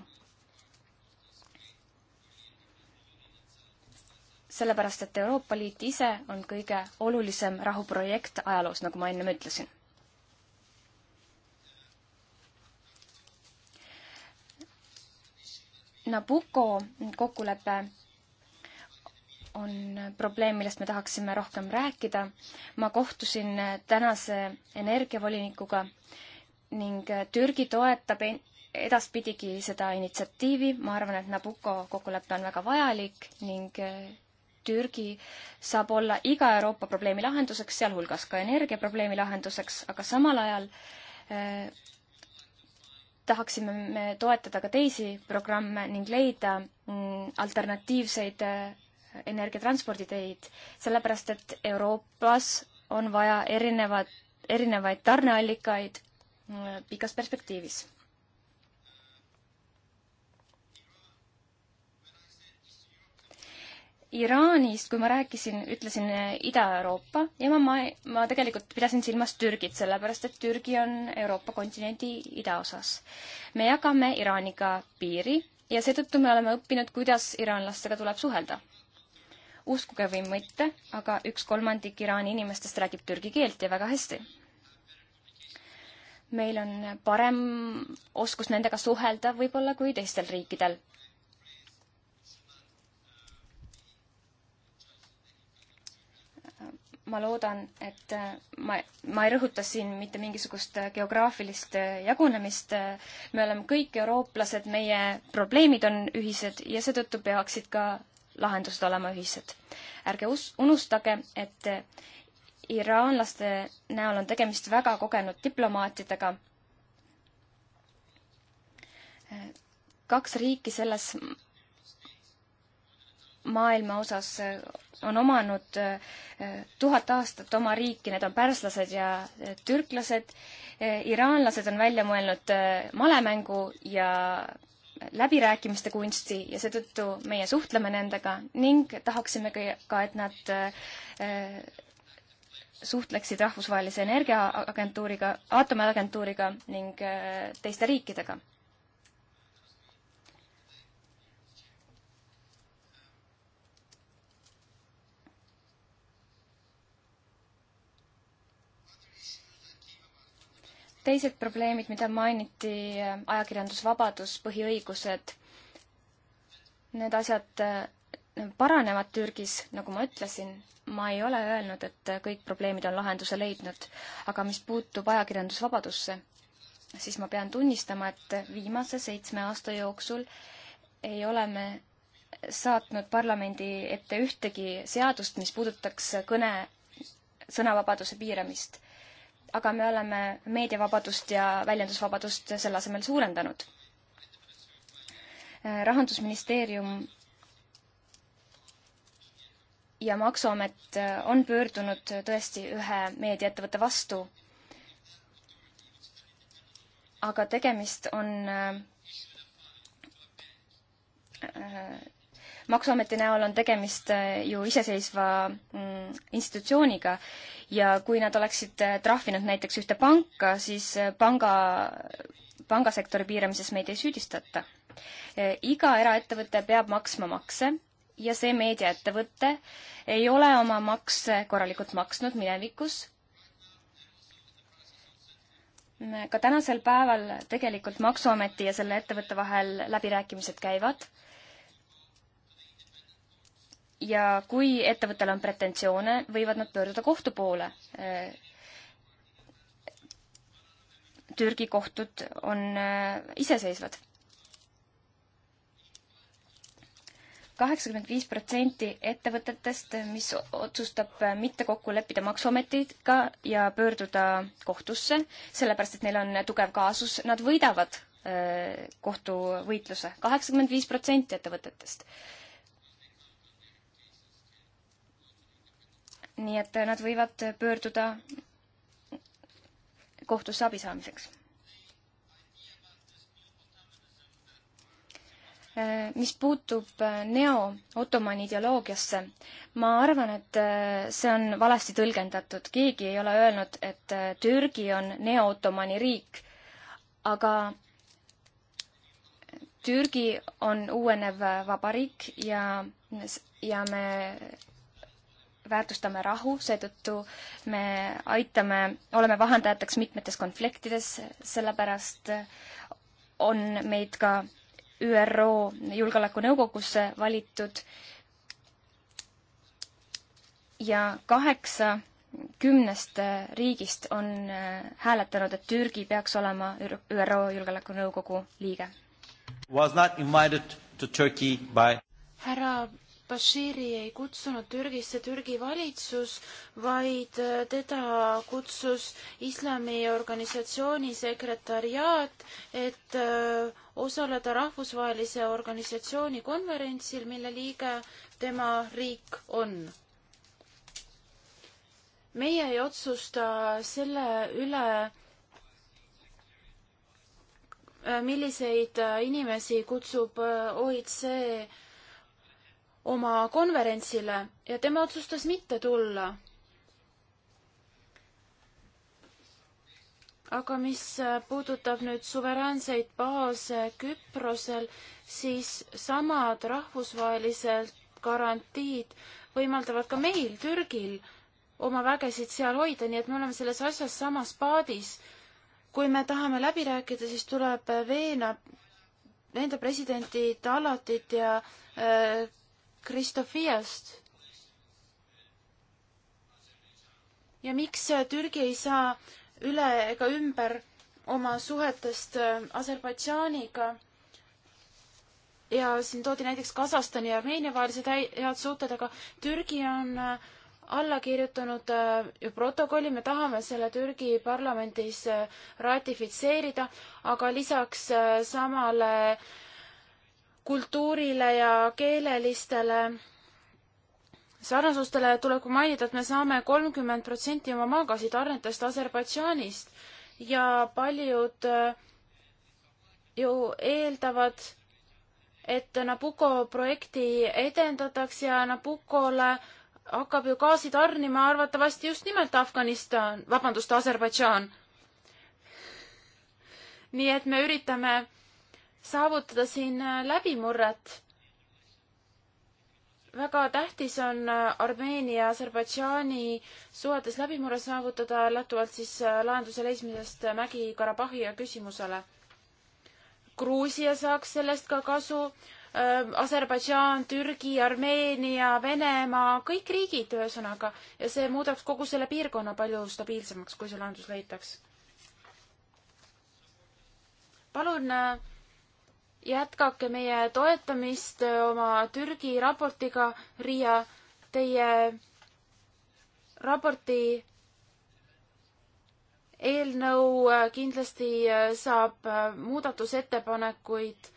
Speaker 4: sellepärast, et Euroopa Liit ise on kõige olulisem rahuprojekt ajaloos, nagu ma ennem ütlesin. Nabucco kokkulepe on probleem, millest me tahaksime rohkem rääkida. ma kohtusin tänase energiavolinikuga ning Türgi toetab edaspidigi seda initsiatiivi, ma arvan, et Nabucco kokkulepe on väga vajalik ning eh, Türgi saab olla iga Euroopa probleemi lahenduseks, sealhulgas ka energiaprobleemi lahenduseks, aga samal ajal eh, tahaksime me toetada ka teisi programme ning leida mm, alternatiivseid eh, energiatransporditeid, sellepärast et Euroopas on vaja erinevad, erinevaid tarneallikaid äh, pikas perspektiivis. Iraanist, kui ma rääkisin, ütlesin äh, Ida-Euroopa ja ma, ma, ma tegelikult pidasin silmas Türgit, sellepärast et Türgi on Euroopa kontinendi idaosas. me jagame Iraaniga piiri ja seetõttu me oleme õppinud, kuidas iraanlastega tuleb suhelda uskuge või mitte, aga üks kolmandik Iraani inimestest räägib türgi keelt ja väga hästi. meil on parem oskus nendega suhelda võib-olla kui teistel riikidel. ma loodan, et ma, ma ei rõhuta siin mitte mingisugust geograafilist jagunemist. me oleme kõik eurooplased, meie probleemid on ühised ja seetõttu peaksid ka lahendused olema ühised. ärge us-, unustage, et iraanlaste näol on tegemist väga kogenud diplomaatidega. kaks riiki selles maailma osas on omanud eh, tuhat aastat oma riiki, need on pärslased ja eh, türklased. Eh, iraanlased on välja mõelnud malemängu ja läbirääkimiste kunsti ja seetõttu meie suhtleme nendega ning tahaksime ka, et nad äh, suhtleksid Rahvusvahelise Energiaagentuuriga, aatomiagentuuriga ning äh, teiste riikidega teised probleemid, mida mainiti, ajakirjandusvabadus, põhiõigused, need asjad äh, paranevad Türgis, nagu ma ütlesin, ma ei ole öelnud, et kõik probleemid on lahenduse leidnud, aga mis puutub ajakirjandusvabadusse, siis ma pean tunnistama, et viimase seitsme aasta jooksul ei ole me saatnud parlamendi ette ühtegi seadust, mis puudutaks kõne, sõnavabaduse piiramist aga me oleme meediavabadust ja väljendusvabadust selle asemel suurendanud. rahandusministeerium ja Maksuamet on pöördunud tõesti ühe meediaettevõtte vastu, aga tegemist on äh, maksuameti näol on tegemist äh, ju iseseisva mm, institutsiooniga ja kui nad oleksid äh, trahvinud näiteks ühte panka, siis äh, panga, pangasektori piiramises meid ei süüdistata. iga eraettevõte peab maksma makse ja see meediaettevõte ei ole oma makse korralikult maksnud minevikus. ka tänasel päeval tegelikult Maksuameti ja selle ettevõtte vahel läbirääkimised käivad ja kui ettevõttel on pretensioone, võivad nad pöörduda kohtu poole. Türgi kohtud on äh, iseseisvad. kaheksakümmend viis protsenti ettevõtetest, mis otsustab äh, mitte kokku leppida Maksuametiga ja pöörduda kohtusse, sellepärast et neil on tugev kaasus, nad võidavad äh, kohtuvõitluse, kaheksakümmend viis protsenti ettevõtetest nii et nad võivad pöörduda kohtusse abi saamiseks. mis puutub äh, neo-ottomani ideoloogiasse, ma arvan, et äh, see on valesti tõlgendatud, keegi ei ole öelnud, et äh, Türgi on neo-ottomani riik, aga Türgi on uuenev vabariik ja, ja me väärtustame rahu, seetõttu me aitame, oleme vahendajateks mitmetes konfliktides, sellepärast on meid ka ÜRO Julgeolekunõukogusse valitud ja kaheksa kümnest riigist on äh, hääletanud, et Türgi peaks olema ÜRO Julgeolekunõukogu liige.
Speaker 3: härra Bashiri ei kutsunud Türgisse Türgi valitsus, vaid äh, teda kutsus islamiorganisatsiooni sekretariaat, et äh, osaleda rahvusvahelise organisatsiooni konverentsil, mille liige tema riik on. meie ei otsusta selle üle, äh, milliseid inimesi kutsub OIC oma konverentsile ja tema otsustas mitte tulla. aga mis puudutab nüüd suveräänseid baase Küprosel, siis samad rahvusvahelised garantiid võimaldavad ka meil, Türgil, oma vägesid seal hoida, nii et me oleme selles asjas samas paadis. kui me tahame läbi rääkida, siis tuleb veena nende presidenti Talatit ja äh, Kristofiast. ja miks äh, Türgi ei saa üle ega ümber oma suhetest äh, Aserbaidžaaniga? ja siin toodi näiteks Kasahstani ja Armeenia vahelised head suhted, aga Türgi on äh, alla kirjutanud ju protokolli, me tahame selle Türgi parlamendis ratifitseerida, aga lisaks samale äh, kultuurile ja keelelistele sarnasustele tuleb ka mainida, et me saame kolmkümmend protsenti oma maagaasitarnetest Aserbaidžaanist ja paljud äh, ju eeldavad, et Nabucco projekti edendatakse ja Nabuccole hakkab ju gaasi tarnima arvatavasti just nimelt Afganistan, vabandust, Aserbaidžaan. nii et me üritame saavutada siin äh, läbimurret. väga tähtis on äh, Armeenia ja Aserbaidžaani suhetes läbimurre saavutada lähtuvalt siis äh, lahenduse leidmisest Mägi-Karabahhi küsimusele. Gruusia saaks sellest ka kasu. Aserbaidžaan, Türgi, Armeenia, Venemaa, kõik riigid ühesõnaga ja see muudaks kogu selle piirkonna palju stabiilsemaks, kui see lahendus leitaks. palun äh, jätkake meie toetamist oma Türgi raportiga, Riia, teie raporti eelnõu äh, kindlasti äh, saab äh, muudatusettepanekuid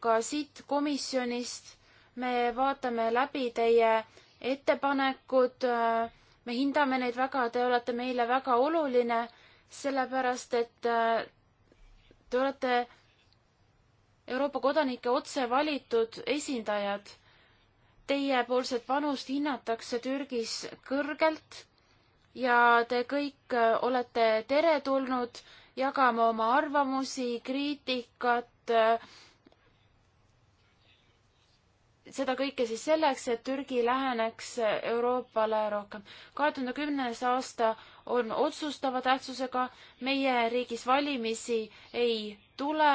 Speaker 3: ka siit komisjonist. me vaatame läbi teie ettepanekud, me hindame neid väga, te olete meile väga oluline, sellepärast et te olete Euroopa kodanike otse valitud esindajad. Teiepoolset panust hinnatakse Türgis kõrgelt ja te kõik äh, olete teretulnud jagama oma arvamusi, kriitikat, äh, seda kõike siis selleks, et Türgi läheneks Euroopale rohkem. kahe tuhande kümnes aasta on otsustava tähtsusega, meie riigis valimisi ei tule.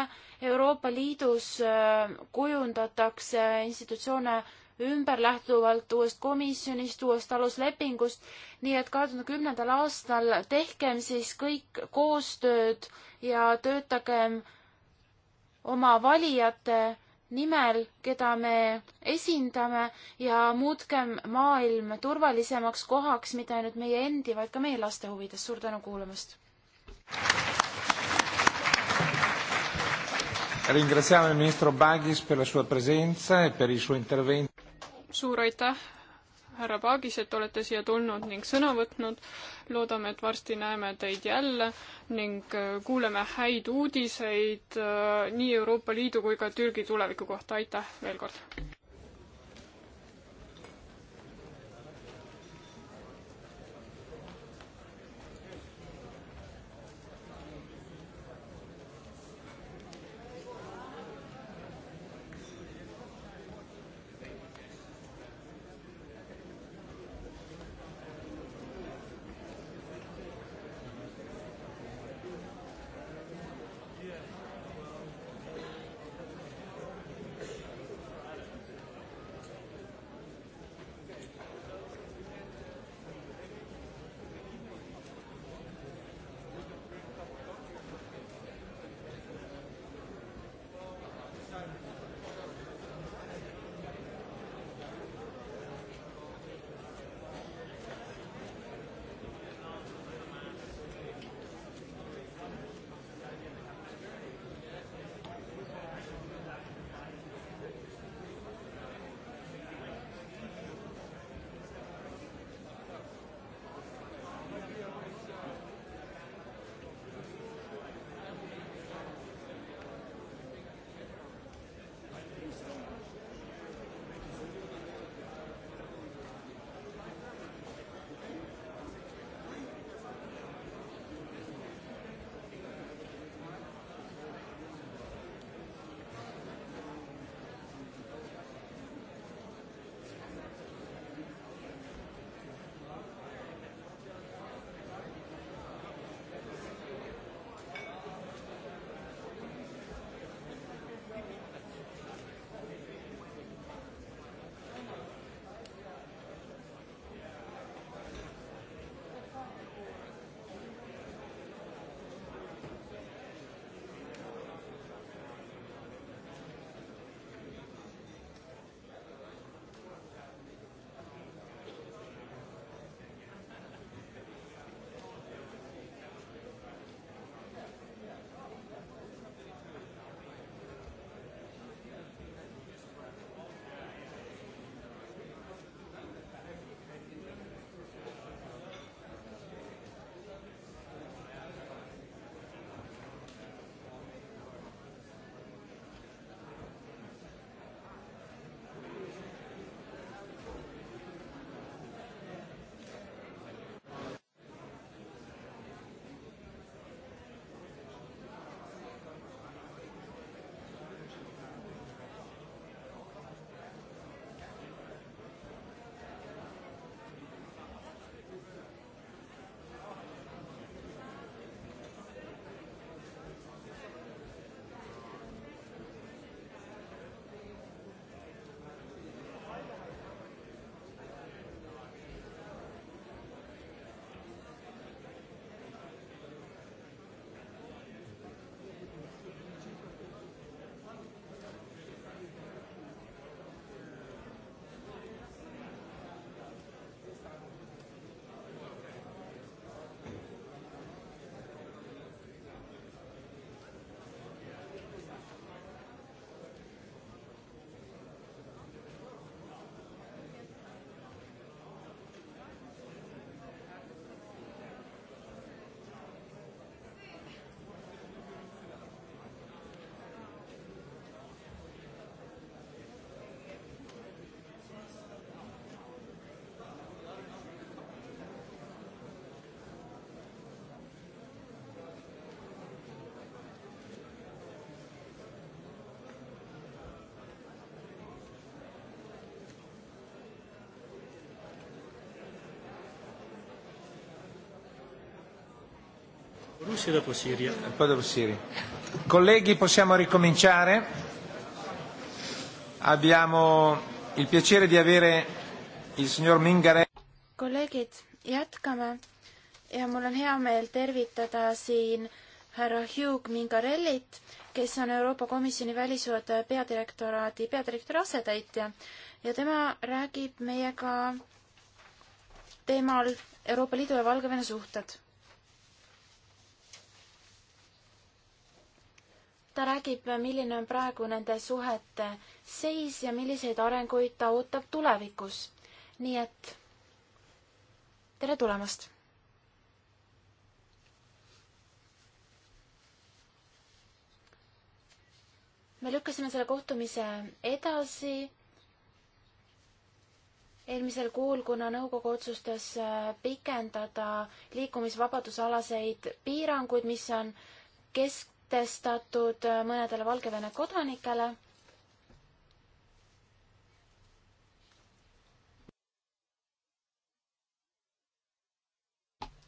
Speaker 3: Euroopa Liidus äh, kujundatakse institutsioone ümber lähtuvalt uuest komisjonist, uuest aluslepingust, nii et kahe tuhande kümnendal aastal tehkem siis kõik koostööd ja töötagem oma valijate nimel, keda me esindame ja muutkem maailm turvalisemaks kohaks, mitte ainult meie endi, vaid ka meie laste huvides. suur tänu kuulamast!
Speaker 1: Ringraziamo il ministro Bagis per la sua presenza e per il suo intervento.
Speaker 2: suur aitäh, härra Bagis, et olete siia tulnud ning sõna võtnud. loodame, et varsti näeme teid jälle ning äh, kuuleme häid uudiseid äh, nii Euroopa Liidu kui ka Türgi tuleviku kohta. aitäh veel kord!
Speaker 1: Russia dopo Siria. E poi dopo Siria. Colleghi, possiamo ricominciare. Abbiamo il piacere di avere il signor Mingare.
Speaker 3: Colleghi, jätkame ja mul on hea meel tervitada siin härra Hugh Mingarellit, kes on Euroopa Komisjoni välissuhete peadirektoraadi peadirektori asetäitja ja tema räägib meiega teemal Euroopa Liidu ja Valgevene suhted ta räägib, milline on praegu nende suhete seis ja milliseid arenguid ta ootab tulevikus. nii et tere tulemast! me lükkasime selle kohtumise edasi eelmisel kuul, kuna nõukogu otsustas äh, pikendada liikumisvabaduse alaseid piiranguid, mis on kesk, mõtestatud mõnedele Valgevene kodanikele.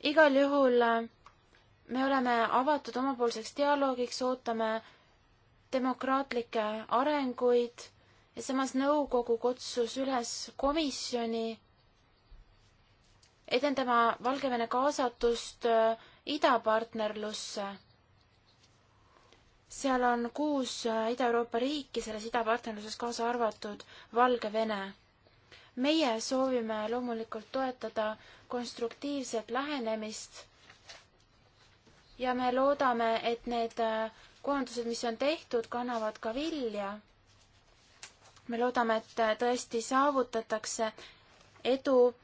Speaker 3: igal juhul äh, me oleme avatud omapoolseks dialoogiks, ootame demokraatlikke arenguid ja samas nõukogu kutsus üles komisjoni edendama Valgevene kaasatust äh, idapartnerlusse seal on kuus äh, Ida-Euroopa riiki selles idapartnerluses, kaasa arvatud Valgevene. meie soovime loomulikult toetada konstruktiivset lähenemist ja me loodame, et need äh, koondused, mis on tehtud, kannavad ka vilja. me loodame, et äh, tõesti saavutatakse edu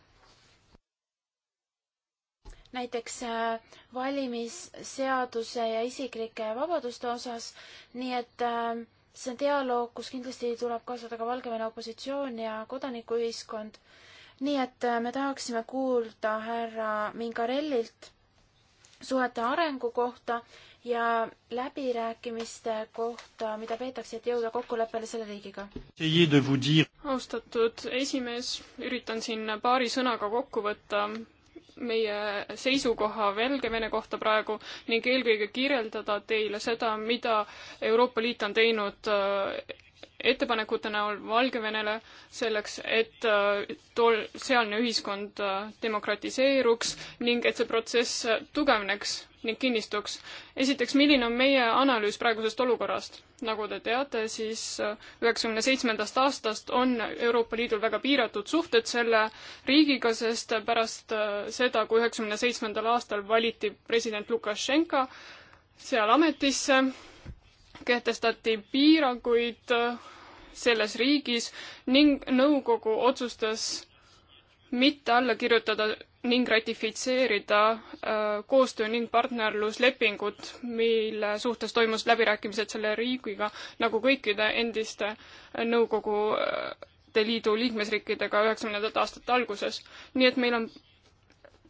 Speaker 3: näiteks äh, valimisseaduse ja isiklike vabaduste osas, nii et äh, see on dialoog, kus kindlasti tuleb kaasata ka Valgevene opositsioon ja kodanikuühiskond. nii et äh, me tahaksime kuulda härra Mingarellilt suhete arengu kohta ja
Speaker 2: läbirääkimiste kohta, mida peetakse, et jõuda kokkuleppele selle riigiga? austatud esimees, üritan siin paari sõnaga kokku võtta meie seisukoha Valgevene kohta praegu ning eelkõige kirjeldada teile seda, mida Euroopa Liit on teinud äh, ettepanekute näol Valgevenele selleks, et äh, tol, sealne ühiskond äh, demokratiseeruks ning et see protsess äh, tugevneks ning kinnistuks. esiteks, milline on meie analüüs praegusest olukorrast? nagu te teate, siis üheksakümne seitsmendast aastast on Euroopa Liidul väga piiratud suhted selle riigiga, sest pärast seda, kui üheksakümne seitsmendal aastal valiti president Lukašenka seal ametisse, kehtestati piiranguid äh, selles riigis ning nõukogu otsustas mitte alla kirjutada ning ratifitseerida äh, koostöö ning partnerluslepingut, mille suhtes toimus läbirääkimised selle riigiga nagu kõikide endiste äh, Nõukogude Liidu liikmesriikidega üheksakümnendate aastate alguses. nii et meil on,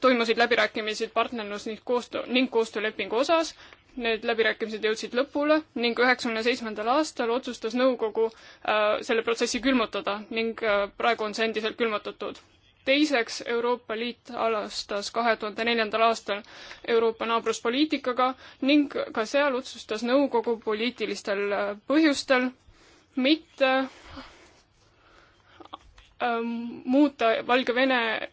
Speaker 2: toimusid läbirääkimised partnerlus ning koostöö, ning koostöölepingu osas Need läbirääkimised jõudsid lõpule ning üheksakümne seitsmendal aastal otsustas nõukogu äh, selle protsessi külmutada ning äh, praegu on see endiselt külmutatud. teiseks, Euroopa Liit alustas kahe tuhande neljandal aastal Euroopa naabruspoliitikaga ning ka seal otsustas nõukogu poliitilistel äh, põhjustel mitte äh, muuta Valgevene äh,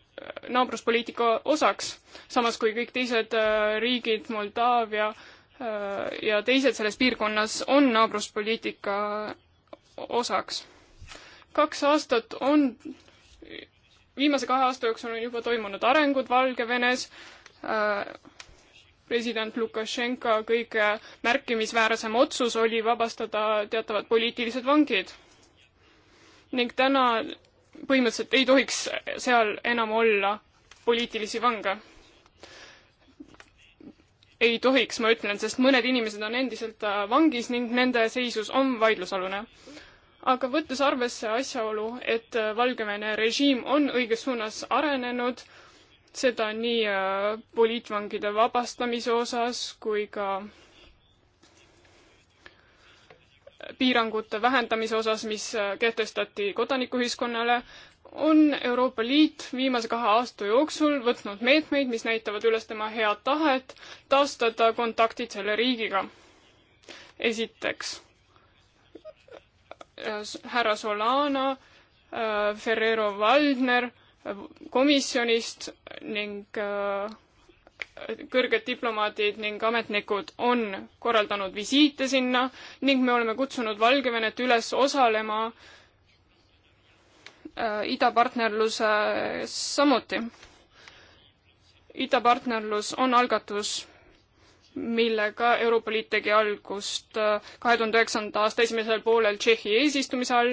Speaker 2: naabruspoliitika osaks, samas kui kõik teised äh, riigid, Moldaavia äh,, Äh, ja teised selles piirkonnas on naabruspoliitika osaks. kaks aastat on, viimase kahe aasta jooksul on juba toimunud arengud Valgevenes, äh, president Lukašenka kõige märkimisväärsem otsus oli vabastada teatavad poliitilised vangid. ning täna põhimõtteliselt ei tohiks seal enam olla poliitilisi vange ei tohiks, ma ütlen, sest mõned inimesed on endiselt äh, vangis ning nende seisus on vaidlusalune. aga võttes arvesse asjaolu, et äh, Valgevene režiim on õiges suunas arenenud, seda nii äh, poliitvangide vabastamise osas kui ka piirangute vähendamise osas, mis kehtestati kodanikuühiskonnale, on Euroopa Liit viimase kahe aasta jooksul võtnud meetmeid, mis näitavad üles tema head tahet taastada kontaktid selle riigiga. esiteks härra Solana, äh, Ferrero Valdner äh, komisjonist ning äh, kõrged diplomaadid ning ametnikud on korraldanud visiite sinna ning me oleme kutsunud Valgevenet üles osalema äh, Äh, idapartnerluses samuti. idapartnerlus on algatus, millega Euroopa Liit tegi algust äh, kahe tuhande üheksanda aasta esimesel poolel Tšehhi eesistumise all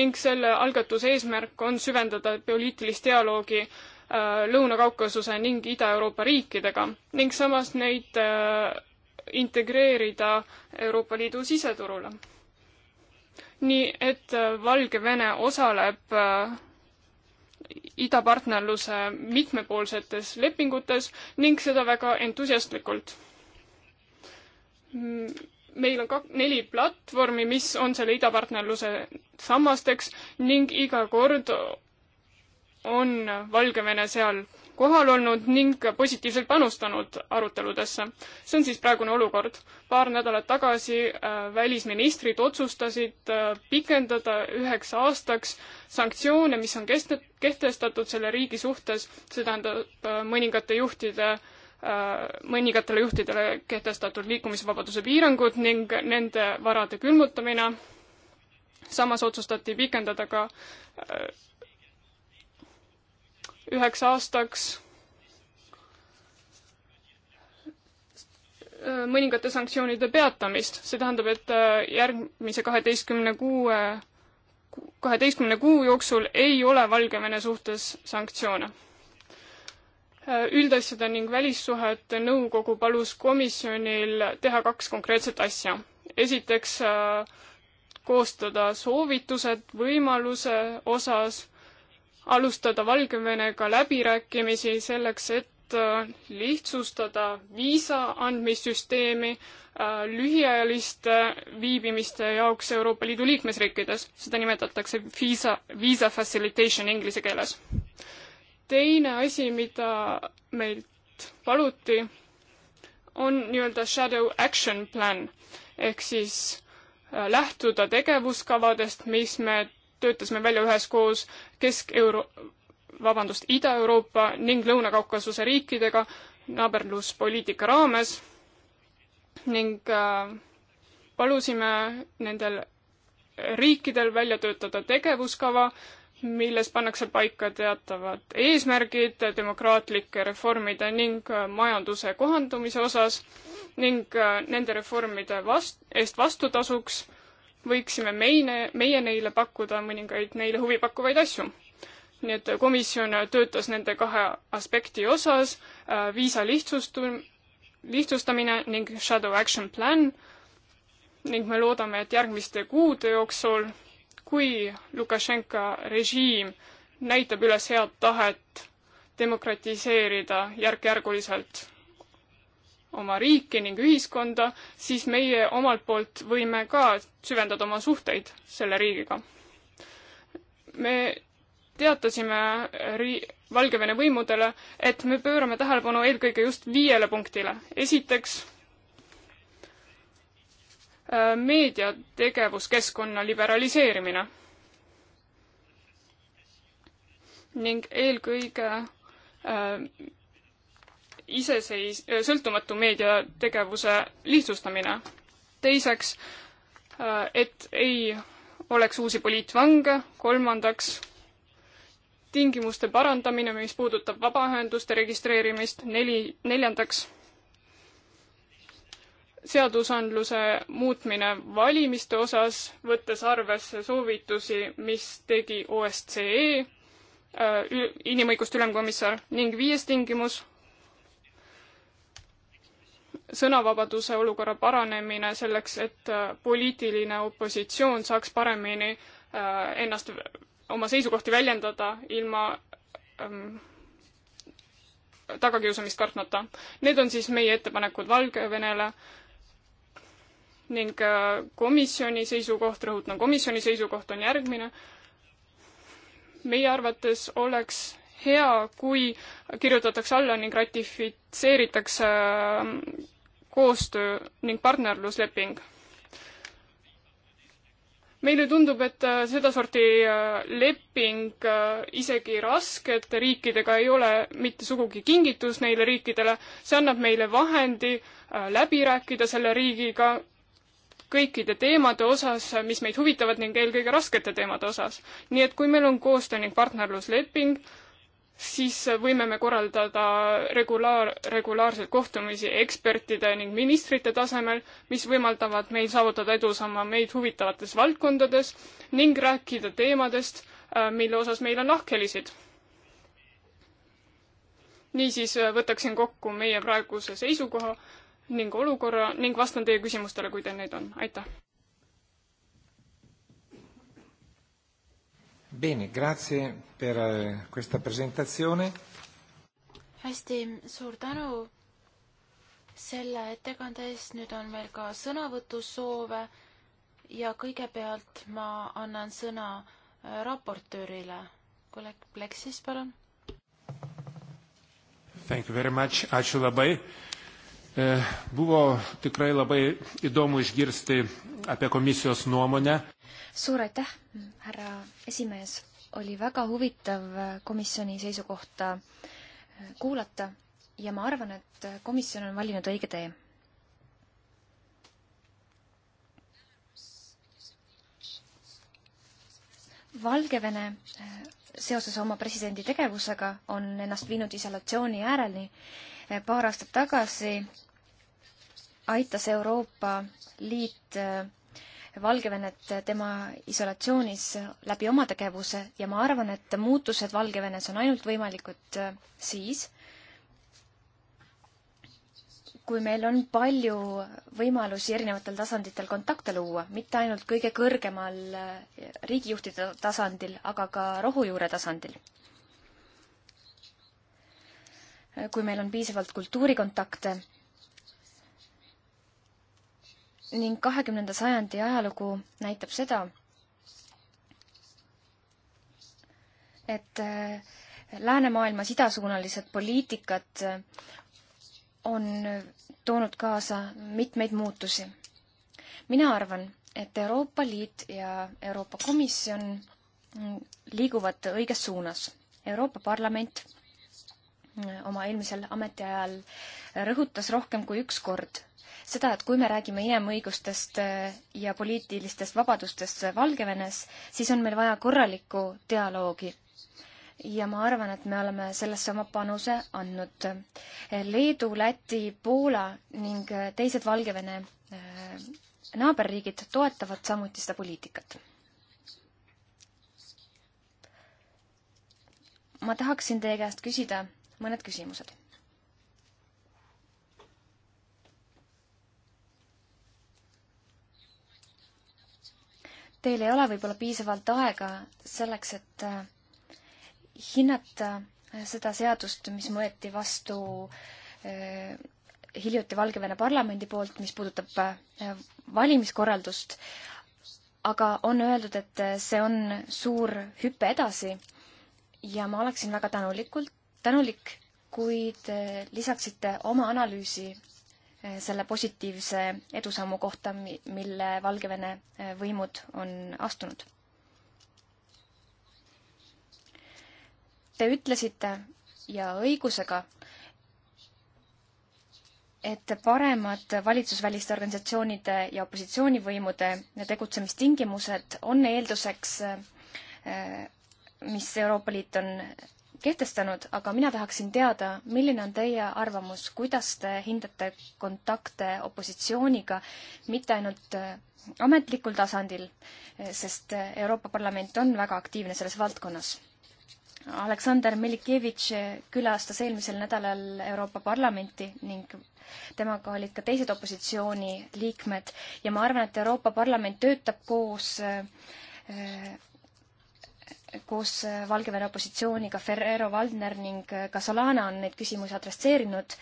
Speaker 2: ning selle algatuse eesmärk on süvendada poliitilist dialoogi äh, Lõuna-Kaukasuse ning Ida-Euroopa riikidega ning samas neid integreerida Euroopa Liidu siseturule nii et äh, Valgevene osaleb äh, idapartnerluse mitmepoolsetes lepingutes ning seda väga entusiastlikult. meil on ka neli platvormi, mis on selle idapartnerluse sammasteks ning iga kord on Valgevene seal kohal olnud ning positiivselt panustanud aruteludesse. see on siis praegune olukord. paar nädalat tagasi äh, välisministrid otsustasid äh, pikendada üheks aastaks sanktsioone, mis on kest-, kehtestatud selle riigi suhtes, see tähendab äh, mõningate juhtide mõningatele juhtidele kehtestatud liikumisvabaduse piirangud ning nende varade külmutamine. samas otsustati pikendada ka üheks aastaks mõningate sanktsioonide peatamist, see tähendab, et äh, järgmise kaheteistkümne kuue, kaheteistkümne kuu jooksul ei ole Valgevene suhtes sanktsioone. Äh, üldasjade ning välissuhete nõukogu palus komisjonil teha kaks konkreetset asja. esiteks äh, koostada soovitused võimaluse osas alustada Valgevenega läbirääkimisi selleks, et äh, lihtsustada viisa andmissüsteemi äh, lühiajaliste viibimiste jaoks Euroopa Liidu liikmesriikides. seda nimetatakse viisa, visa facilitation inglise keeles. teine asi, mida meilt paluti, on nii-öelda shadow action plan ehk siis äh, lähtuda tegevuskavadest, mis me töötasime välja üheskoos Kesk-Euro-, vabandust, Ida-Euroopa ning Lõuna-Kaukasuse riikidega naaberluspoliitika raames ning äh, palusime nendel riikidel välja töötada tegevuskava, milles pannakse paika teatavad eesmärgid demokraatlike reformide ning äh, majanduse kohandumise osas ning äh, nende reformide vast-, eest vastutasuks võiksime meie, meie neile pakkuda mõningaid neile huvipakkuvaid asju. nii et komisjon töötas nende kahe aspekti osas, äh, viisa lihtsustu-, lihtsustamine ning shadow action plan ning me loodame, et järgmiste kuude jooksul, kui Lukašenka režiim näitab üles head tahet demokratiseerida järk-järguliselt oma riiki ning ühiskonda, siis meie omalt poolt võime ka süvendada oma suhteid selle riigiga. me teatasime ri-, Valgevene võimudele, et me pöörame tähelepanu eelkõige just viiele punktile. esiteks, äh, meediategevuskeskkonna liberaliseerimine ning eelkõige äh, iseseis-, äh, sõltumatu meediategevuse lihtsustamine. teiseks, äh, et ei oleks uusi poliitvange, kolmandaks, tingimuste parandamine, mis puudutab vabaühenduste registreerimist, neli, neljandaks, seadusandluse muutmine valimiste osas, võttes arvesse soovitusi, mis tegi OSCE, äh, inimõiguste ülemkomissar ning viies tingimus, sõnavabaduse olukorra paranemine selleks, et äh, poliitiline opositsioon saaks paremini äh, ennast, oma seisukohti väljendada ilma ähm, tagakiusamist kartmata. Need on siis meie ettepanekud Valgevenele ning äh, komisjoni seisukoht, rõhutan, komisjoni seisukoht on järgmine. meie arvates oleks hea, kui kirjutatakse alla ning ratifitseeritakse ähm, koostöö ning partnerlusleping. meile tundub, et äh, sedasorti äh, leping äh, isegi raskete riikidega ei ole mitte sugugi kingitus neile riikidele, see annab meile vahendi läbi rääkida selle riigiga kõikide teemade osas, mis meid huvitavad ning eelkõige raskete teemade osas. nii et kui meil on koostöö ning partnerlusleping, siis võime me korraldada regulaar, regulaarseid kohtumisi ekspertide ning ministrite tasemel, mis võimaldavad meil saavutada edusamme meid huvitavates valdkondades ning rääkida teemadest, äh, mille osas meil on lahkhelisid. niisiis äh, võtaksin kokku meie praeguse seisukoha ning olukorra ning vastan teie küsimustele, kui teil neid on. aitäh!
Speaker 1: Bene, grazie per eh, questa presentatsioone.
Speaker 3: hästi, suur tänu selle ettekande eest, nüüd on meil ka sõnavõtusoove ja kõigepealt ma annan sõna äh, raportöörile. kolleeg Pleksis, palun.
Speaker 2: Thank you
Speaker 1: very much, ačiū labai. Äh, buvo tikrai labai įdomu išgirsti apie komisijos nuomonę
Speaker 4: suur aitäh, härra esimees, oli väga huvitav komisjoni seisukohta äh, kuulata ja ma arvan, et komisjon on valinud õige tee. Valgevene äh, seoses oma presidendi tegevusega on ennast viinud isolatsiooni ääreni. Äh, paar aastat tagasi aitas Euroopa Liit Valgevenet tema isolatsioonis läbi oma tegevuse ja ma arvan, et muutused Valgevenes on ainult võimalikud äh, siis, kui meil on palju võimalusi erinevatel tasanditel kontakte luua, mitte ainult kõige kõrgemal äh, riigijuhtide tasandil, aga ka rohujuure tasandil. Äh, kui meil on piisavalt kultuurikontakte ning kahekümnenda sajandi ajalugu näitab seda, et äh, läänemaailmas idasuunalised poliitikad äh, on toonud kaasa mitmeid muutusi. mina arvan, et Euroopa Liit ja Euroopa Komisjon mm, liiguvad õiges suunas. Euroopa Parlament mm, oma eelmisel ametiajal rõhutas rohkem kui üks kord seda, et kui me räägime inimõigustest äh, ja poliitilistest vabadustest äh, Valgevenes, siis on meil vaja korralikku dialoogi. ja ma arvan, et me oleme sellesse oma panuse andnud. Äh, Leedu, Läti, Poola ning teised Valgevene naaberriigid toetavad samuti seda poliitikat. ma tahaksin teie käest küsida mõned küsimused teil ei ole võib-olla piisavalt aega selleks, et äh, hinnata äh, seda seadust, mis võeti vastu äh, hiljuti Valgevene parlamendi poolt, mis puudutab valimiskorraldust, aga on öeldud, et see on suur hüpe edasi ja ma oleksin väga tänulikult, tänulik, kui te lisaksite oma analüüsi selle positiivse edusammu kohta, mille Valgevene äh, võimud on astunud. Te ütlesite ja õigusega, et paremad valitsusväliste organisatsioonide ja opositsioonivõimude tegutsemistingimused on eelduseks, äh, mis Euroopa Liit on kehtestanud, aga mina tahaksin teada, milline on teie arvamus, kuidas te hindate kontakte opositsiooniga, mitte ainult äh, ametlikul tasandil, äh, sest äh, Euroopa Parlament on väga aktiivne selles valdkonnas. Aleksander Milikevitš külastas eelmisel nädalal Euroopa Parlamenti ning temaga olid ka teised opositsiooni liikmed ja ma arvan, et Euroopa Parlament töötab koos koos äh, Valgevene opositsiooniga Ferrero Valdner ning äh, ka Solana on neid küsimusi adresseerinud.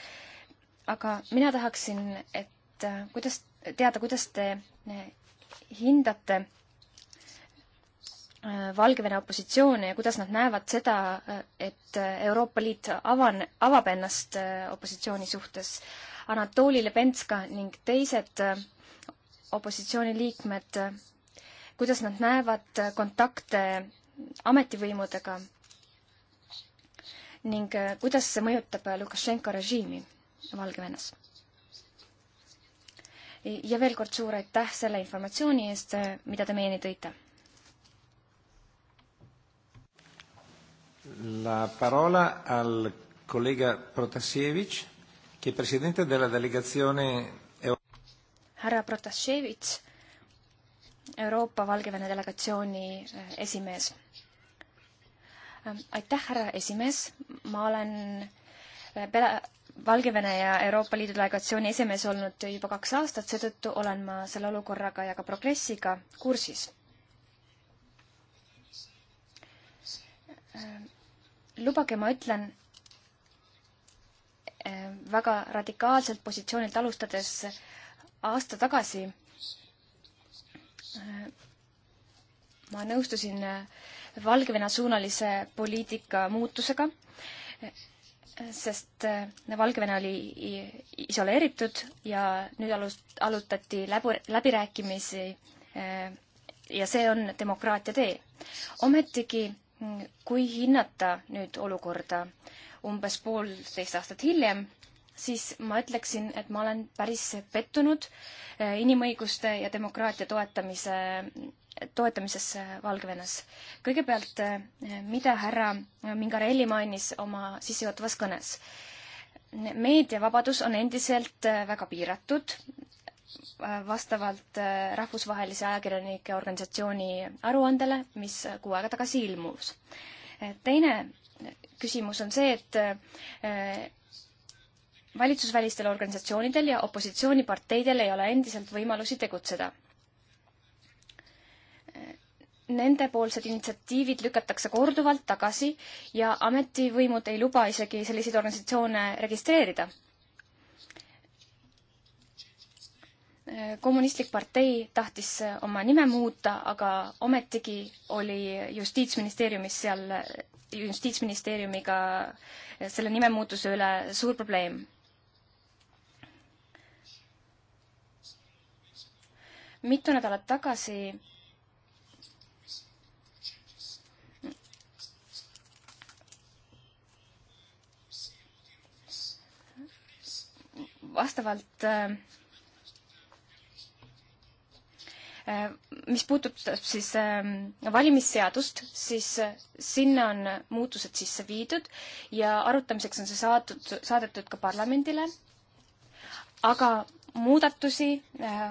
Speaker 4: aga mina tahaksin, et äh, kuidas, teada, kuidas te hindate Valgevene opositsiooni ja kuidas nad näevad seda, et Euroopa Liit avan, avab ennast opositsiooni suhtes. Anatoli Lebenska ning teised opositsiooniliikmed kuidas nad näevad kontakte ametivõimudega ning äh, kuidas see mõjutab äh, Lukašenko režiimi Valgevenes. ja veel kord suur aitäh selle informatsiooni eest, äh, mida te meieni tõite.
Speaker 1: La parola al collega Protasevich, che è presidente della delegazione
Speaker 4: härra Protasevich, Euroopa Valgevene delegatsiooni esimees aitäh, härra esimees, ma olen äh, pele-, Valgevene ja Euroopa Liidu delegatsiooni esimees olnud juba kaks aastat, seetõttu olen ma selle olukorraga ja ka progressiga kursis. Äh, lubage, ma ütlen, äh, väga radikaalselt positsioonilt alustades aasta tagasi ma nõustusin äh, Valgevene-suunalise poliitika muutusega, sest äh, Valgevene oli isoleeritud ja nüüd alust-, alutati läbu-, läbirääkimisi äh, ja see on demokraatia tee. ometigi, mm, kui hinnata nüüd olukorda umbes poolteist aastat hiljem, siis ma ütleksin, et ma olen päris pettunud äh, inimõiguste ja demokraatia toetamise toetamisesse Valgevenes. kõigepealt, eh, mida härra Mingarelli mainis oma sissejuhatavas kõnes. meediavabadus on endiselt eh, väga piiratud, eh, vastavalt rahvusvahelise ajakirjanike organisatsiooni aruandele, mis kuu aega tagasi ilmus. teine küsimus on see, et valitsusvälistel organisatsioonidel ja opositsiooniparteidel ei ole endiselt võimalusi tegutseda nendepoolsed initsiatiivid lükatakse korduvalt tagasi ja ametivõimud ei luba isegi selliseid organisatsioone registreerida. kommunistlik partei tahtis oma nime muuta, aga ometigi oli justiitsministeeriumis seal, justiitsministeeriumiga selle nimemuutuse üle suur probleem mitu nädalat tagasi vastavalt äh, mis puudutab siis äh, valimisseadust, siis äh, sinna on muutused sisse viidud ja arutamiseks on see saadud, saadetud ka parlamendile. aga muudatusi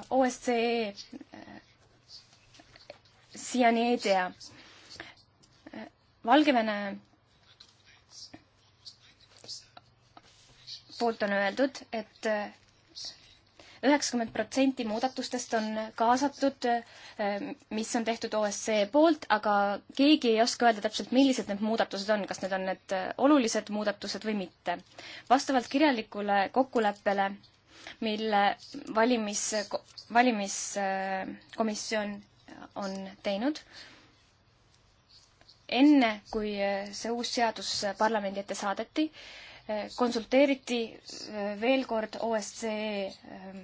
Speaker 4: OSCE siiani ei tea. Valgevene poolt on öeldud et, et üheksakümmend protsenti muudatustest on kaasatud, mis on tehtud OSCE poolt, aga keegi ei oska öelda täpselt, millised need muudatused on, kas need on need olulised muudatused või mitte. vastavalt kirjalikule kokkuleppele, mille valimis, valimiskomisjon on teinud, enne, kui see uus seadus parlamendi ette saadeti, konsulteeriti eh, veel kord OSCE ehm,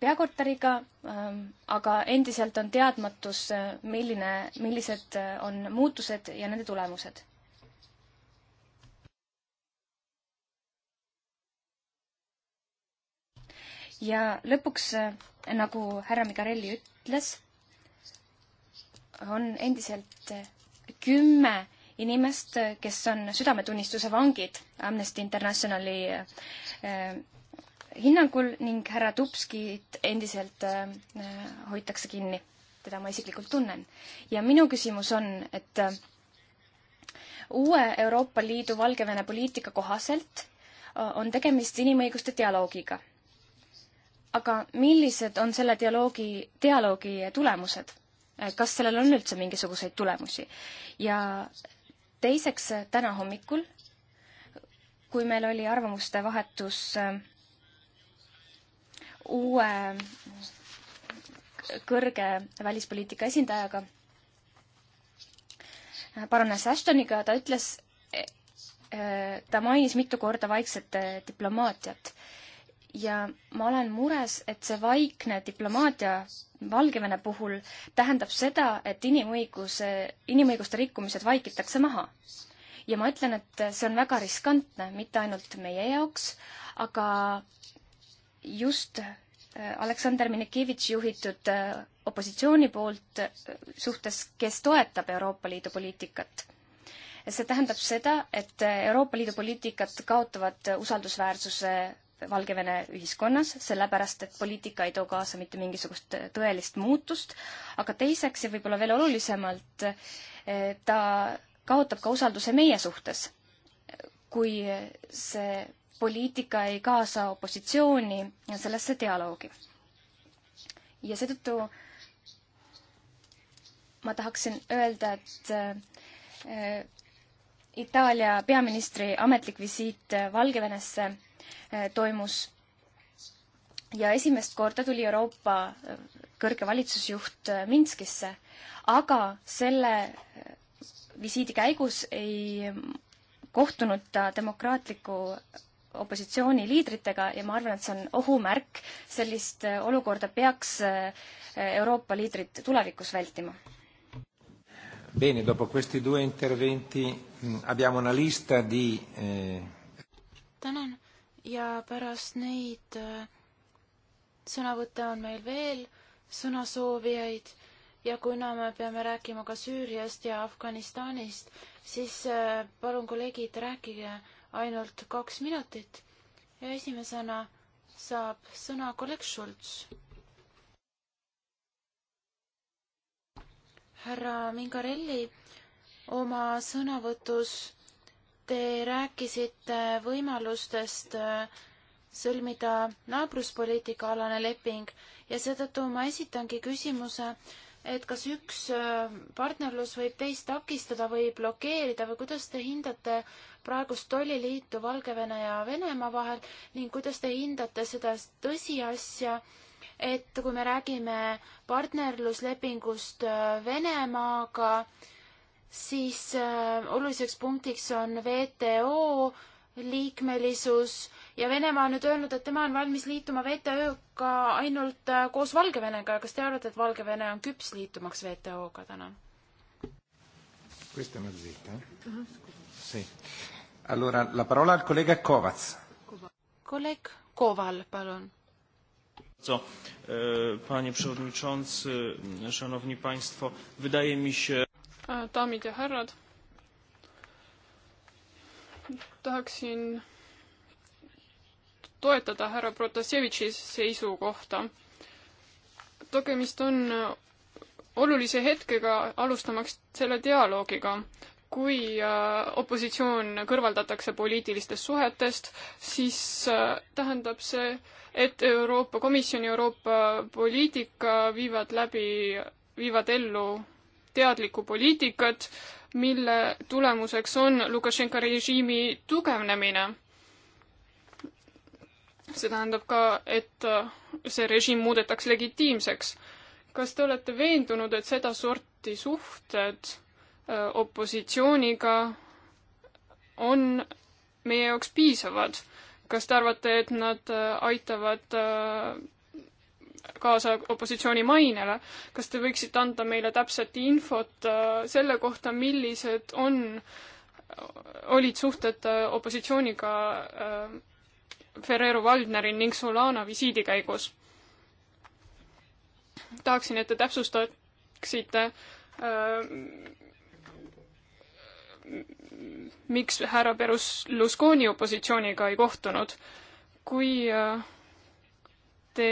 Speaker 4: peakorteriga, ehm, aga endiselt on teadmatus, eh, milline, millised eh, on muutused ja nende tulemused. ja lõpuks, nagu härra Migarelli ütles, on endiselt kümme inimest, kes on südametunnistuse vangid Amnesty Internationali eh, hinnangul ning härra Tupskit endiselt eh, hoitakse kinni. teda ma isiklikult tunnen. ja minu küsimus on, et eh, uue Euroopa Liidu Valgevene poliitika kohaselt on tegemist inimõiguste dialoogiga. aga millised on selle dialoogi, dialoogi tulemused? kas sellel on üldse mingisuguseid tulemusi? ja teiseks, täna hommikul, kui meil oli arvamuste vahetus äh, uue kõrge välispoliitika esindajaga, paranes Ashtoniga, ta ütles, e, e, ta mainis mitu korda vaikset äh, diplomaatiat. ja ma olen mures, et see vaikne diplomaatia Valgevene puhul tähendab seda, et inimõiguse, inimõiguste rikkumised vaikitakse maha. ja ma ütlen, et see on väga riskantne, mitte ainult meie jaoks, aga just äh, Aleksander Minikivitš juhitud äh, opositsiooni poolt äh, suhtes, kes toetab Euroopa Liidu poliitikat. see tähendab seda, et Euroopa Liidu poliitikat kaotavad usaldusväärsuse Valgevene ühiskonnas, sellepärast et poliitika ei too kaasa mitte mingisugust tõelist muutust, aga teiseks ja võib-olla veel olulisemalt, eh, ta kaotab ka usalduse meie suhtes. kui see poliitika ei kaasa opositsiooni sellesse dialoogi. ja seetõttu ma tahaksin öelda, et eh, Itaalia peaministri ametlik visiit Valgevenesse Äh, toimus. ja esimest korda tuli Euroopa äh, kõrge valitsusjuht äh, Minskisse, aga selle visiidi käigus ei mm, kohtunud ta demokraatliku opositsiooni liidritega ja ma arvan, et see on ohumärk, sellist olukorda peaks Euroopa liidrid tulevikus vältima.
Speaker 1: Bene, dopo questi due interventi mm, abbiamo una lista di eh...
Speaker 3: tänan, ja pärast neid äh, sõnavõtte on meil veel sõnasoovijaid ja kuna me peame rääkima ka Süüriast ja Afganistanist, siis äh, palun, kolleegid, rääkige ainult kaks minutit ja esimesena saab sõna kolleeg Schultz. härra Mingarelli oma sõnavõtus Te rääkisite võimalustest äh, sõlmida naabruspoliitika alane leping ja seetõttu ma esitangi küsimuse, et kas üks äh, partnerlus võib teist takistada või blokeerida või kuidas te hindate praegust tolliliitu Valgevene ja Venemaa vahel ning kuidas te hindate seda tõsiasja, et kui me räägime partnerluslepingust äh, Venemaaga, siis äh, oluliseks punktiks on WTO liikmelisus ja Venemaa on nüüd öelnud, et tema on valmis liituma WTO-ga ainult äh, koos Valgevenega. kas te arvate, et Valgevene on küps liitumaks WTO-ga täna?
Speaker 1: Questa è una zitta. Eh? Uh mhm. -huh. Sì. Allora, la parola al collega Kovac.
Speaker 3: Collega Koval, palun.
Speaker 1: E, panie Przewodniczący, Szanowni Państwo, wydaje mi się
Speaker 2: daamid ja härrad. tahaksin toetada härra Protasevitši seisukohta. tegemist on olulise hetkega alustamaks selle dialoogiga. kui äh, opositsioon kõrvaldatakse poliitilistest suhetest, siis äh, tähendab see, et Euroopa Komisjon ja Euroopa poliitika viivad läbi, viivad ellu teadlikku poliitikat, mille tulemuseks on Lukašenka režiimi tugevnemine. see tähendab ka, et see režiim muudetakse legitiimseks. kas te olete veendunud, et sedasorti suhted äh, opositsiooniga on meie jaoks piisavad? kas te arvate, et nad äh, aitavad äh, kaasa opositsiooni mainele. kas te võiksite anda meile täpset infot äh, selle kohta, millised on, äh, olid suhted äh, opositsiooniga Ferrero Valdneri ning Solana visiidi käigus? tahaksin, et te täpsustaksite, miks härra Berlusconi opositsiooniga ei kohtunud. kui te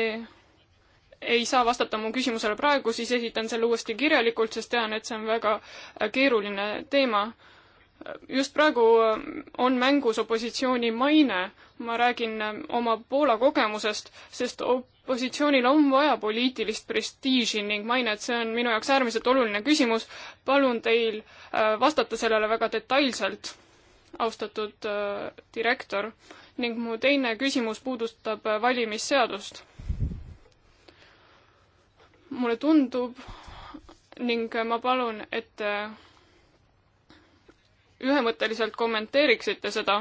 Speaker 2: ei saa vastata mu küsimusele praegu, siis esitan selle uuesti kirjalikult, sest tean, et see on väga äh, keeruline teema. just praegu äh, on mängus opositsiooni maine, ma räägin äh, oma Poola kogemusest, sest opositsioonil on vaja poliitilist prestiiži ning mainet, see on minu jaoks äärmiselt oluline küsimus. palun teil vastata sellele väga detailselt, austatud direktor. ning mu teine küsimus puudutab valimisseadust mulle tundub ning ma palun, et ühemõtteliselt kommenteeriksite seda.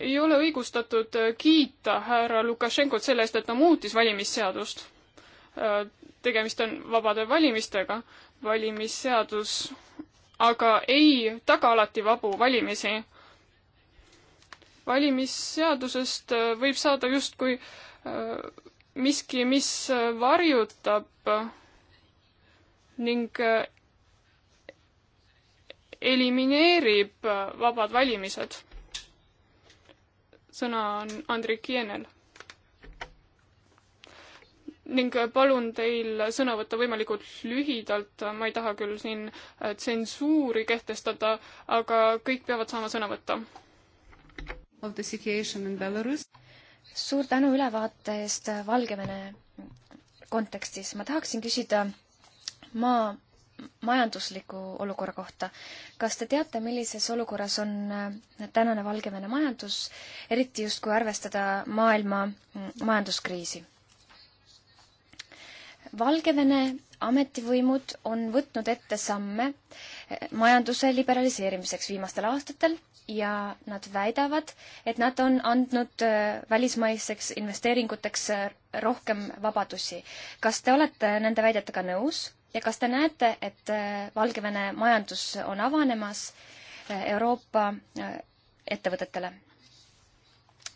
Speaker 2: ei ole õigustatud kiita härra Lukašenkot selle eest, et ta muutis valimisseadust. tegemist on vabade valimistega, valimisseadus aga ei taga alati vabu valimisi. valimisseadusest võib saada justkui äh, miski, mis äh, varjutab äh, ning äh, elimineerib vabad valimised. sõna on Andrik Jeenel. ning palun teil sõna võtta võimalikult lühidalt, ma ei taha küll siin tsensuuri kehtestada, aga kõik peavad saama sõna võtta.
Speaker 3: Of the situation
Speaker 4: in Belarus suur tänu ülevaate eest Valgevene kontekstis. ma tahaksin küsida maa majandusliku olukorra kohta. kas te teate, millises olukorras on äh, tänane Valgevene majandus, eriti just kui arvestada maailma mm, majanduskriisi? Valgevene ametivõimud on võtnud ette samme äh, majanduse liberaliseerimiseks viimastel aastatel ja nad väidavad, et nad on andnud äh, välismaiseks investeeringuteks äh, rohkem vabadusi. kas te olete nende väidetega nõus ja kas te näete, et äh, Valgevene majandus on avanemas Euroopa ettevõtetele?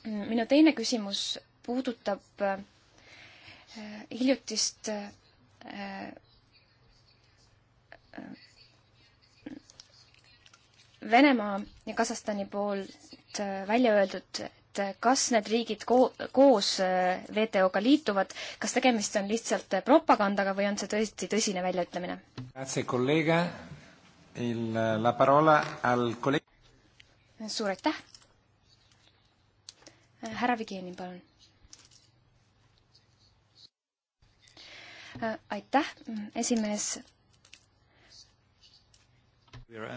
Speaker 4: minu teine küsimus puudutab hiljutist Venemaa ja Kasahstani poolt äh, välja öeldud, et kas need riigid ko koos äh, WTO-ga liituvad, kas tegemist on lihtsalt äh, propagandaga või on see tõesti tõsine väljaütlemine? suur aitäh! härra Vigenin, palun.
Speaker 3: aitäh, mm, esimees ma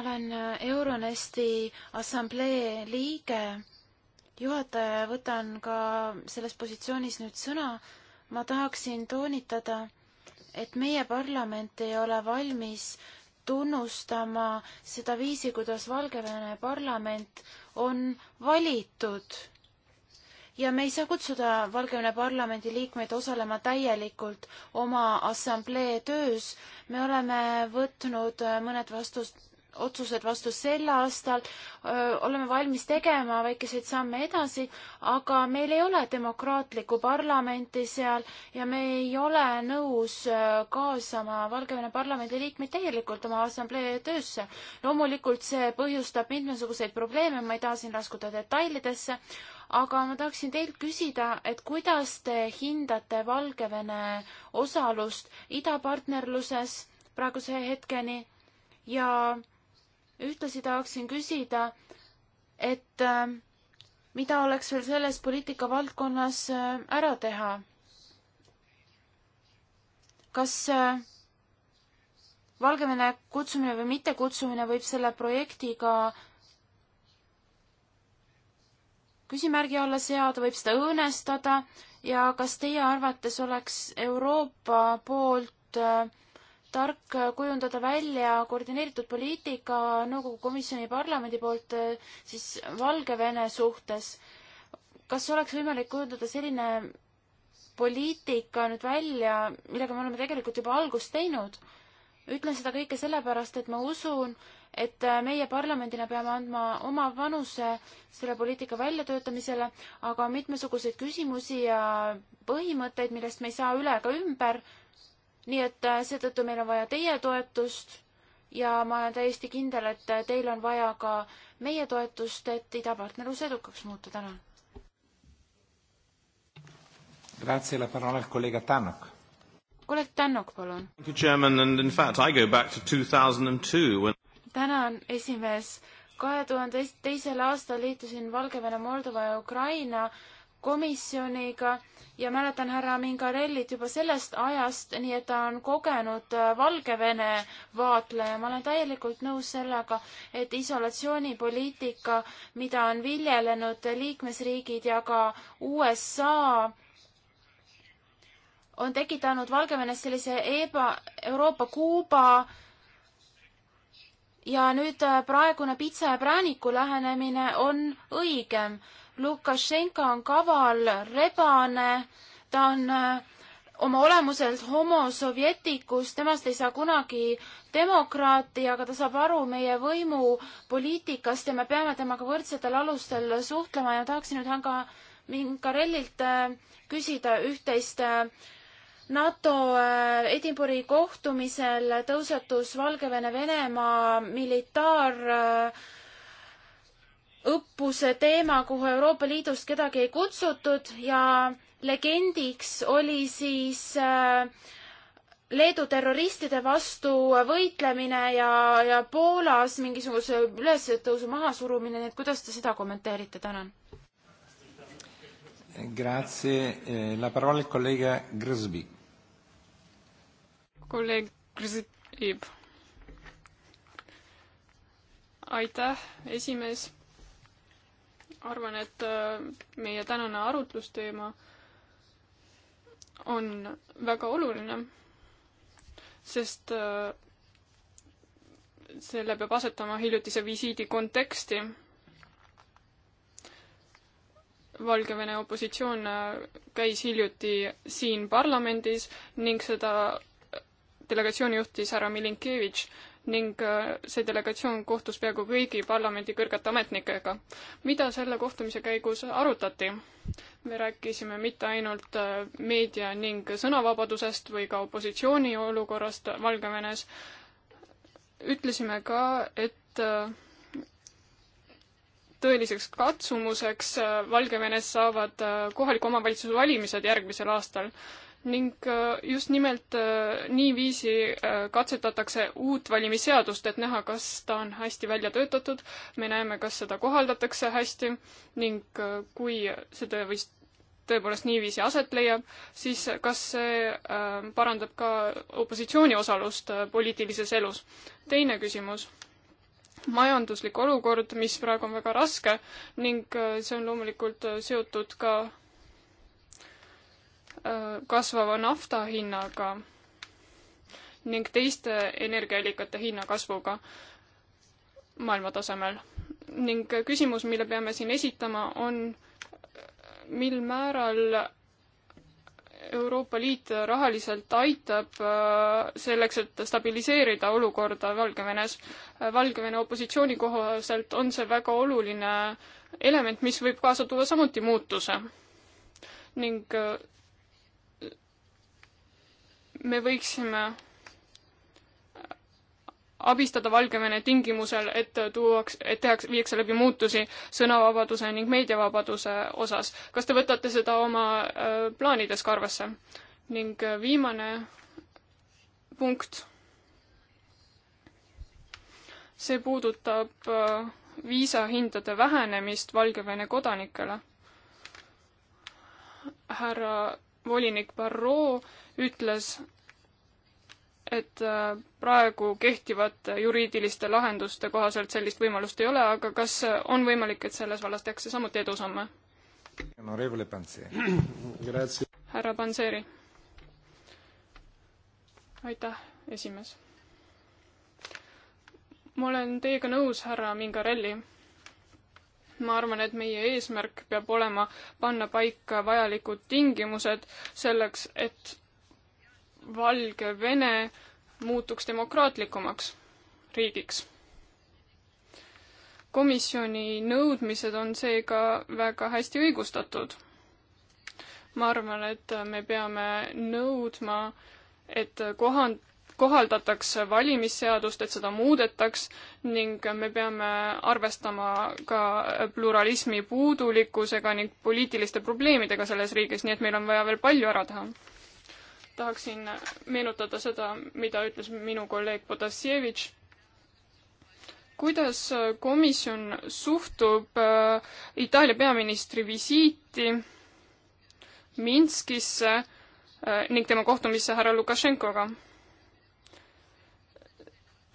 Speaker 3: olen äh, Euronesti assamblee liige, juhataja ja võtan ka selles positsioonis nüüd sõna. ma tahaksin toonitada, et meie parlament ei ole valmis tunnustama seda viisi, kuidas Valgevene parlament on valitud ja me ei saa kutsuda Valgevene parlamendi liikmeid osalema täielikult oma assamblee töös. me oleme võtnud mõned vastust, otsused vastu sel aastal, oleme valmis tegema väikeseid samme edasi, aga meil ei ole demokraatlikku parlamenti seal ja me ei ole nõus kaasama Valgevene parlamendi liikmeid täielikult oma assamblee töösse. loomulikult see põhjustab mitmesuguseid probleeme, ma ei taha siin laskuda detailidesse, aga ma tahaksin teilt küsida, et kuidas te hindate Valgevene osalust idapartnerluses praeguse hetkeni ja ühtlasi tahaksin küsida, et äh, mida oleks veel selles poliitikavaldkonnas äh, ära teha? kas äh, Valgevene kutsumine või mittekutsumine võib selle projektiga küsimärgi alla seada, võib seda õõnestada ja kas teie arvates oleks Euroopa poolt äh, tark kujundada välja koordineeritud poliitika nõukogu komisjoni ja parlamendi poolt eh, siis Valgevene suhtes. kas oleks võimalik kujundada selline poliitika nüüd välja, millega me oleme tegelikult juba algust teinud? ütlen seda kõike sellepärast, et ma usun, et eh, meie parlamendina peame andma oma panuse selle poliitika väljatöötamisele, aga mitmesuguseid küsimusi ja põhimõtteid, millest me ei saa üle ega ümber, nii et äh, seetõttu meil on vaja teie toetust ja ma olen täiesti kindel, et äh, teil on vaja ka meie toetust, et idapartnerlus edukaks muuta. tänan.
Speaker 1: Grazie, la parola al kolleeg Tannok.
Speaker 3: kolleeg Tannok, palun. tänan, esimees. kahe tuhande teisel aastal liitusin Valgevene, Moldova ja Ukraina komisjoniga ja mäletan härra Mingarellit juba sellest ajast, nii et ta on kogenud äh, Valgevene vaatleja. ma olen täielikult nõus sellega, et isolatsioonipoliitika, mida on viljelenud liikmesriigid ja ka USA, on tekitanud Valgevenes sellise eba, Euroopa Kuuba ja nüüd äh, praegune pitsa ja prääniku lähenemine on õigem Lukašenka on kaval rebane, ta on äh, oma olemuselt homo sovjetikus, temast ei saa kunagi demokraati, aga ta saab aru meie võimu poliitikast ja me peame temaga võrdsetel alustel suhtlema ja tahaksin nüüd Hanga Minkarellilt äh, küsida üht-teist äh, NATO Edinburghi kohtumisel tõusetus Valgevene-Venemaa militaar äh, õppuse teema, kuhu Euroopa Liidust kedagi ei kutsutud ja legendiks oli siis äh, Leedu terroristide vastu võitlemine ja, ja Poolas mingisuguse ülestõusu mahasurumine, nii et kuidas te seda
Speaker 2: kommenteerite, tänan?
Speaker 1: Grazie, eh, la parola al collega Grzbi.
Speaker 2: kolleeg Grzib. aitäh, esimees arvan, et äh, meie tänane arutlusteema on väga oluline, sest äh, selle peab asetama hiljutise visiidi konteksti. Valgevene opositsioon äh, käis hiljuti siin parlamendis ning seda delegatsiooni juhtis härra Milinkevitš ning äh, see delegatsioon kohtus peaaegu kõigi parlamendi kõrgete ametnikega. mida selle kohtumise käigus arutati? me rääkisime mitte ainult äh, meedia ning sõnavabadusest või ka opositsiooni olukorrast Valgevenes, ütlesime ka, et äh, tõeliseks katsumuseks Valgevenes saavad kohaliku omavalitsuse valimised järgmisel aastal ning äh, just nimelt äh, niiviisi äh, katsetatakse uut valimisseadust, et näha, kas ta on hästi välja töötatud, me näeme, kas seda kohaldatakse hästi ning kui see töö vist tõepoolest niiviisi aset leiab, siis kas see parandab ka opositsiooni osalust poliitilises elus? teine küsimus, majanduslik olukord, mis praegu on väga raske ning see on loomulikult seotud ka Äh, kasvava nafta hinnaga ning teiste energiaallikate hinna kasvuga maailma tasemel. ning küsimus, mille peame siin esitama, on mil määral Euroopa Liit rahaliselt aitab äh, selleks, et stabiliseerida olukorda Valgevenes. Äh, Valgevene opositsiooni kohaselt on see väga oluline element, mis võib kaasa tuua samuti muutuse. ning me võiksime abistada Valgevene tingimusel, et tuuaks, et tehakse, viiakse läbi muutusi sõnavabaduse ning meediavabaduse osas. kas te võtate seda oma äh, plaanides ka arvesse? ning äh, viimane punkt. see puudutab äh, viisahindade vähenemist Valgevene kodanikele. härra volinik Barrot ütles, et äh, praegu kehtivate juriidiliste lahenduste kohaselt sellist võimalust ei ole, aga kas äh, on võimalik, et selles vallas tehakse samuti edusamme? härra Panseri. aitäh, esimees. ma olen teiega nõus, härra Mingarelli. ma arvan, et meie eesmärk peab olema panna paika vajalikud tingimused selleks, et Valgevene muutuks demokraatlikumaks riigiks. komisjoni nõudmised on seega väga hästi õigustatud. ma arvan, et me peame nõudma, et kohand-, kohaldataks valimisseadust, et seda muudetaks ning me peame arvestama ka pluralismi puudulikkusega ning poliitiliste probleemidega selles riigis, nii et meil on vaja veel palju ära teha tahaksin meenutada seda, mida ütles minu kolleeg Podassjevitš. kuidas komisjon suhtub äh, Itaalia peaministri visiiti Minskisse äh, ning tema kohtumisse härra Lukašenkoga?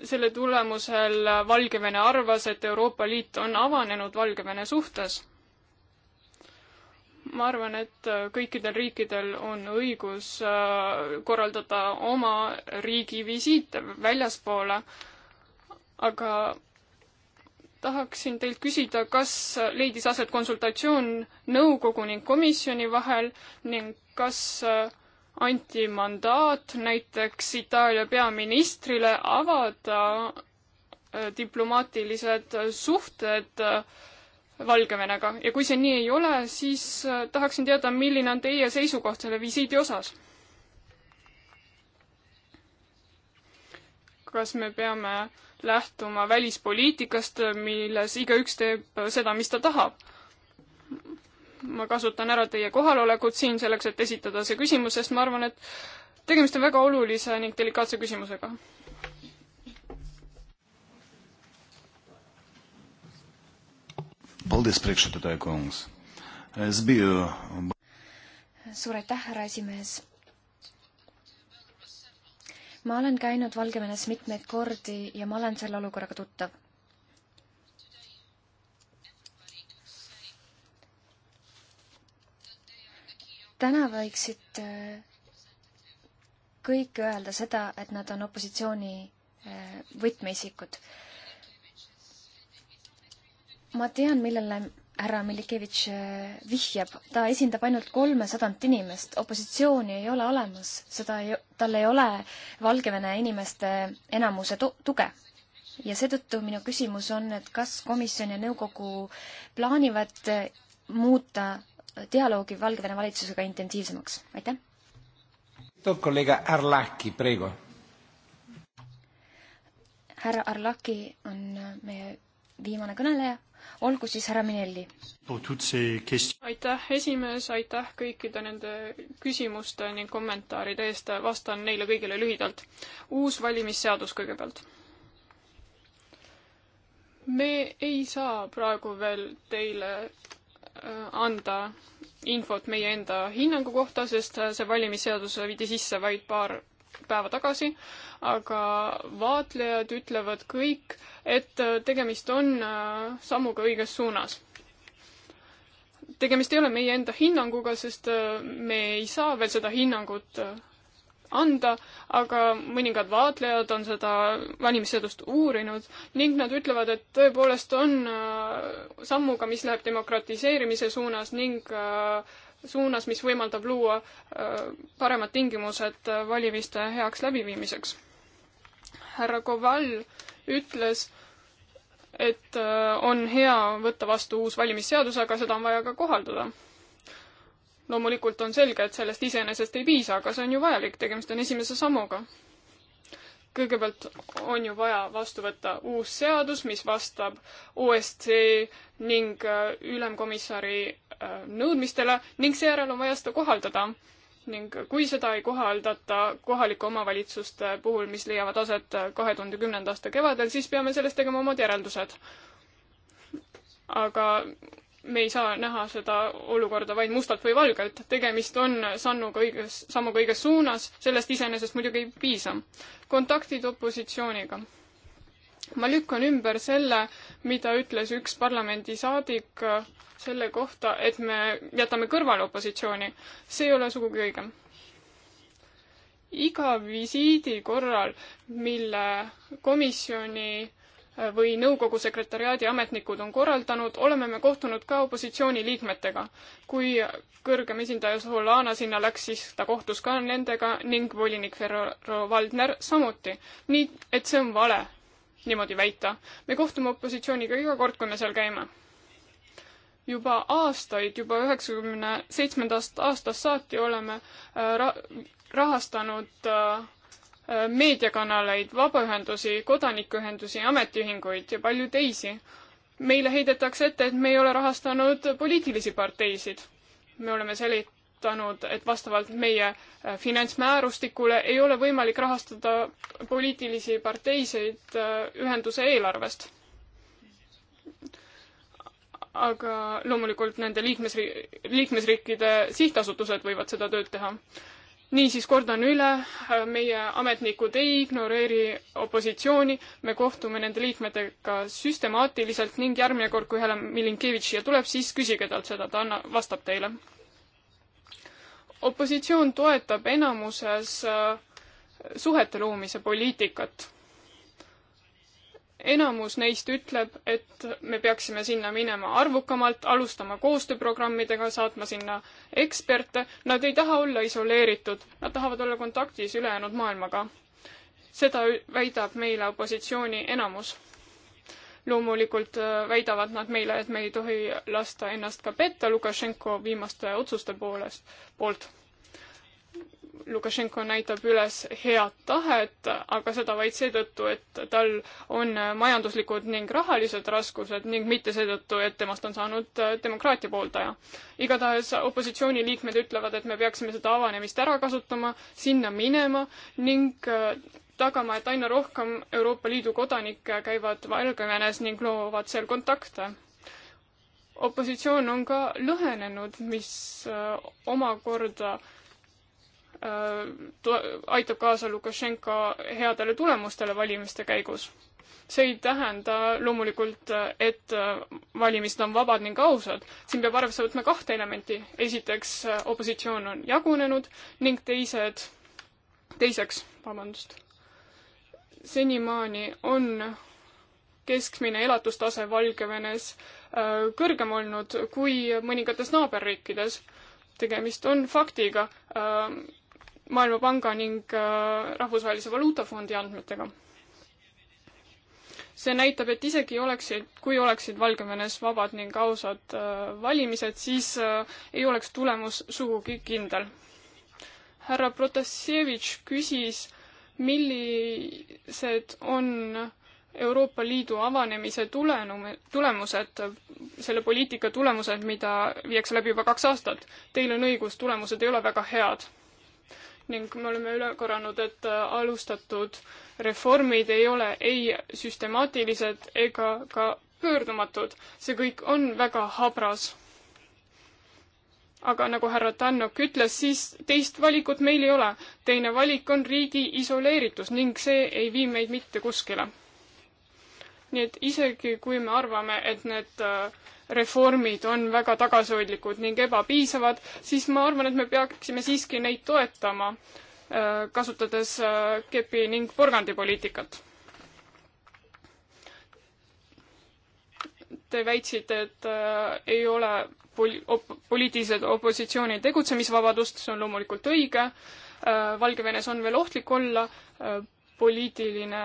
Speaker 2: selle tulemusel Valgevene arvas, et Euroopa Liit on avanenud Valgevene suhtes ma arvan, et äh, kõikidel riikidel on õigus äh, korraldada oma riigi visiite väljaspoole, aga tahaksin teilt küsida, kas leidis aset konsultatsioon nõukogu ning komisjoni vahel ning kas äh, anti mandaat näiteks Itaalia peaministrile avada diplomaatilised suhted äh, Valgevenega ja kui see nii ei ole, siis äh, tahaksin teada, milline on teie seisukoht selle visiidi osas? kas me peame lähtuma välispoliitikast, milles igaüks teeb äh, seda, mis ta tahab? ma kasutan ära teie kohalolekut siin selleks, et esitada see küsimus, sest ma arvan, et tegemist on väga olulise ning delikaatse küsimusega.
Speaker 1: Paldies,
Speaker 4: priekšsēdētāja kungs. Es eh, biju. suur aitäh, härra esimees. ma olen käinud Valgevenes mitmeid kordi ja ma olen selle olukorraga tuttav. täna võiksid eh, kõik öelda seda, et nad on opositsiooni eh, võtmeisikud ma tean, millele härra Milikevitš äh, vihjab, ta esindab ainult kolmesadat inimest, opositsiooni ei ole olemas, seda ei, tal ei ole Valgevene inimeste enamuse tu-, tuge. ja seetõttu minu küsimus on, et kas komisjon ja nõukogu plaanivad äh, muuta dialoogi Valgevene valitsusega intensiivsemaks, aitäh!
Speaker 1: kolleeg Arlaki, praegu.
Speaker 4: härra Arlaki on äh, meie viimane kõneleja olgu siis härra Minelli.
Speaker 2: aitäh, esimees, aitäh kõikide nende küsimuste ning kommentaaride eest, vastan neile kõigile lühidalt. uus valimisseadus kõigepealt. me ei saa praegu veel teile äh, anda infot meie enda hinnangu kohta, sest äh, see valimisseadus viidi sisse vaid paar päeva tagasi, aga vaatlejad ütlevad kõik, et äh, tegemist on äh, sammuga õiges suunas. tegemist ei ole meie enda hinnanguga, sest äh, me ei saa veel seda hinnangut anda, aga mõningad vaatlejad on seda valimisseadust uurinud ning nad ütlevad, et tõepoolest on sammuga, mis läheb demokratiseerimise suunas ning suunas, mis võimaldab luua äh, paremad tingimused äh, valimiste heaks läbiviimiseks. härra Koval ütles, et äh, on hea võtta vastu uus valimisseadus, aga seda on vaja ka kohaldada. loomulikult on selge, et sellest iseenesest ei piisa, aga see on ju vajalik, tegemist on esimese sammuga kõigepealt on ju vaja vastu võtta uus seadus, mis vastab OSCE ning äh, ülemkomissari äh, nõudmistele ning seejärel on vaja seda kohaldada. ning kui seda ei kohaldata kohalike omavalitsuste puhul, mis leiavad aset äh, kahe tuhande kümnenda aasta kevadel, siis peame sellest tegema omad järeldused. aga me ei saa näha seda olukorda vaid mustalt või valgelt, tegemist on sannuga õiges, sammuga õiges suunas, sellest iseenesest muidugi ei piisa. kontaktid opositsiooniga. ma lükkan ümber selle, mida ütles üks parlamendisaadik äh, selle kohta, et me jätame kõrvale opositsiooni. see ei ole sugugi õige. iga visiidi korral, mille komisjoni või nõukogu sekretäriaadi ametnikud on korraldanud, oleme me kohtunud ka opositsiooniliikmetega. kui kõrgem esindaja Solana sinna läks, siis ta kohtus ka nendega ning volinik Ferrero Valdner samuti. nii et see on vale niimoodi väita. me kohtume opositsiooniga iga kord, kui me seal käime. juba aastaid, juba üheksakümne seitsmendast aastast saati oleme äh, ra rahastanud äh, Äh, meediakanaleid, vabaühendusi, kodanikuühendusi, ametiühinguid ja palju teisi. meile heidetakse ette, et me ei ole rahastanud poliitilisi parteisid. me oleme selgitanud, et vastavalt meie äh, finantsmäärustikule ei ole võimalik rahastada poliitilisi parteisid äh, ühenduse eelarvest aga loomulikult nende liikmesri-, liikmesriikide sihtasutused võivad seda tööd teha niisiis kordan üle, meie ametnikud ei ignoreeri opositsiooni, me kohtume nende liikmetega süstemaatiliselt ning järgmine kord, kui Helen Milinkevitš siia tuleb, siis küsige talt seda, ta anna-, vastab teile. opositsioon toetab enamuses äh, suhete loomise poliitikat enamus neist ütleb, et me peaksime sinna minema arvukamalt, alustama koostööprogrammidega, saatma sinna eksperte. Nad ei taha olla isoleeritud, nad tahavad olla kontaktis ülejäänud maailmaga. seda väidab meile opositsiooni enamus. loomulikult äh, väidavad nad meile, et me ei tohi lasta ennast ka petta Lukašenko viimaste otsuste poolest, poolt Lukašenko näitab üles head tahet, aga seda vaid seetõttu, et tal on majanduslikud ning rahalised raskused ning mitte seetõttu, et temast on saanud demokraatia pooldaja. igatahes opositsiooniliikmed ütlevad, et me peaksime seda avanemist ära kasutama, sinna minema ning äh, tagama, et aina rohkem Euroopa Liidu kodanikke käivad Valgevenes ning loovad seal kontakte opositsioon on ka lõhenenud, mis äh, omakorda äh, Äh, aitab kaasa Lukašenka headele tulemustele valimiste käigus. see ei tähenda loomulikult, et äh, valimised on vabad ning ausad. siin peab arvesse võtma kahte elementi. esiteks, äh, opositsioon on jagunenud ning teised, teiseks, vabandust, senimaani on keskmine elatustase Valgevenes kõrgem olnud kui mõningates naaberriikides. tegemist on faktiga Maailmapanga ning äh, Rahvusvahelise Valuutafondi andmetega. see näitab, et isegi oleksid, kui oleksid Valgevenes vabad ning ausad äh, valimised, siis äh, ei oleks tulemus sugugi kindel. härra Protasevitš küsis, millised on Euroopa Liidu avanemise tulenum-, tulemused, selle poliitika tulemused, mida viiakse läbi juba kaks aastat. Teil on õigus, tulemused ei ole väga head ning me oleme üle korranud, et äh, alustatud reformid ei ole ei süstemaatilised ega ka pöördumatud. see kõik on väga habras. aga nagu härra Tannok ütles, siis teist valikut meil ei ole. teine valik on riigi isoleeritus ning see ei vii meid mitte kuskile. nii et isegi, kui me arvame, et need äh, reformid on väga tagasihoidlikud ning ebapiisavad, siis ma arvan, et me peaksime siiski neid toetama, äh, kasutades kepi äh, ning porgandipoliitikat. Te väitsite, et äh, ei ole poli-, op-, poliitilise opositsiooni tegutsemisvabadust, see on loomulikult õige, Valgevenes on veel ohtlik olla poliitiline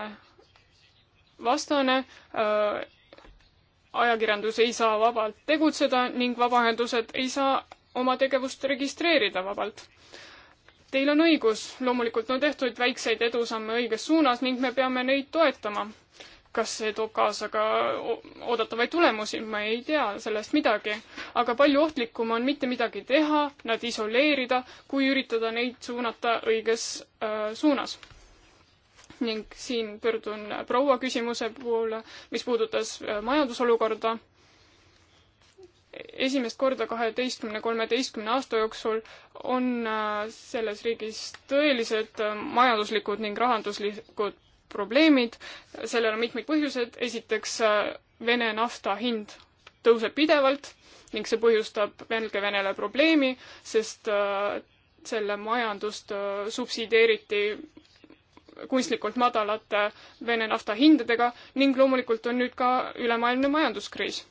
Speaker 2: vastane ajakirjandus ei saa vabalt tegutseda ning vabaühendused ei saa oma tegevust registreerida vabalt. Teil on õigus, loomulikult on tehtud väikseid edusamme õiges suunas ning me peame neid toetama. kas see toob kaasa ka oodatavaid tulemusi, ma ei tea sellest midagi. aga palju ohtlikum on mitte midagi teha, nad isoleerida, kui üritada neid suunata õiges äh, suunas ning siin pöördun proua küsimuse poole, mis puudutas äh, majandusolukorda. esimest korda kaheteistkümne, kolmeteistkümne aasta jooksul on äh, selles riigis tõelised äh, majanduslikud ning rahanduslikud probleemid, sellel on mitmeid põhjuseid, esiteks Vene nafta hind tõuseb pidevalt ning see põhjustab Valgevenele probleemi, sest selle majandust subsideeriti kunstlikult madalate Vene nafta hindadega ning loomulikult on nüüd ka ülemaailmne majanduskriis.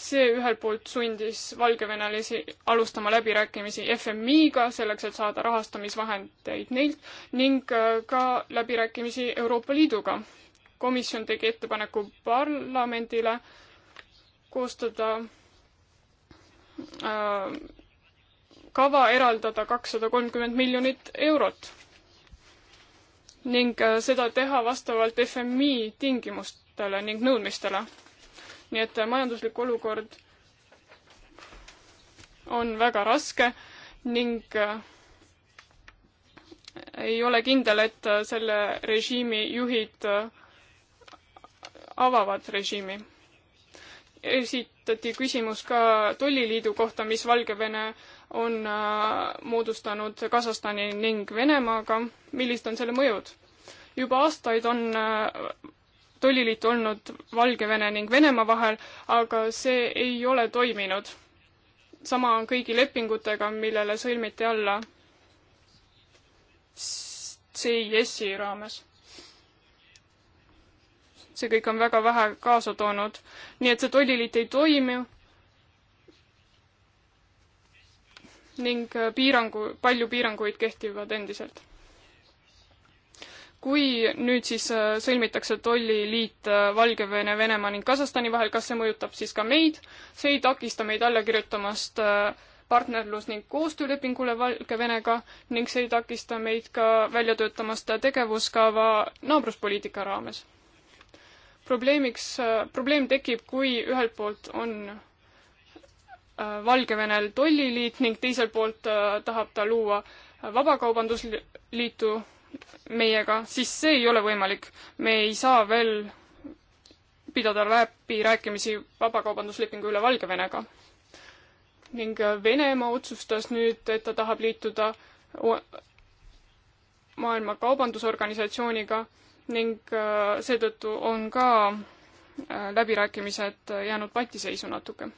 Speaker 2: see ühelt poolt sundis valgevenelasi alustama läbirääkimisi FMI-ga selleks, et saada rahastamisvahendeid neilt ning äh, ka läbirääkimisi Euroopa Liiduga. komisjon tegi ettepaneku parlamendile koostada äh, kava eraldada kakssada kolmkümmend miljonit eurot ning äh, seda teha vastavalt FMI tingimustele ning nõudmistele. nii et äh, majanduslik olukord on väga raske ning äh, ei ole kindel, et selle režiimi juhid avavad režiimi. esitati küsimus ka tolliliidu kohta, mis Valgevene äh, on äh, moodustanud Kasahstani ning Venemaaga, millised on selle mõjud? juba aastaid on äh, tolliliit olnud Valgevene ning Venemaa vahel, aga see ei ole toiminud. sama on kõigi lepingutega, millele sõlmiti alla CIS-i raames. see kõik on väga vähe kaasa toonud, nii et see tolliliit ei toimi ning äh, piirangu, palju piiranguid kehtivad endiselt. kui nüüd siis äh, sõlmitakse tolliliit äh, Valgevene, Venemaa ning Kasahstani vahel, kas see mõjutab siis ka meid? see ei takista meid alla kirjutamast partnerlus- ning koostöölepingule Valgevenega ning see ei takista meid ka välja töötamast tegevuskava naabruspoliitika raames. probleemiks, probleem tekib, kui ühelt poolt on Äh, Valgevenel tolliliit ning teiselt poolt äh, tahab ta luua äh, vabakaubandusliitu meiega, siis see ei ole võimalik. me ei saa veel pidada läbirääkimisi vabakaubanduslepingu üle Valgevenega. ning Venemaa otsustas nüüd, et ta tahab liituda Maailma Kaubandusorganisatsiooniga ning seetõttu on ka läbirääkimised jäänud patiseisu natuke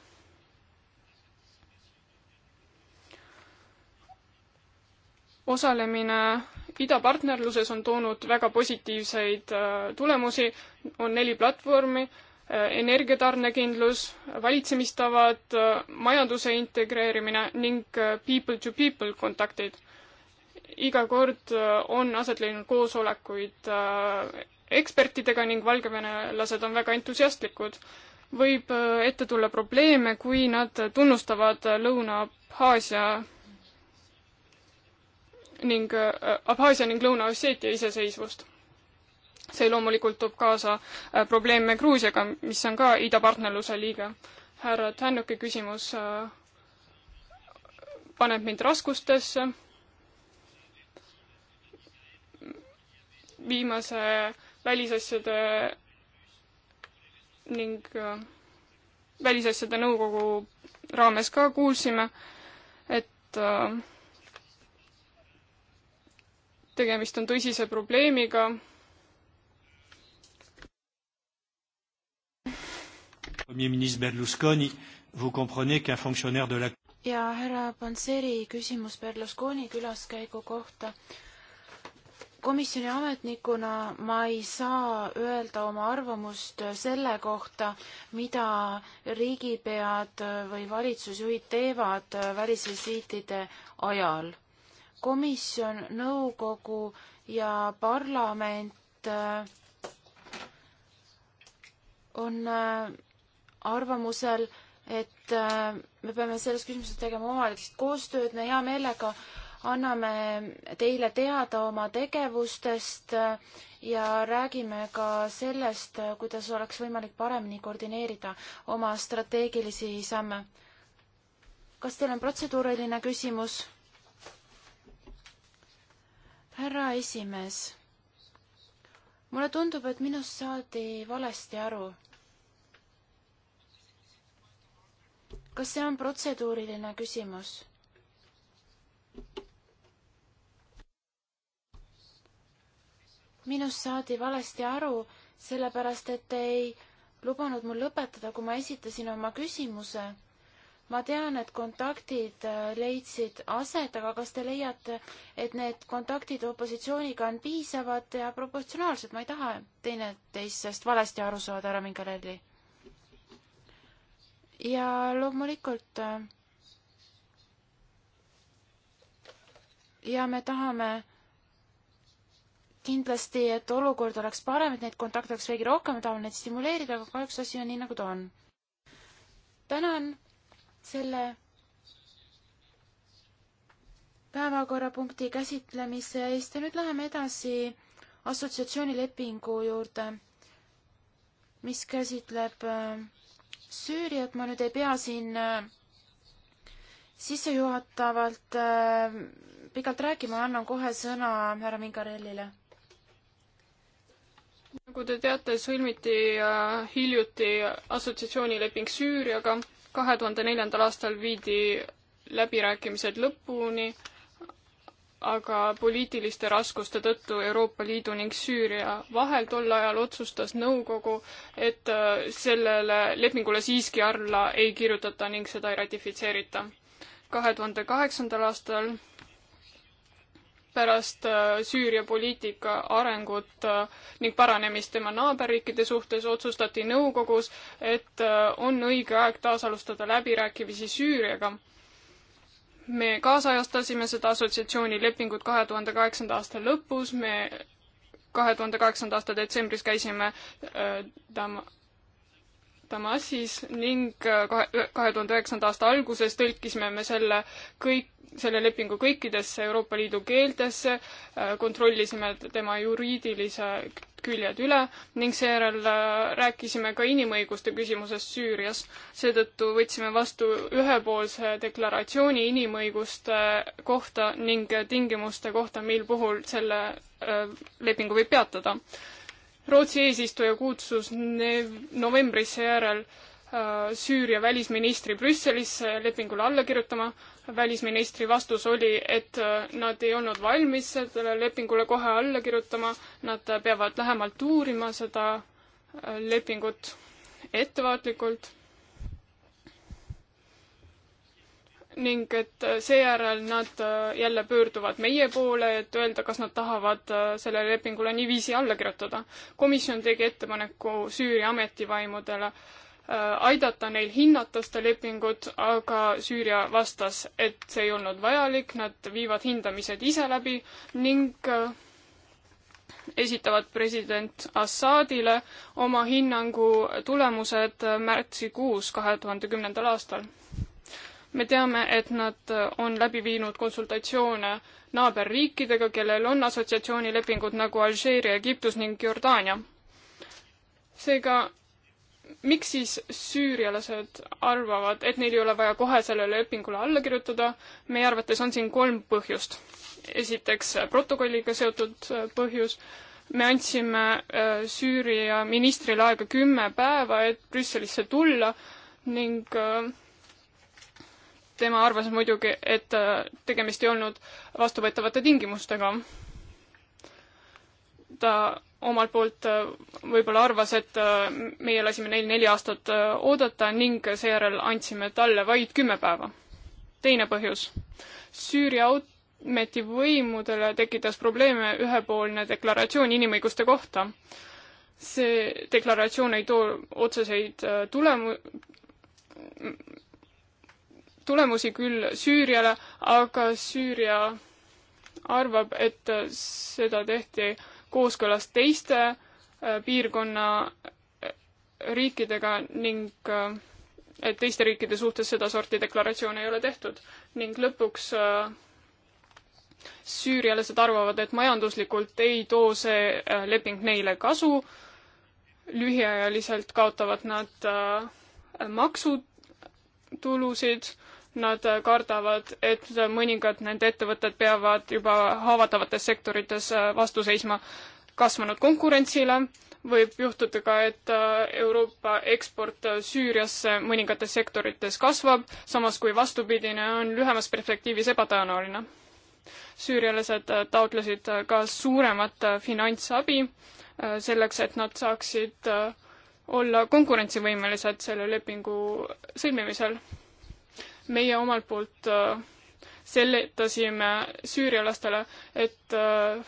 Speaker 2: osalemine idapartnerluses on toonud väga positiivseid äh, tulemusi, on neli platvormi, äh, energiatarnekindlus, valitsemistavad, äh, majanduse integreerimine ning people to people kontaktid. iga kord on aset leidnud koosolekuid ekspertidega ning valgevenelased on väga entusiastlikud. võib ette tulla probleeme, kui nad tunnustavad Lõuna-Abhaasia ning äh, Abhaasia ning Lõuna-Osseetia iseseisvust. see loomulikult toob kaasa äh, probleeme Gruusiaga, mis on ka idapartnerluse liige. härra Tännuki küsimus äh, paneb mind raskustesse. viimase välisasjade ning välisasjade nõukogu raames ka kuulsime, et äh, tegemist on tõsise probleemiga.
Speaker 3: ja härra Panseri küsimus Berlusconi külaskäigu kohta. komisjoni ametnikuna ma ei saa öelda oma arvamust selle kohta, mida riigipead või valitsusjuhid teevad välisvisiitide ajal komisjon, nõukogu ja parlament äh, on äh, arvamusel, et äh, me peame selles küsimuses tegema omavahelist koostööd, me hea meelega anname teile teada oma tegevustest ja räägime ka sellest, kuidas oleks võimalik paremini koordineerida oma strateegilisi samme. kas teil on protseduuriline küsimus? härra esimees, mulle tundub, et minust saadi valesti aru. kas see on protseduuriline küsimus? minust saadi valesti aru, sellepärast et te ei lubanud mul lõpetada, kui ma esitasin oma küsimuse ma tean, et kontaktid äh, leidsid aset, aga kas te leiate, et need kontaktid opositsiooniga on piisavad ja proportsionaalsed, ma ei taha teineteisest valesti aru saada, härra Mingarelli. ja loomulikult äh, ja me tahame kindlasti, et olukord oleks parem, et neid kontakte oleks veidi rohkem, me tahame neid stimuleerida, aga kahjuks asi on nii, nagu ta on. tänan selle päevakorrapunkti käsitlemise eest ja nüüd läheme edasi assotsiatsioonilepingu juurde, mis käsitleb äh, Süüriat, ma nüüd ei pea siin äh, sissejuhatavalt äh, pikalt rääkima, annan kohe sõna härra Mingarellile
Speaker 2: nagu te teate, sõlmiti hiljuti assotsiatsioonileping Süüriaga kahe tuhande neljandal aastal viidi läbirääkimised lõpuni, aga poliitiliste raskuste tõttu Euroopa Liidu ning Süüria vahel tol ajal otsustas nõukogu, et äh, sellele lepingule siiski alla ei kirjutata ning seda ei ratifitseerita. kahe tuhande kaheksandal aastal pärast äh, Süüria poliitika arengut äh, ning paranemist tema naaberriikide suhtes otsustati nõukogus, et äh, on õige aeg taasalustada läbirääkimisi Süüriaga. me kaasajastasime seda assotsiatsioonilepingut kahe tuhande kaheksanda aasta lõpus, me kahe tuhande kaheksanda aasta detsembris käisime äh, Dam-, töötama ASIS ning äh, kahe, kahe tuhande üheksanda aasta alguses tõlkisime me selle kõik, selle lepingu kõikidesse Euroopa Liidu keeltesse, äh, kontrollisime tema juriidilise küljed üle ning seejärel äh, rääkisime ka inimõiguste küsimusest Süürias. seetõttu võtsime vastu ühepoolse deklaratsiooni inimõiguste kohta ning tingimuste kohta, mil puhul selle lepingu võib peatada Rootsi eesistuja kutsus novembris seejärel äh, Süüria välisministri Brüsselisse lepingule alla kirjutama. välisministri vastus oli, et äh, nad ei olnud valmis sellele lepingule kohe alla kirjutama, nad peavad lähemalt uurima seda äh, lepingut ettevaatlikult ning et äh, seejärel nad äh, jälle pöörduvad meie poole, et öelda, kas nad tahavad äh, sellele lepingule niiviisi alla kirjutada. komisjon tegi ettepaneku Süüria ametivaimudele aidata neil hinnata seda lepingut, aga Süüria vastas, et see ei olnud vajalik, nad viivad hindamised ise läbi ning esitavad president Assadile oma hinnangu tulemused märtsikuus kahe tuhande kümnendal aastal me teame, et nad on läbi viinud konsultatsioone naaberriikidega, kellel on assotsiatsioonilepingud nagu Alžeeria, Egiptus ning Jordaania. seega miks siis süürialased arvavad, et neil ei ole vaja kohe sellele lepingule alla kirjutada? meie arvates on siin kolm põhjust. esiteks protokolliga seotud äh, põhjus, me andsime äh, Süüria ministrile aega kümme päeva, et Brüsselisse tulla ning äh, tema arvas muidugi, et äh, tegemist ei olnud vastuvõetavate tingimustega. ta omalt poolt äh, võib-olla arvas, et äh, meie lasime neil neli aastat oodata ning seejärel andsime talle vaid kümme päeva. teine põhjus. Süüria ameti võimudele tekitas probleeme ühepoolne deklaratsioon inimõiguste kohta. see deklaratsioon ei too otseseid tulemu-, tulemusi küll Süüriale, aga Süüria arvab, et seda tehti kooskõlas teiste äh, piirkonna äh, riikidega ning äh, et teiste riikide suhtes sedasorti deklaratsioone ei ole tehtud. ning lõpuks süürialased arvavad, et majanduslikult ei too see leping neile kasu, lühiajaliselt kaotavad nad maksutulusid Nad kardavad, et mõningad nende ettevõtted peavad juba haavatavates sektorites äh, vastu seisma kasvanud konkurentsile, võib juhtuda ka, et äh, Euroopa eksport äh, Süüriasse mõningates sektorites kasvab, samas kui vastupidine on lühemas perspektiivis ebatõenäoline. süürialased taotlesid ka suuremat finantsabi selleks, et nad saaksid olla konkurentsivõimelised selle lepingu sõlmimisel meie omalt poolt äh, seletasime süürialastele, et äh,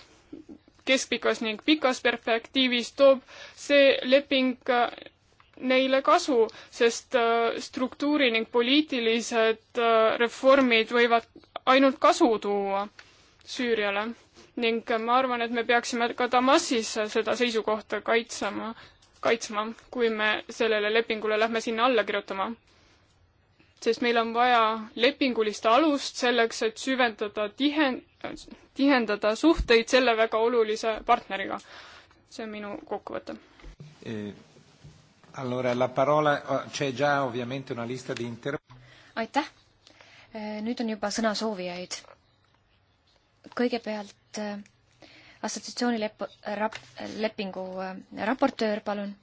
Speaker 2: keskpikas ning pikas perspektiivis toob see leping äh, neile kasu, sest struktuuri ning poliitilised reformid võivad ainult kasu tuua Süüriale. ning ma arvan, et me peaksime ka Damasis seda seisukohta kaitsema, kaitsma, kui me sellele lepingule lähme sinna alla kirjutama sest meil on vaja lepingulist alust selleks, et süvendada tihe, tihendada suhteid selle väga olulise partneriga. see on minu kokkuvõte.
Speaker 1: Eh, oh,
Speaker 4: aitäh. Eh, nüüd on juba sõnasoovijaid. kõigepealt eh, assotsiatsiooni lep-, rap-, lepingu raportöör, palun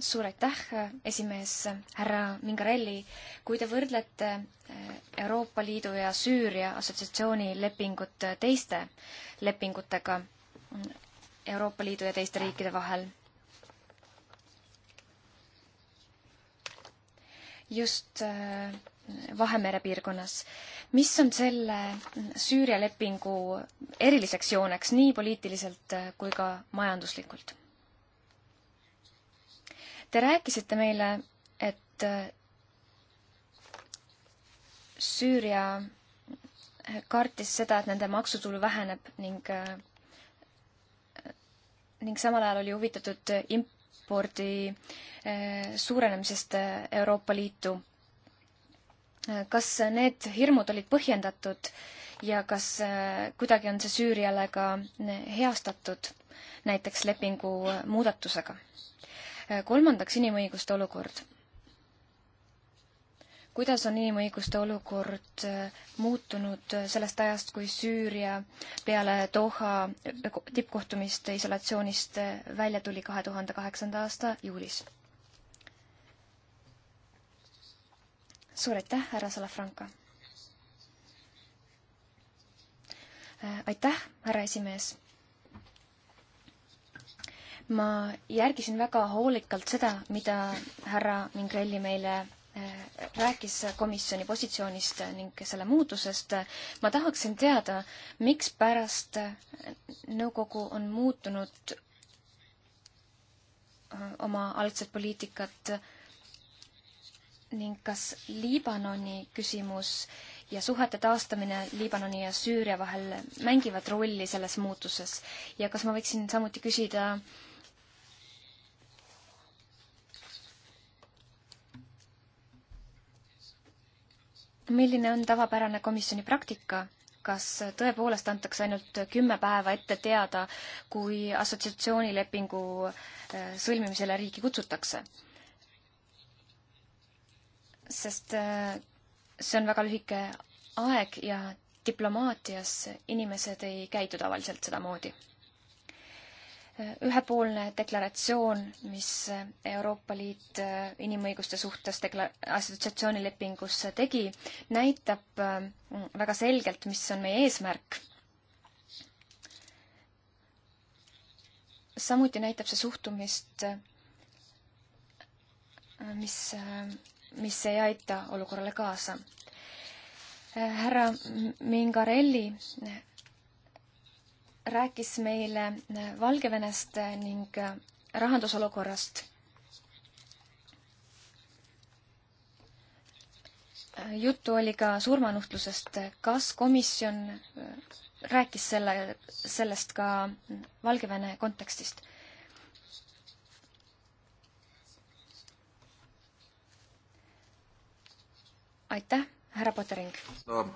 Speaker 4: suur aitäh, esimees härra Mingarelli. kui te võrdlete eh, Euroopa Liidu ja Süüria assotsiatsiooni lepingut eh, teiste lepingutega mm, Euroopa Liidu ja teiste riikide vahel, just eh, Vahemere piirkonnas. mis on selle mm, Süüria lepingu eriliseks jooneks nii poliitiliselt kui ka majanduslikult? Te rääkisite meile, et äh, Süüria kartis seda, et nende maksutulu väheneb ning, äh, ning samal ajal oli huvitatud impordi äh, suurenemisest Euroopa Liitu. kas need hirmud olid põhjendatud ja kas kuidagi on see Süüriale ka heastatud, näiteks lepingu muudatusega? kolmandaks, inimõiguste olukord. kuidas on inimõiguste olukord äh, muutunud sellest ajast, kui Süüria peale Doha tippkohtumist isolatsioonist äh, välja tuli kahe tuhande kaheksanda aasta juulis? suur aitäh, härra Salafranca! Äh, aitäh, härra esimees! ma järgisin väga hoolikalt seda, mida härra Mingrelli meile äh, rääkis komisjoni positsioonist ning selle muutusest. ma tahaksin teada, mikspärast äh, nõukogu on muutunud äh, oma algset poliitikat ning kas Liibanoni küsimus ja suhete taastamine Liibanoni ja Süüria vahel mängivad rolli selles muutuses ja kas ma võiksin samuti küsida äh, milline on tavapärane komisjoni praktika? kas tõepoolest antakse ainult kümme päeva ette teada, kui assotsiatsioonilepingu äh, sõlmimisele riiki kutsutakse? sest äh, see on väga lühike aeg ja diplomaatias inimesed ei käitu tavaliselt sedamoodi ühepoolne deklaratsioon, mis Euroopa Liit äh, inimõiguste suhtes dekla-, assotsiatsioonilepingus tegi, näitab äh, väga selgelt, mis on meie eesmärk. samuti näitab see suhtumist, äh, mis, mis ei aita olukorrale kaasa härra Mingarelli rääkis meile äh, Valgevenest äh, ning äh, rahandusolukorrast. juttu oli ka surmanuhtlusest. kas komisjon rääkis selle, sellest ka Valgevene kontekstist?
Speaker 3: aitäh, härra Potering no,.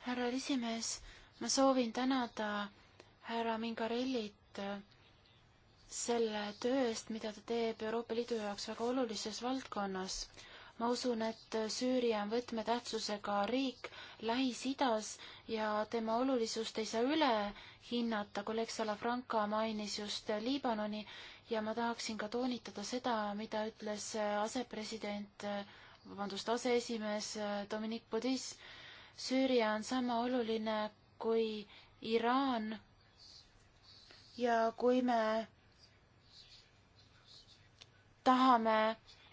Speaker 3: härra esimees ma soovin tänada härra Mingarellit selle töö eest, mida ta teeb Euroopa Liidu jaoks väga olulises valdkonnas. ma usun, et Süüria on võtmetähtsusega riik Lähis-Idas ja tema olulisust ei saa üle hinnata. kolleeg Salafranca mainis just Liibanoni ja ma tahaksin ka toonitada seda, mida ütles asepresident, vabandust, aseesimees Dominic Boudis. Süüria on sama oluline kui Iraan. ja kui me tahame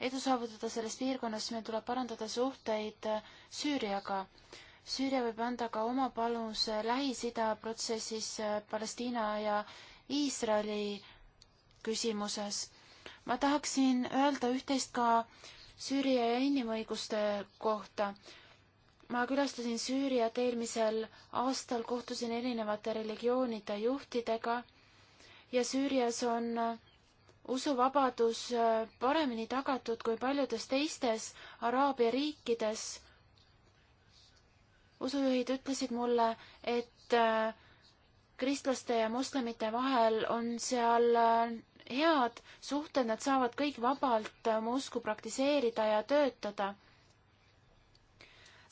Speaker 3: edu saavutada selles piirkonnas, meil tuleb parandada suhteid Süüriaga. Süüria võib anda ka oma panuse Lähis-Ida protsessis äh, Palestiina ja Iisraeli küsimuses. ma tahaksin öelda üht-teist ka Süüria ja inimõiguste kohta ma külastasin Süüriat eelmisel aastal, kohtusin erinevate religioonide juhtidega ja Süürias on äh, usuvabadus äh, paremini tagatud kui paljudes teistes Araabia riikides. usujuhid ütlesid mulle, et äh, kristlaste ja moslemite vahel on seal head suhted, nad saavad kõik vabalt oma usku praktiseerida ja töötada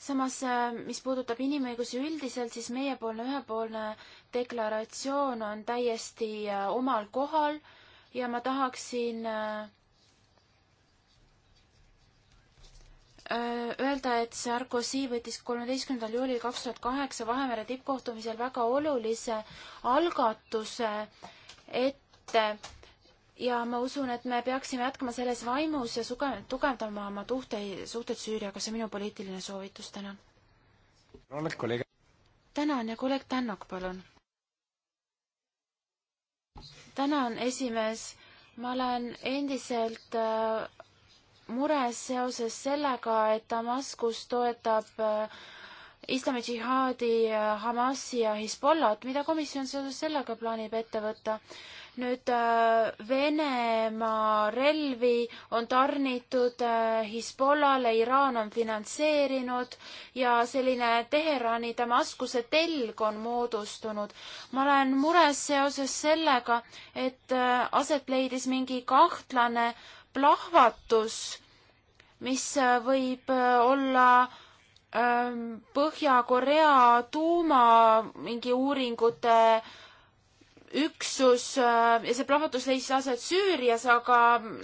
Speaker 3: samas, äh, mis puudutab inimõigusi üldiselt, siis meiepoolne ühepoolne deklaratsioon on täiesti äh, omal kohal ja ma tahaksin äh, öelda, et Sarkozy võttis kolmeteistkümnendal juulil kaks tuhat kaheksa Vahemere tippkohtumisel väga olulise algatuse ette ja ma usun, et me peaksime jätkama selles vaimus ja suge-, tugevdama oma tuhteid, suhteid Süüriaga, see on minu poliitiline soovitus täna. tänan ja kolleeg Tännok, palun. tänan, esimees. ma olen endiselt äh, mures seoses sellega, et Damaskus toetab äh, islami džihaadi äh, Hamasi ja Hezbollat, mida komisjon seoses sellega plaanib ette võtta nüüd äh, Venemaa relvi on tarnitud äh, Hezbollale, Iraan on finantseerinud ja selline Teherani Damaskuse telg on moodustunud. ma olen mures seoses sellega, et äh, aset leidis mingi kahtlane plahvatus, mis võib olla ähm, Põhja-Korea tuuma mingi uuringute äh, üksus äh, ja see plahvatus leidis aset Süürias, aga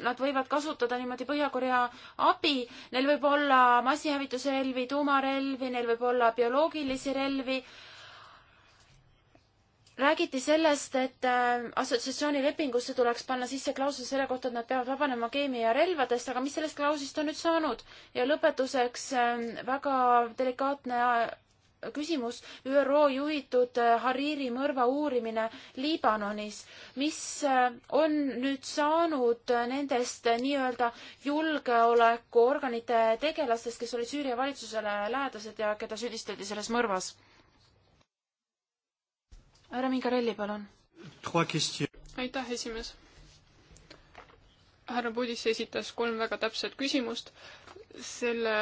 Speaker 3: nad võivad kasutada niimoodi Põhja-Korea abi. Neil võib olla massihävitusrelvi, tuumarelvi, neil võib olla bioloogilisi relvi. räägiti sellest, et äh, assotsiatsioonilepingusse tuleks panna sisse klausel selle kohta, et nad peavad vabanema keemiarelvadest, aga mis sellest klauslist on nüüd saanud? ja lõpetuseks äh, väga delikaatne küsimus, ÜRO juhitud äh, Hariri mõrva uurimine Liibanonis. mis äh, on nüüd saanud äh, nendest nii-öelda julgeolekuorganite tegelastest, kes olid Süüria valitsusele lähedased ja keda
Speaker 2: süüdistati selles mõrvas? härra Mingarelli, palun. aitäh, esimees. härra Budis esitas kolm väga täpset küsimust. selle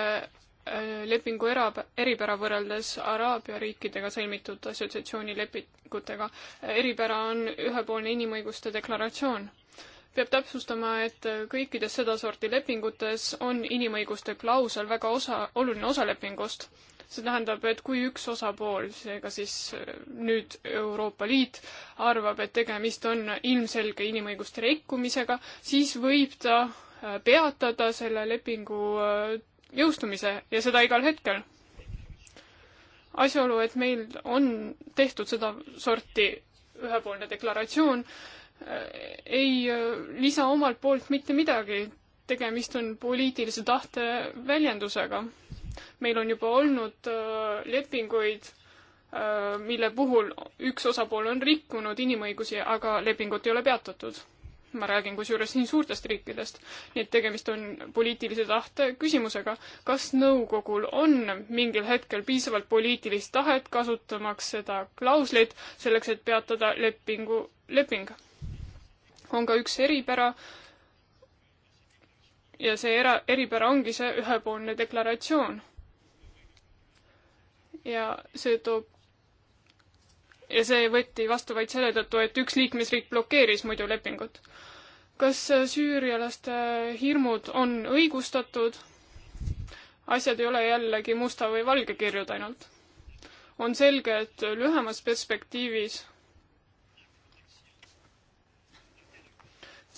Speaker 2: Äh, lepingu era, eripära võrreldes Araabia riikidega sõlmitud assotsiatsioonilepingutega. eripära on ühepoolne inimõiguste deklaratsioon. peab täpsustama, et kõikides sedasorti lepingutes on inimõiguste klausel väga osa, oluline osa lepingust. see tähendab, et kui üks osapool, seega siis äh, nüüd Euroopa Liit, arvab, et tegemist on ilmselge inimõiguste rikkumisega, siis võib ta äh, peatada selle lepingu jõustumise ja seda igal hetkel. asjaolu, et meil on tehtud sedasorti ühepoolne deklaratsioon, eh, ei eh, lisa omalt poolt mitte midagi, tegemist on poliitilise tahte väljendusega. meil on juba olnud eh, lepinguid, mille puhul üks osapool on rikkunud inimõigusi, aga lepingut ei ole peatatud ma räägin kusjuures nii suurtest riikidest, nii et tegemist on poliitilise tahte küsimusega. kas nõukogul on mingil hetkel piisavalt poliitilist tahet kasutamaks seda klauslit selleks, et peatada lepingu, leping? on ka üks eripära ja see era, eripära ongi see ühepoolne deklaratsioon. ja see toob ja see võeti vastu vaid selle tõttu, et üks liikmesriik blokeeris muidu lepingut. kas süürialaste hirmud on õigustatud? asjad ei ole jällegi musta või valge kirjud ainult. on selge, et lühemas perspektiivis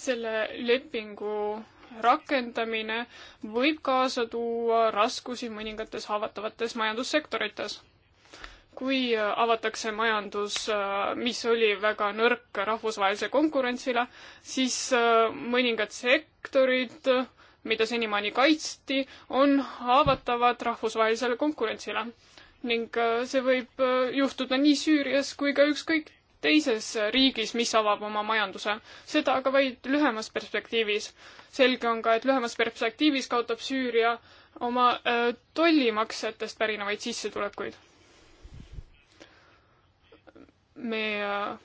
Speaker 2: selle lepingu rakendamine võib kaasa tuua raskusi mõningates haavatavates majandussektorites kui äh, avatakse majandus, äh, mis oli väga nõrk rahvusvahelise konkurentsile, siis äh, mõningad sektorid, mida senimaani kaitsti, on haavatavad rahvusvahelisele konkurentsile. ning see võib juhtuda nii Süürias kui ka ükskõik teises riigis, mis avab oma majanduse. seda aga vaid lühemas perspektiivis. selge on ka, et lühemas perspektiivis kaotab Süüria oma tollimaksetest pärinevaid sissetulekuid me äh,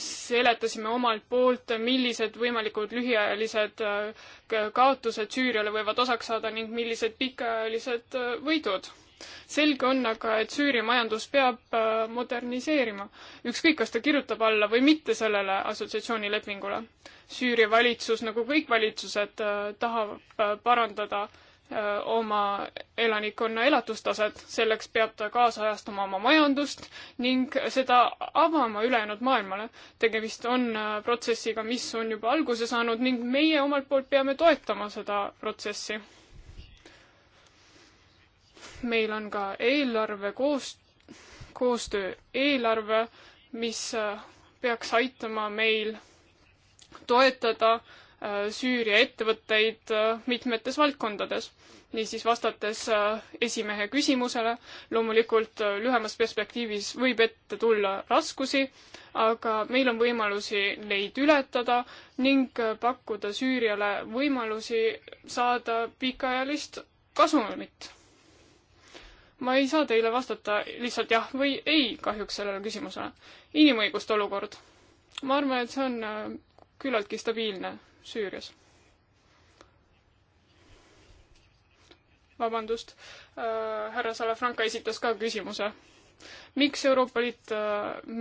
Speaker 2: seletasime omalt poolt, millised võimalikud lühiajalised äh, kaotused Süüriale võivad osaks saada ning millised pikaajalised äh, võidud. selge on aga, et Süüria majandus peab moderniseerima, ükskõik, kas ta kirjutab alla või mitte sellele assotsiatsioonilepingule. Süüria valitsus, nagu kõik valitsused, tahab parandada äh, oma elanikkonna elatustaset, selleks peab ta kaasajastama oma majandust ning seda avama ülejäänud maailmale. tegemist on protsessiga, mis on juba alguse saanud ning meie omalt poolt peame toetama seda protsessi. meil on ka eelarve koos, koostöö eelarve, mis peaks aitama meil toetada äh, Süüria ettevõtteid äh, mitmetes valdkondades. niisiis, vastates äh, esimehe küsimusele, loomulikult äh, lühemas perspektiivis võib ette tulla raskusi, aga meil on võimalusi neid ületada ning pakkuda Süüriale võimalusi saada pikaajalist kasumit. ma ei saa teile vastata lihtsalt jah või ei kahjuks sellele küsimusele. inimõiguste olukord. ma arvan, et see on küllaltki stabiilne Süürias. vabandust äh,, härra Salafranca esitas ka küsimuse. miks Euroopa Liit äh,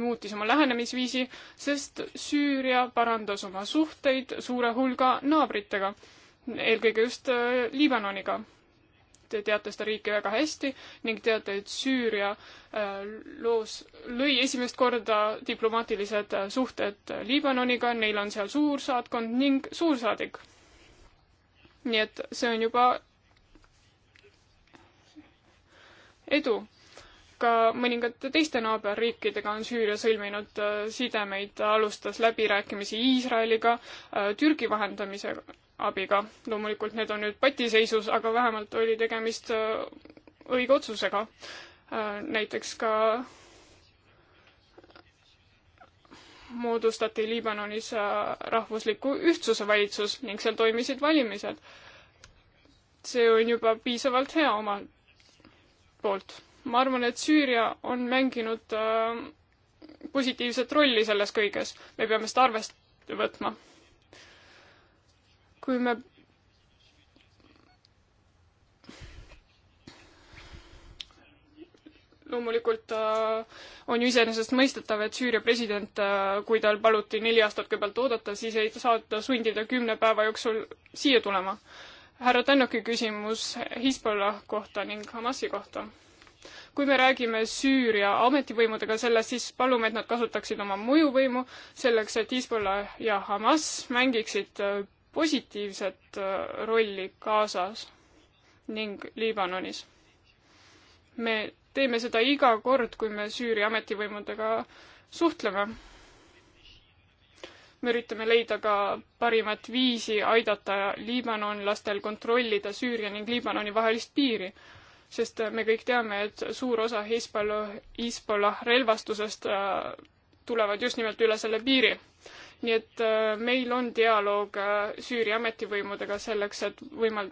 Speaker 2: muutis oma lähenemisviisi, sest Süüria parandas oma suhteid suure hulga naabritega, eelkõige just äh, Liibanoniga te teate seda riiki väga hästi ning teate, et Süüria äh, loos lõi esimest korda diplomaatilised äh, suhted äh, Liibanoniga, neil on seal suursaatkond ning suursaadik. nii et see on juba edu. ka mõningate teiste naaberriikidega on Süüria sõlminud sidemeid, alustas läbirääkimisi Iisraeliga, Türgi vahendamisega abiga. loomulikult need on nüüd patiseisus, aga vähemalt oli tegemist äh, õige otsusega. Äh, näiteks ka moodustati Liibanonis äh, rahvusliku ühtsuse valitsus ning seal toimisid valimised. see on juba piisavalt hea omalt poolt. ma arvan, et Süüria on mänginud äh, positiivset rolli selles kõiges. me peame seda arvest võtma kui me loomulikult äh, on ju iseenesestmõistetav, et Süüria president, äh, kui tal paluti neli aastat kõigepealt oodata, siis ei saa ta sundida kümne päeva jooksul siia tulema. härra Tännoki küsimus Hezbollah kohta ning Hamasi kohta. kui me räägime Süüria ametivõimudega sellest, siis palume, et nad kasutaksid oma mõjuvõimu selleks, et Hezbollah ja Hamas mängiksid äh, positiivset äh, rolli Gazas ning Liibanonis. me teeme seda iga kord, kui me Süüria ametivõimudega suhtleme. me üritame leida ka parimat viisi aidata liibanonlastel kontrollida Süüria ning Liibanoni vahelist piiri, sest me kõik teame, et suur osa Hezbollah, Hezbollah relvastusest äh, tulevad just nimelt üle selle piiri nii et äh, meil on dialoog äh, Süüria ametivõimudega selleks, et võimal-,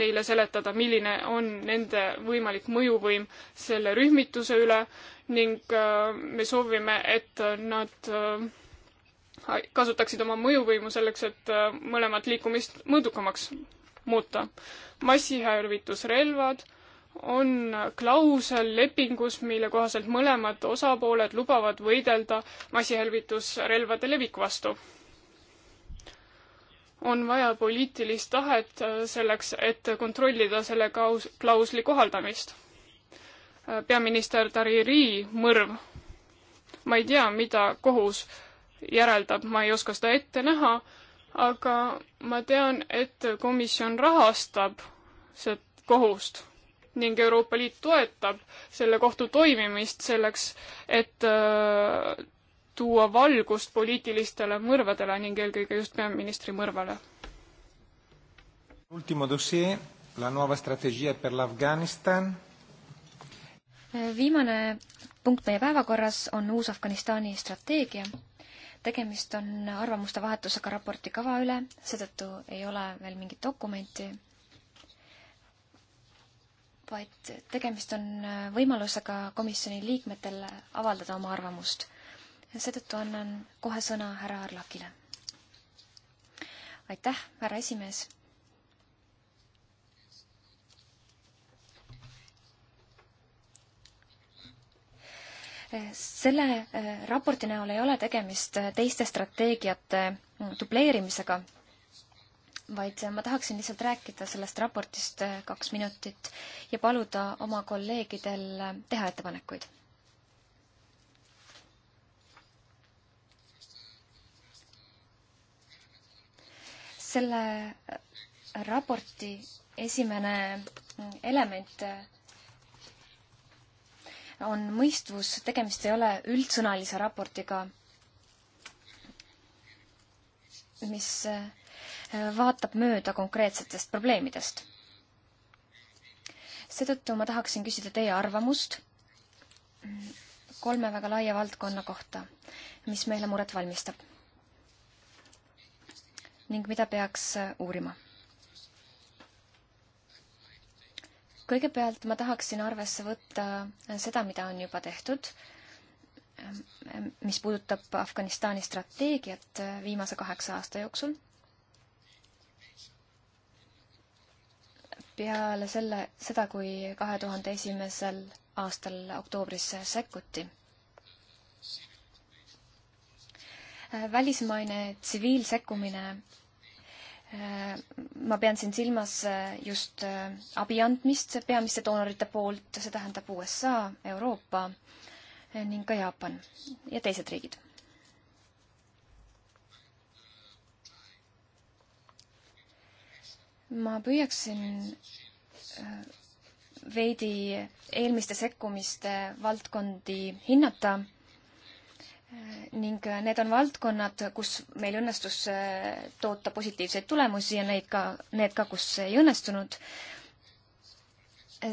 Speaker 2: neile seletada, milline on nende võimalik mõjuvõim selle rühmituse üle ning äh, me soovime, et nad kasutaksid oma mõjuvõimu selleks, et mõlemat liikumist mõõdukamaks muuta. massihäirvitusrelvad on klausel lepingus, mille kohaselt mõlemad osapooled lubavad võidelda massihälvitusrelvade leviku vastu. on vaja poliitilist tahet selleks, et kontrollida selle klaus-, klausli kohaldamist. peaminister Tariri mõrv, ma ei tea, mida kohus järeldab, ma ei oska seda ette näha, aga ma tean, et komisjon rahastab seda kohust ning Euroopa Liit toetab selle kohtu toimimist selleks, et äh, tuua valgust poliitilistele mõrvadele ning eelkõige just peaministri mõrvale.
Speaker 1: Ultimo dossier, la nuova strategia per l'Afganistan.
Speaker 4: viimane punkt meie päevakorras on uus Afganistani strateegia. tegemist on arvamuste vahetusega raporti kava üle, seetõttu ei ole veel mingit dokumenti vaid tegemist on äh, võimalusega komisjoni liikmetel avaldada oma arvamust. seetõttu annan kohe sõna härra Arlakile. aitäh, härra esimees. Äh, selle äh, raporti näol ei ole tegemist teiste strateegiate mm, dubleerimisega vaid ma tahaksin lihtsalt rääkida sellest raportist eh, kaks minutit ja paluda oma kolleegidel eh, teha ettepanekuid. selle eh, raporti esimene mm, element on mõistvus, tegemist ei ole üldsõnalise raportiga, mis Äh, vaatab mööda konkreetsetest probleemidest. seetõttu ma tahaksin küsida teie arvamust mm, kolme väga laia valdkonna kohta, mis meile muret valmistab ning mida peaks äh, uurima. kõigepealt ma tahaksin arvesse võtta äh, seda, mida on juba tehtud, mis puudutab Afganistani strateegiat viimase kaheksa aasta jooksul peale selle, seda, kui kahe tuhande esimesel aastal oktoobris sekkuti. välismaine tsiviilsekkumine äh, ma pean siin silmas äh, just äh, abi andmist peamiste doonorite poolt, see tähendab USA, Euroopa ning ka Jaapan ja teised riigid. ma püüaksin äh, veidi eelmiste sekkumiste valdkondi hinnata äh, ning äh, need on valdkonnad, kus meil õnnestus toota positiivseid tulemusi ja neid ka, need ka, kus ei õnnestunud.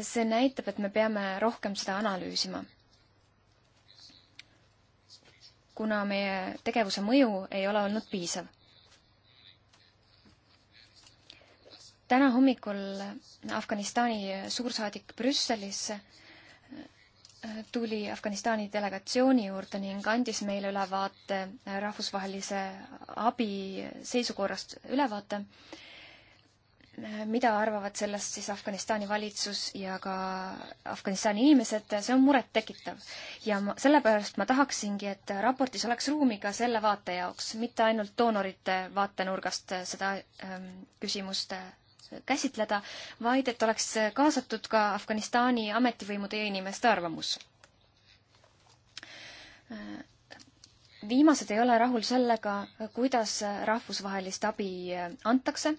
Speaker 4: see näitab, et me peame rohkem seda analüüsima. kuna meie tegevuse mõju ei ole olnud piisav täna hommikul Afganistani suursaadik Brüsselis äh, tuli Afganistani delegatsiooni juurde ning andis meile ülevaate rahvusvahelise abi seisukorrast ülevaate, äh, mida arvavad sellest siis Afganistani valitsus ja ka Afganistani inimesed, see on murettekitav. ja ma, sellepärast ma tahaksingi, et raportis oleks ruumi ka selle vaate jaoks, mitte ainult doonorite vaatenurgast seda ähm, küsimust käsitleda, vaid et oleks kaasatud ka Afganistani ametivõimude ja inimeste arvamus. viimased ei ole rahul sellega, kuidas rahvusvahelist abi antakse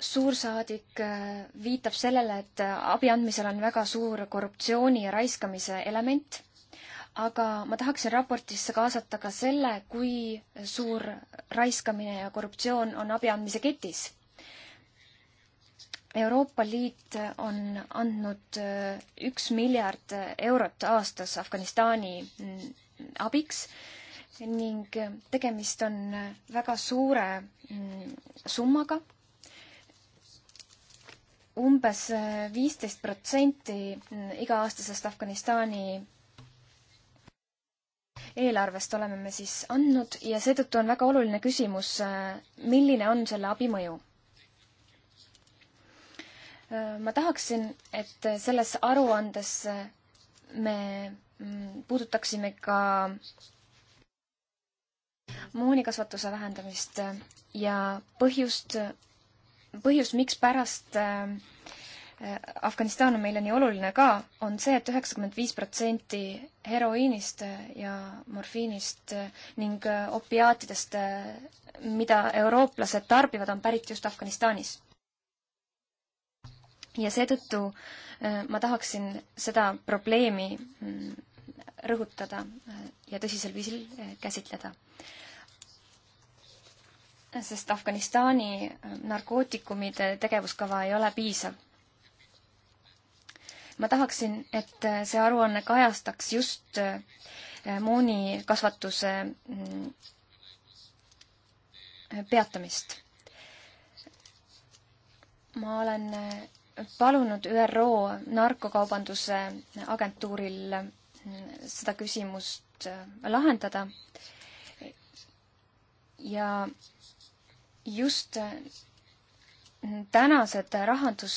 Speaker 4: suursaadik viitab sellele, et abi andmisel on väga suur korruptsiooni ja raiskamise element aga ma tahaksin raportisse kaasata ka selle, kui suur raiskamine ja korruptsioon on abi andmise ketis. Euroopa Liit on andnud äh, üks miljard eurot aastas Afganistani mm, abiks ning äh, tegemist on äh, väga suure mm, summaga umbes. umbes viisteist protsenti mm, iga-aastasest Afganistani eelarvest oleme me siis andnud ja seetõttu on väga oluline küsimus, äh, milline on selle abi mõju? Äh, ma tahaksin, et selles aruandes äh, me mm, puudutaksime ka moonikasvatuse vähendamist ja põhjust, põhjust, mikspärast äh, Afganistan on meile nii oluline ka, on see et, et üheksakümmend viis protsenti heroiinist ja morfiinist ning opiaatidest, mida eurooplased tarbivad, on pärit just Afganistanis. ja seetõttu äh, ma tahaksin seda probleemi mm, rõhutada äh, ja tõsisel viisil äh, käsitleda sest Afganistani narkootikumide tegevuskava ei ole piisav ma tahaksin, et see aruanne kajastaks just äh, moonikasvatuse mm, peatamist. ma olen äh, palunud ÜRO narkokaubanduse agentuuril mm, seda küsimust äh, lahendada ja just tänased rahandus,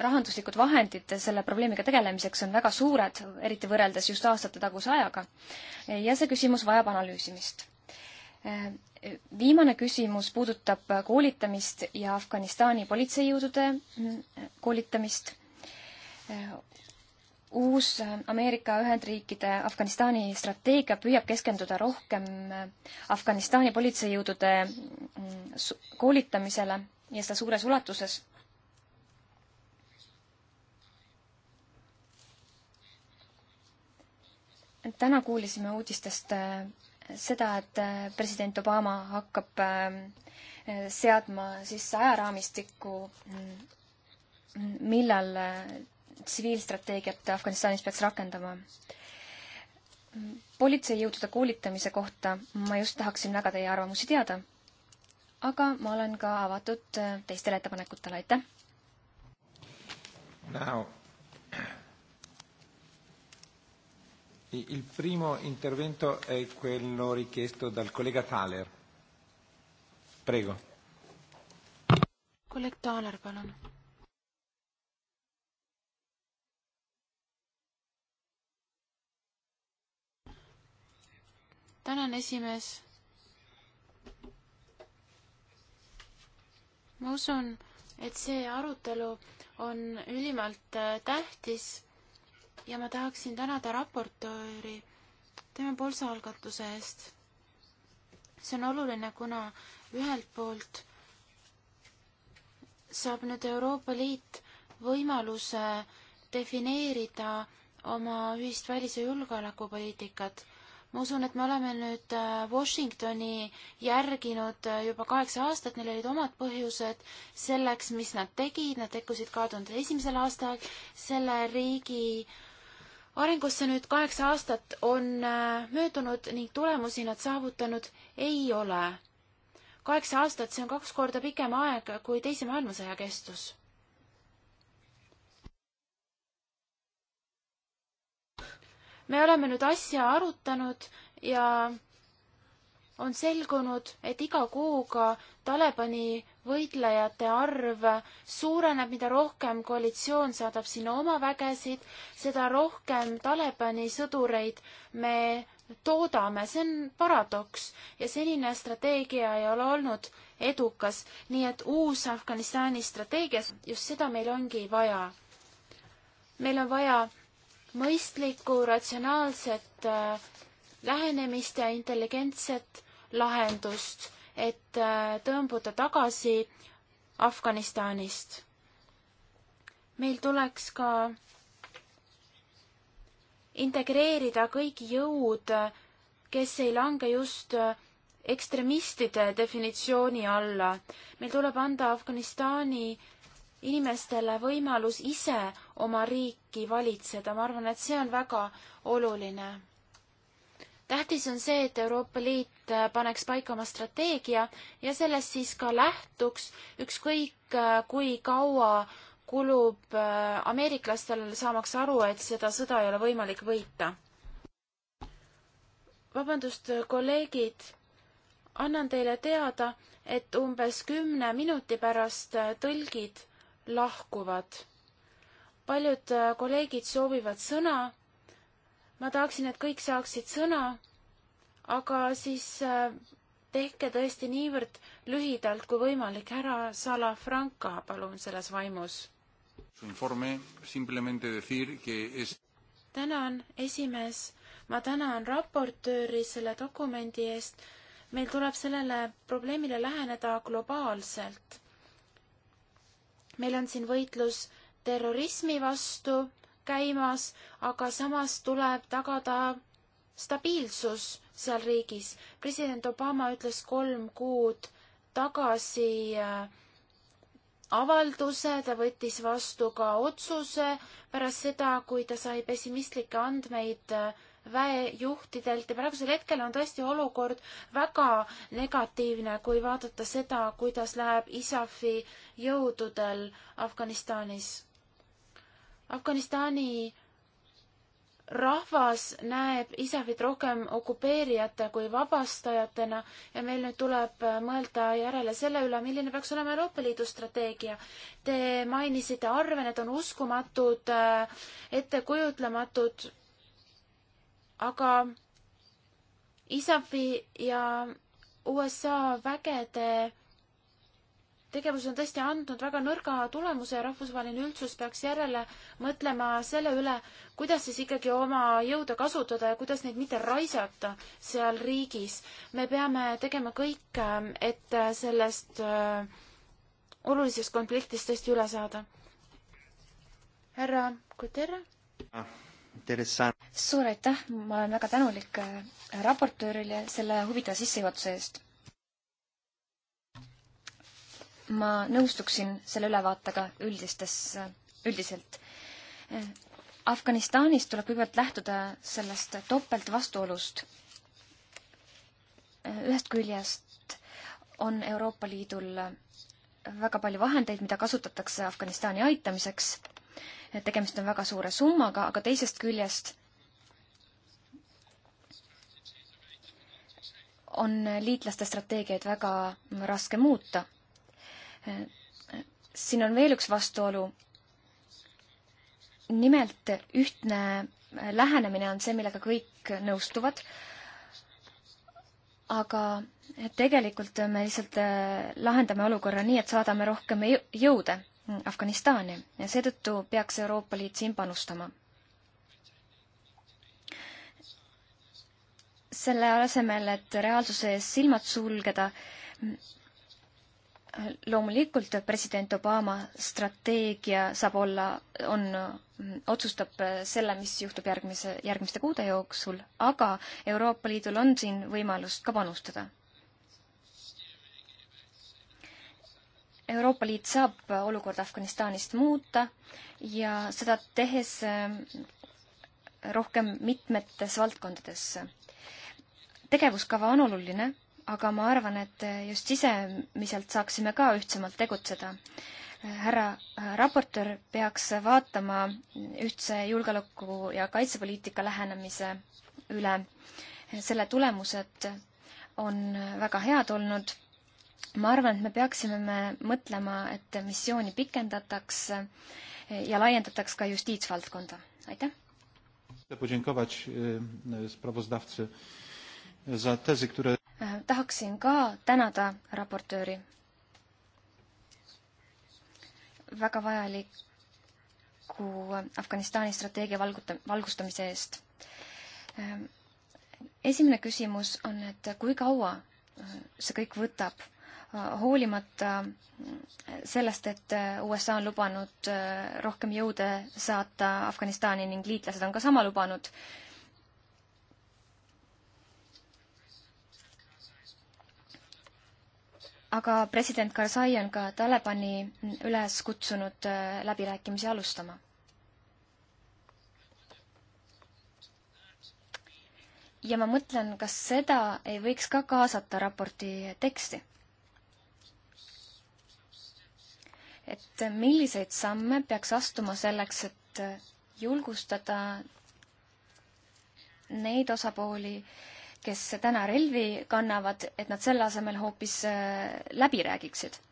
Speaker 4: rahanduslikud vahendid selle probleemiga tegelemiseks on väga suured, eriti võrreldes just aastatetaguse ajaga. ja see küsimus vajab analüüsimist. viimane küsimus puudutab koolitamist ja Afganistani politseijõudude koolitamist. uus Ameerika Ühendriikide Afganistani strateegia püüab keskenduda rohkem Afganistani politseijõudude koolitamisele ja seda suures ulatuses. täna kuulisime uudistest äh, seda, et äh, president Obama hakkab äh, seadma sisse ajaraamistikku, mm, millal tsiviilstrateegiat Afganistanis peaks rakendama mm, politseijõudude koolitamise kohta ma just tahaksin väga teie arvamusi teada aga ma olen ka avatud äh, teistele ettepanekutele, aitäh!
Speaker 1: Now, il primo intervento è quello richiesto dal collega Thaler. Prego.
Speaker 3: Kolleeg Thaler, palun. tänan, esimees ma usun, et see arutelu on ülimalt äh, tähtis ja ma tahaksin tänada raportööri tema Polsa algatuse eest. see on oluline, kuna ühelt poolt saab nüüd Euroopa Liit võimaluse defineerida oma ühist välis- ja julgeolekupoliitikat ma usun, et me oleme nüüd äh, Washingtoni järginud äh, juba kaheksa aastat, neil olid omad põhjused selleks, mis nad tegid, nad tekkusid kahe tuhande esimesel aastal, selle riigi arengusse nüüd kaheksa aastat on äh, möödunud ning tulemusi nad saavutanud ei ole. kaheksa aastat, see on kaks korda pikem aeg kui Teise maailmasõja kestus me oleme nüüd asja arutanud ja on selgunud, et iga kuuga Talibani võitlejate arv suureneb, mida rohkem koalitsioon saadab sinna oma vägesid, seda rohkem Talibani sõdureid me toodame, see on paradoks ja senine strateegia ei ole olnud edukas, nii et uus Afganistani strateegia, just seda meil ongi vaja. meil on vaja mõistlikku, ratsionaalset äh, lähenemist ja intelligentset lahendust, et äh, tõmbuda tagasi Afganistanist. meil tuleks ka integreerida kõigi jõud, kes ei lange just äh, ekstremistide definitsiooni alla. meil tuleb anda Afganistani inimestele võimalus ise oma riiki valitseda, ma arvan, et see on väga oluline. tähtis on see, et Euroopa Liit paneks paika oma strateegia ja sellest siis ka lähtuks, ükskõik kui kaua kulub äh, ameeriklastel saamaks aru, et seda sõda ei ole võimalik võita. vabandust, kolleegid, annan teile teada, et umbes kümne minuti pärast äh, tõlgid lahkuvad. paljud äh, kolleegid soovivad sõna. ma tahaksin, et kõik saaksid sõna, aga siis äh, tehke tõesti niivõrd lühidalt kui võimalik. härra Salafranca, palun selles vaimus. Es... tänan, esimees. ma tänan raportööri selle dokumendi eest meil tuleb sellele probleemile läheneda globaalselt meil on siin võitlus terrorismi vastu käimas, aga samas tuleb tagada stabiilsus seal riigis. president Obama ütles kolm kuud tagasi äh, avalduse, ta võttis vastu ka otsuse pärast seda, kui ta sai pessimistlikke andmeid äh, väejuhtidelt ja praegusel hetkel on tõesti olukord väga negatiivne, kui vaadata seda, kuidas läheb ISAF-i jõududel Afganistanis. Afganistani rahvas näeb ISAF-it rohkem okupeerijate kui vabastajatena ja meil nüüd tuleb mõelda järele selle üle, milline peaks olema Euroopa Liidu strateegia. Te mainisite arve, need on uskumatud, ettekujutlematud, aga ISAF-i ja USA vägede tegevus on tõesti andnud väga nõrga tulemuse ja rahvusvaheline üldsus peaks järele mõtlema selle üle, kuidas siis ikkagi oma jõude kasutada ja kuidas neid mitte raisata seal riigis. me peame tegema kõik, ähm, et sellest äh, olulisest konfliktist tõesti üle saada. härra Kutera? Ah, suur aitäh,
Speaker 4: ma olen väga tänulik äh, raportöörile selle huvitava sissejuhatuse eest ma nõustuksin selle ülevaatega üldistes, üldiselt. Afganistanis tuleb kõigepealt lähtuda sellest topeltvastuolust. ühest küljest on Euroopa Liidul väga palju vahendeid, mida kasutatakse Afganistani aitamiseks. tegemist on väga suure summaga, aga teisest küljest on liitlaste strateegiaid väga raske muuta siin on veel üks vastuolu. nimelt ühtne lähenemine on see, millega kõik nõustuvad. aga tegelikult me lihtsalt äh, lahendame olukorra nii, et saadame rohkem jõude Afganistani ja seetõttu peaks Euroopa Liit siin panustama. selle asemel, et reaalsuse ees silmad sulgeda, loomulikult president Obama strateegia saab olla, on, otsustab selle, mis juhtub järgmise, järgmiste kuude jooksul, aga Euroopa Liidul on siin võimalust ka panustada. Euroopa Liit saab olukorda Afganistanist muuta ja seda tehes rohkem mitmetes valdkondades. tegevuskava on oluline aga ma arvan, et just sisemiselt saaksime ka ühtsemalt tegutseda. härra äh, raportöör peaks vaatama ühtse julgeoleku- ja kaitsepoliitika lähenemise üle. selle tulemused on väga head olnud. ma arvan, et me peaksime me mõtlema, et missiooni pikendataks ja laiendataks ka justiitsvaldkonda. aitäh!
Speaker 1: Chcę podziękować sprawozdawcy za tezy, które
Speaker 4: Äh, tahaksin ka tänada raportööri. väga vajaliku Afganistani strateegia valguta-, valgustamise eest. Ähm, esimene küsimus on, et kui kaua äh, see kõik võtab, äh, hoolimata sellest, et USA on lubanud rohkem jõude saata Afganistani ning liitlased on ka sama lubanud, aga president Karzai on ka Talibani üles kutsunud äh, läbirääkimisi alustama. ja ma mõtlen, kas seda ei võiks ka kaasata raporti teksti. et milliseid samme peaks astuma selleks, et julgustada neid osapooli, kes täna relvi kannavad, et nad selle asemel hoopis äh, läbi räägiksid.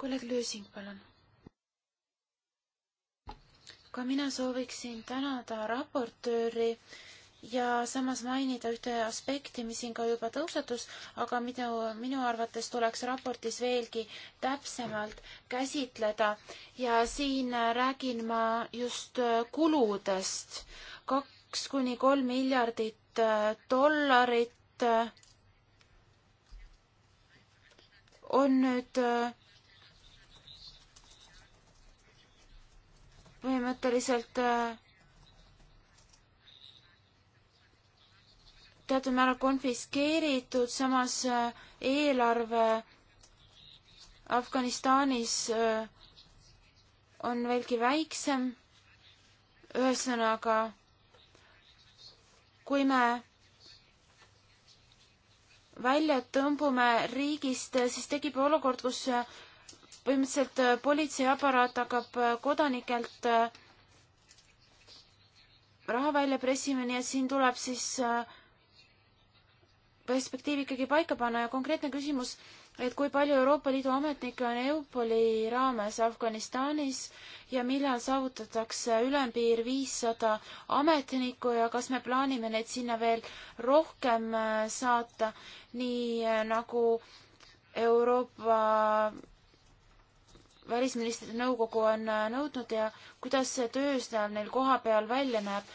Speaker 3: kolleeg Lüüsing, palun. ka mina sooviksin tänada raportööri ja samas mainida ühte aspekti, mis siin ka juba tõusetus, aga mida minu arvates tuleks raportis veelgi täpsemalt käsitleda ja siin räägin ma just kuludest. kaks kuni kolm miljardit äh, dollarit äh, on nüüd äh, põhimõtteliselt äh, teatud määral konfiskeeritud, samas äh, eelarve Afganistanis äh, on veelgi väiksem. ühesõnaga, kui me välja tõmbume riigist, siis tekib olukord, kus äh, põhimõtteliselt politseiaparaat hakkab kodanikelt raha välja pressima, nii et siin tuleb siis äh, perspektiiv ikkagi paika panna ja konkreetne küsimus, et kui palju Euroopa Liidu ametnikke on EUPOL-i raames Afganistanis ja millal saavutatakse ülempiir viissada ametnikku ja kas me plaanime neid sinna veel rohkem äh, saata, nii äh, nagu Euroopa välisministrite nõukogu on äh, nõudnud ja kuidas see töö seal neil kohapeal välja näeb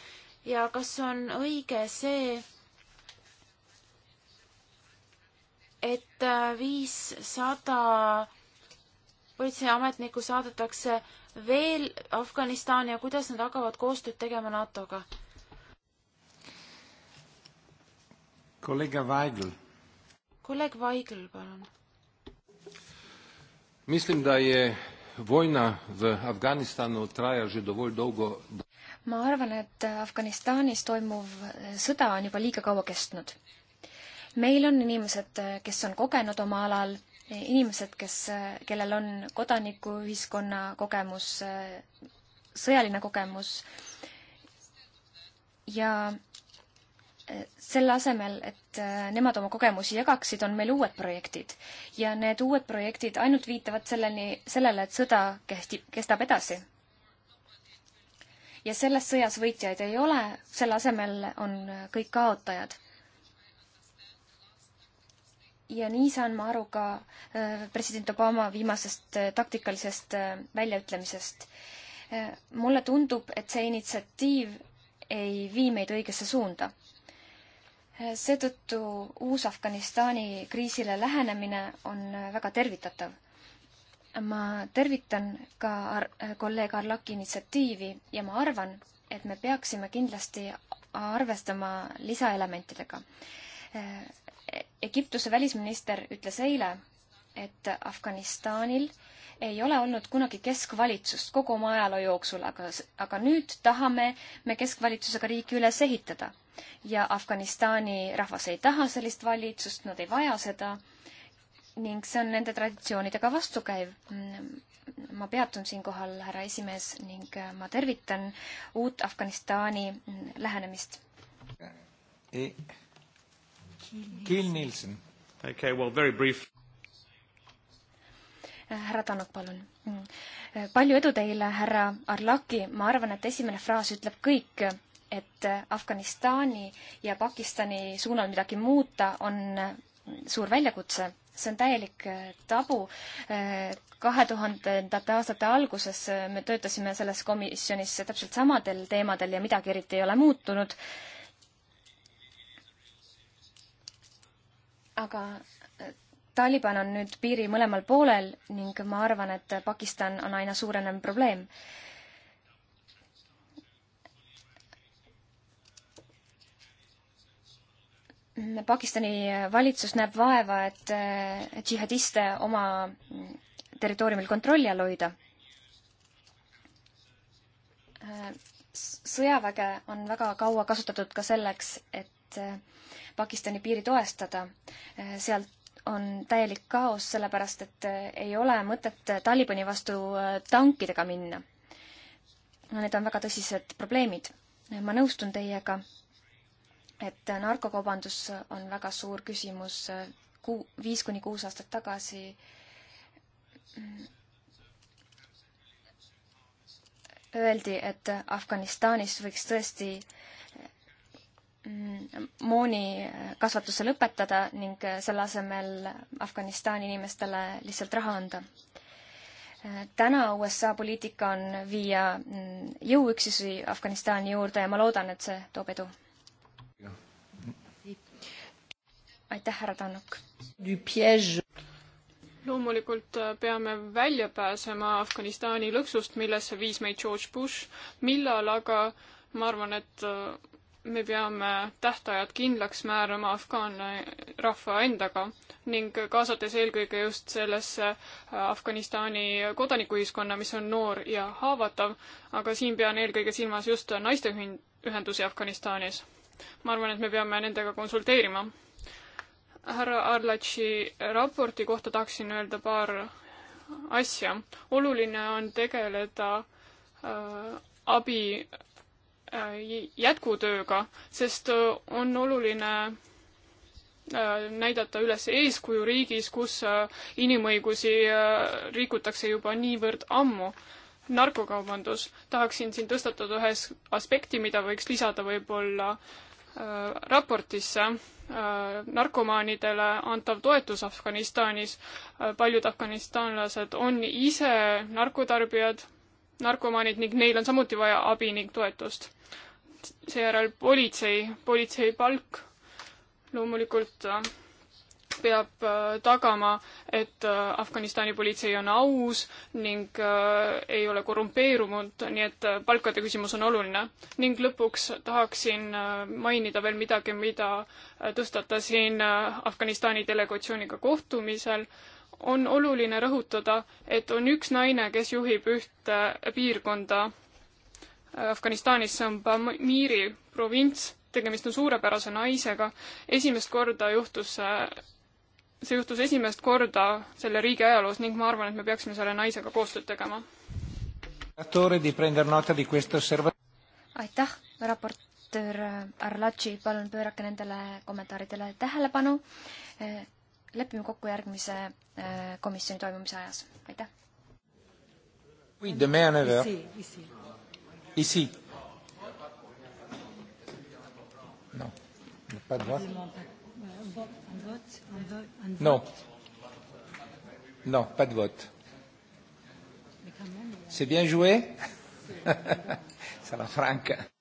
Speaker 3: ja kas on õige see, et äh, viissada politseiametnikku saadetakse veel Afganistani ja kuidas nad hakkavad koostööd tegema NATO-ga?
Speaker 1: kolleeg Vaigel.
Speaker 3: kolleeg Vaigel, palun.
Speaker 1: mislim, da je vojna v Afganistanu traja že dovolj dolgo.
Speaker 4: ma arvan, et Afganistanis toimuv sõda on juba liiga kaua kestnud meil on inimesed, eh, kes on kogenud oma alal, eh, inimesed, kes, eh, kellel on kodanikuühiskonna kogemus, sõjaline kogemus ja selle asemel, et nemad oma kogemusi jagaksid, on meil uued projektid. ja need uued projektid ainult viitavad selleni, sellele, et sõda kehtib, kestab edasi. ja selles sõjas võitjaid ei ole, selle asemel on kõik kaotajad ja nii saan ma aru ka äh, president Obama viimasest äh, taktikalisest äh, väljaütlemisest. mulle tundub, et see initsiatiiv ei vii meid õigesse suunda. seetõttu uus Afganistani kriisile lähenemine on väga tervitatav. ma tervitan ka ar kolleeg Arlaki initsiatiivi ja ma arvan, et me peaksime kindlasti arvestama lisaelementidega Egiptuse välisminister ütles eile, et Afganistanil ei ole olnud kunagi keskvalitsust kogu oma ajaloo jooksul, aga, aga nüüd tahame me keskvalitsusega riiki üles ehitada. ja Afganistani rahvas ei taha sellist valitsust, nad ei vaja seda ning see on nende traditsioonidega vastukäiv. ma peatun siinkohal, härra esimees, ning ma tervitan uut Afganistani lähenemist
Speaker 1: e. Kill Nielsen. Okay, well, very brief.
Speaker 4: härra Tanok, palun. palju edu teile, härra Arlaki, ma arvan, et esimene fraas ütleb kõik, et Afganistani ja Pakistani suunal midagi muuta on suur väljakutse, see on täielik tabu. kahe tuhandendate aastate alguses me töötasime selles komisjonis täpselt samadel teemadel ja midagi eriti ei ole muutunud aga äh, Taliban on nüüd piiri mõlemal poolel ning ma arvan, et Pakistan on aina suurenev probleem. Pakistani valitsus näeb vaeva, et äh, džihadiste oma territooriumil kontrolli all hoida. Äh, sõjaväge on väga kaua kasutatud ka selleks, et Pakistani piiri toestada. Eh, seal on täielik kaos, sellepärast et eh, ei ole mõtet Talibani vastu eh, tankidega minna. Need on väga tõsised probleemid. ma nõustun teiega, et narkokaubandus on väga suur küsimus. Ku-, viis kuni kuus aastat tagasi mm, öeldi, et Afganistanis võiks tõesti äh, Mm, mooni äh, kasvatuse lõpetada ning äh, selle asemel Afganistani inimestele lihtsalt raha anda. Äh, täna USA poliitika on viia mm, jõuüksusi Afganistani juurde ja ma loodan, et see toob edu. aitäh, härra Tannuk!
Speaker 2: loomulikult peame välja pääsema Afganistani lõksust, millesse viis meid George Bush, millal aga ma arvan, et me peame tähtajad kindlaks määrama afgaani rahva endaga ning kaasates eelkõige just sellesse äh, Afganistani kodanikuühiskonna, mis on noor ja haavatav, aga siin pean eelkõige silmas just naisteühendusi Afganistanis. ma arvan, et me peame nendega konsulteerima. härra Arlatši raporti kohta tahaksin öelda paar asja. oluline on tegeleda äh, abi Äh, jätkutööga, sest äh, on oluline äh, näidata üles eeskuju riigis, kus inimõigusi rikutakse juba niivõrd ammu. narkokaubandus, tahaksin siin tõstatada ühe aspekti, mida võiks lisada võib-olla raportisse narkomaanidele antav toetus Afganistanis. paljud afganistanlased on ise narkotarbijad narkomaanid ning neil on samuti vaja abi ning toetust. seejärel politsei, politsei palk loomulikult äh, peab äh, tagama, et äh, Afganistani politsei on aus ning ei ole korrumpeerunud, nii et palkade küsimus on oluline. ning lõpuks tahaksin mainida veel midagi, mida tõstatasin Afganistani delegatsiooniga kohtumisel on oluline rõhutada, et on üks naine, kes juhib ühte piirkonda Afganistanis, see on Pamiri provints, tegemist on suurepärase naisega, esimest korda juhtus see, see juhtus esimest korda selle riigi ajaloos ning ma arvan, et me peaksime selle naisega koostööd tegema.
Speaker 4: aitäh, raportöör Arlatši, palun pöörake nendele kommentaaridele tähelepanu lepime kokku järgmise äh, komisjoni toimumise ajas,
Speaker 1: aitäh. Oui, demain à 9h. Ici, ici. Ici. Non, pas de euh, vote. Non. Non, pas de vote. Euh, C'est bien joué Ça la franca.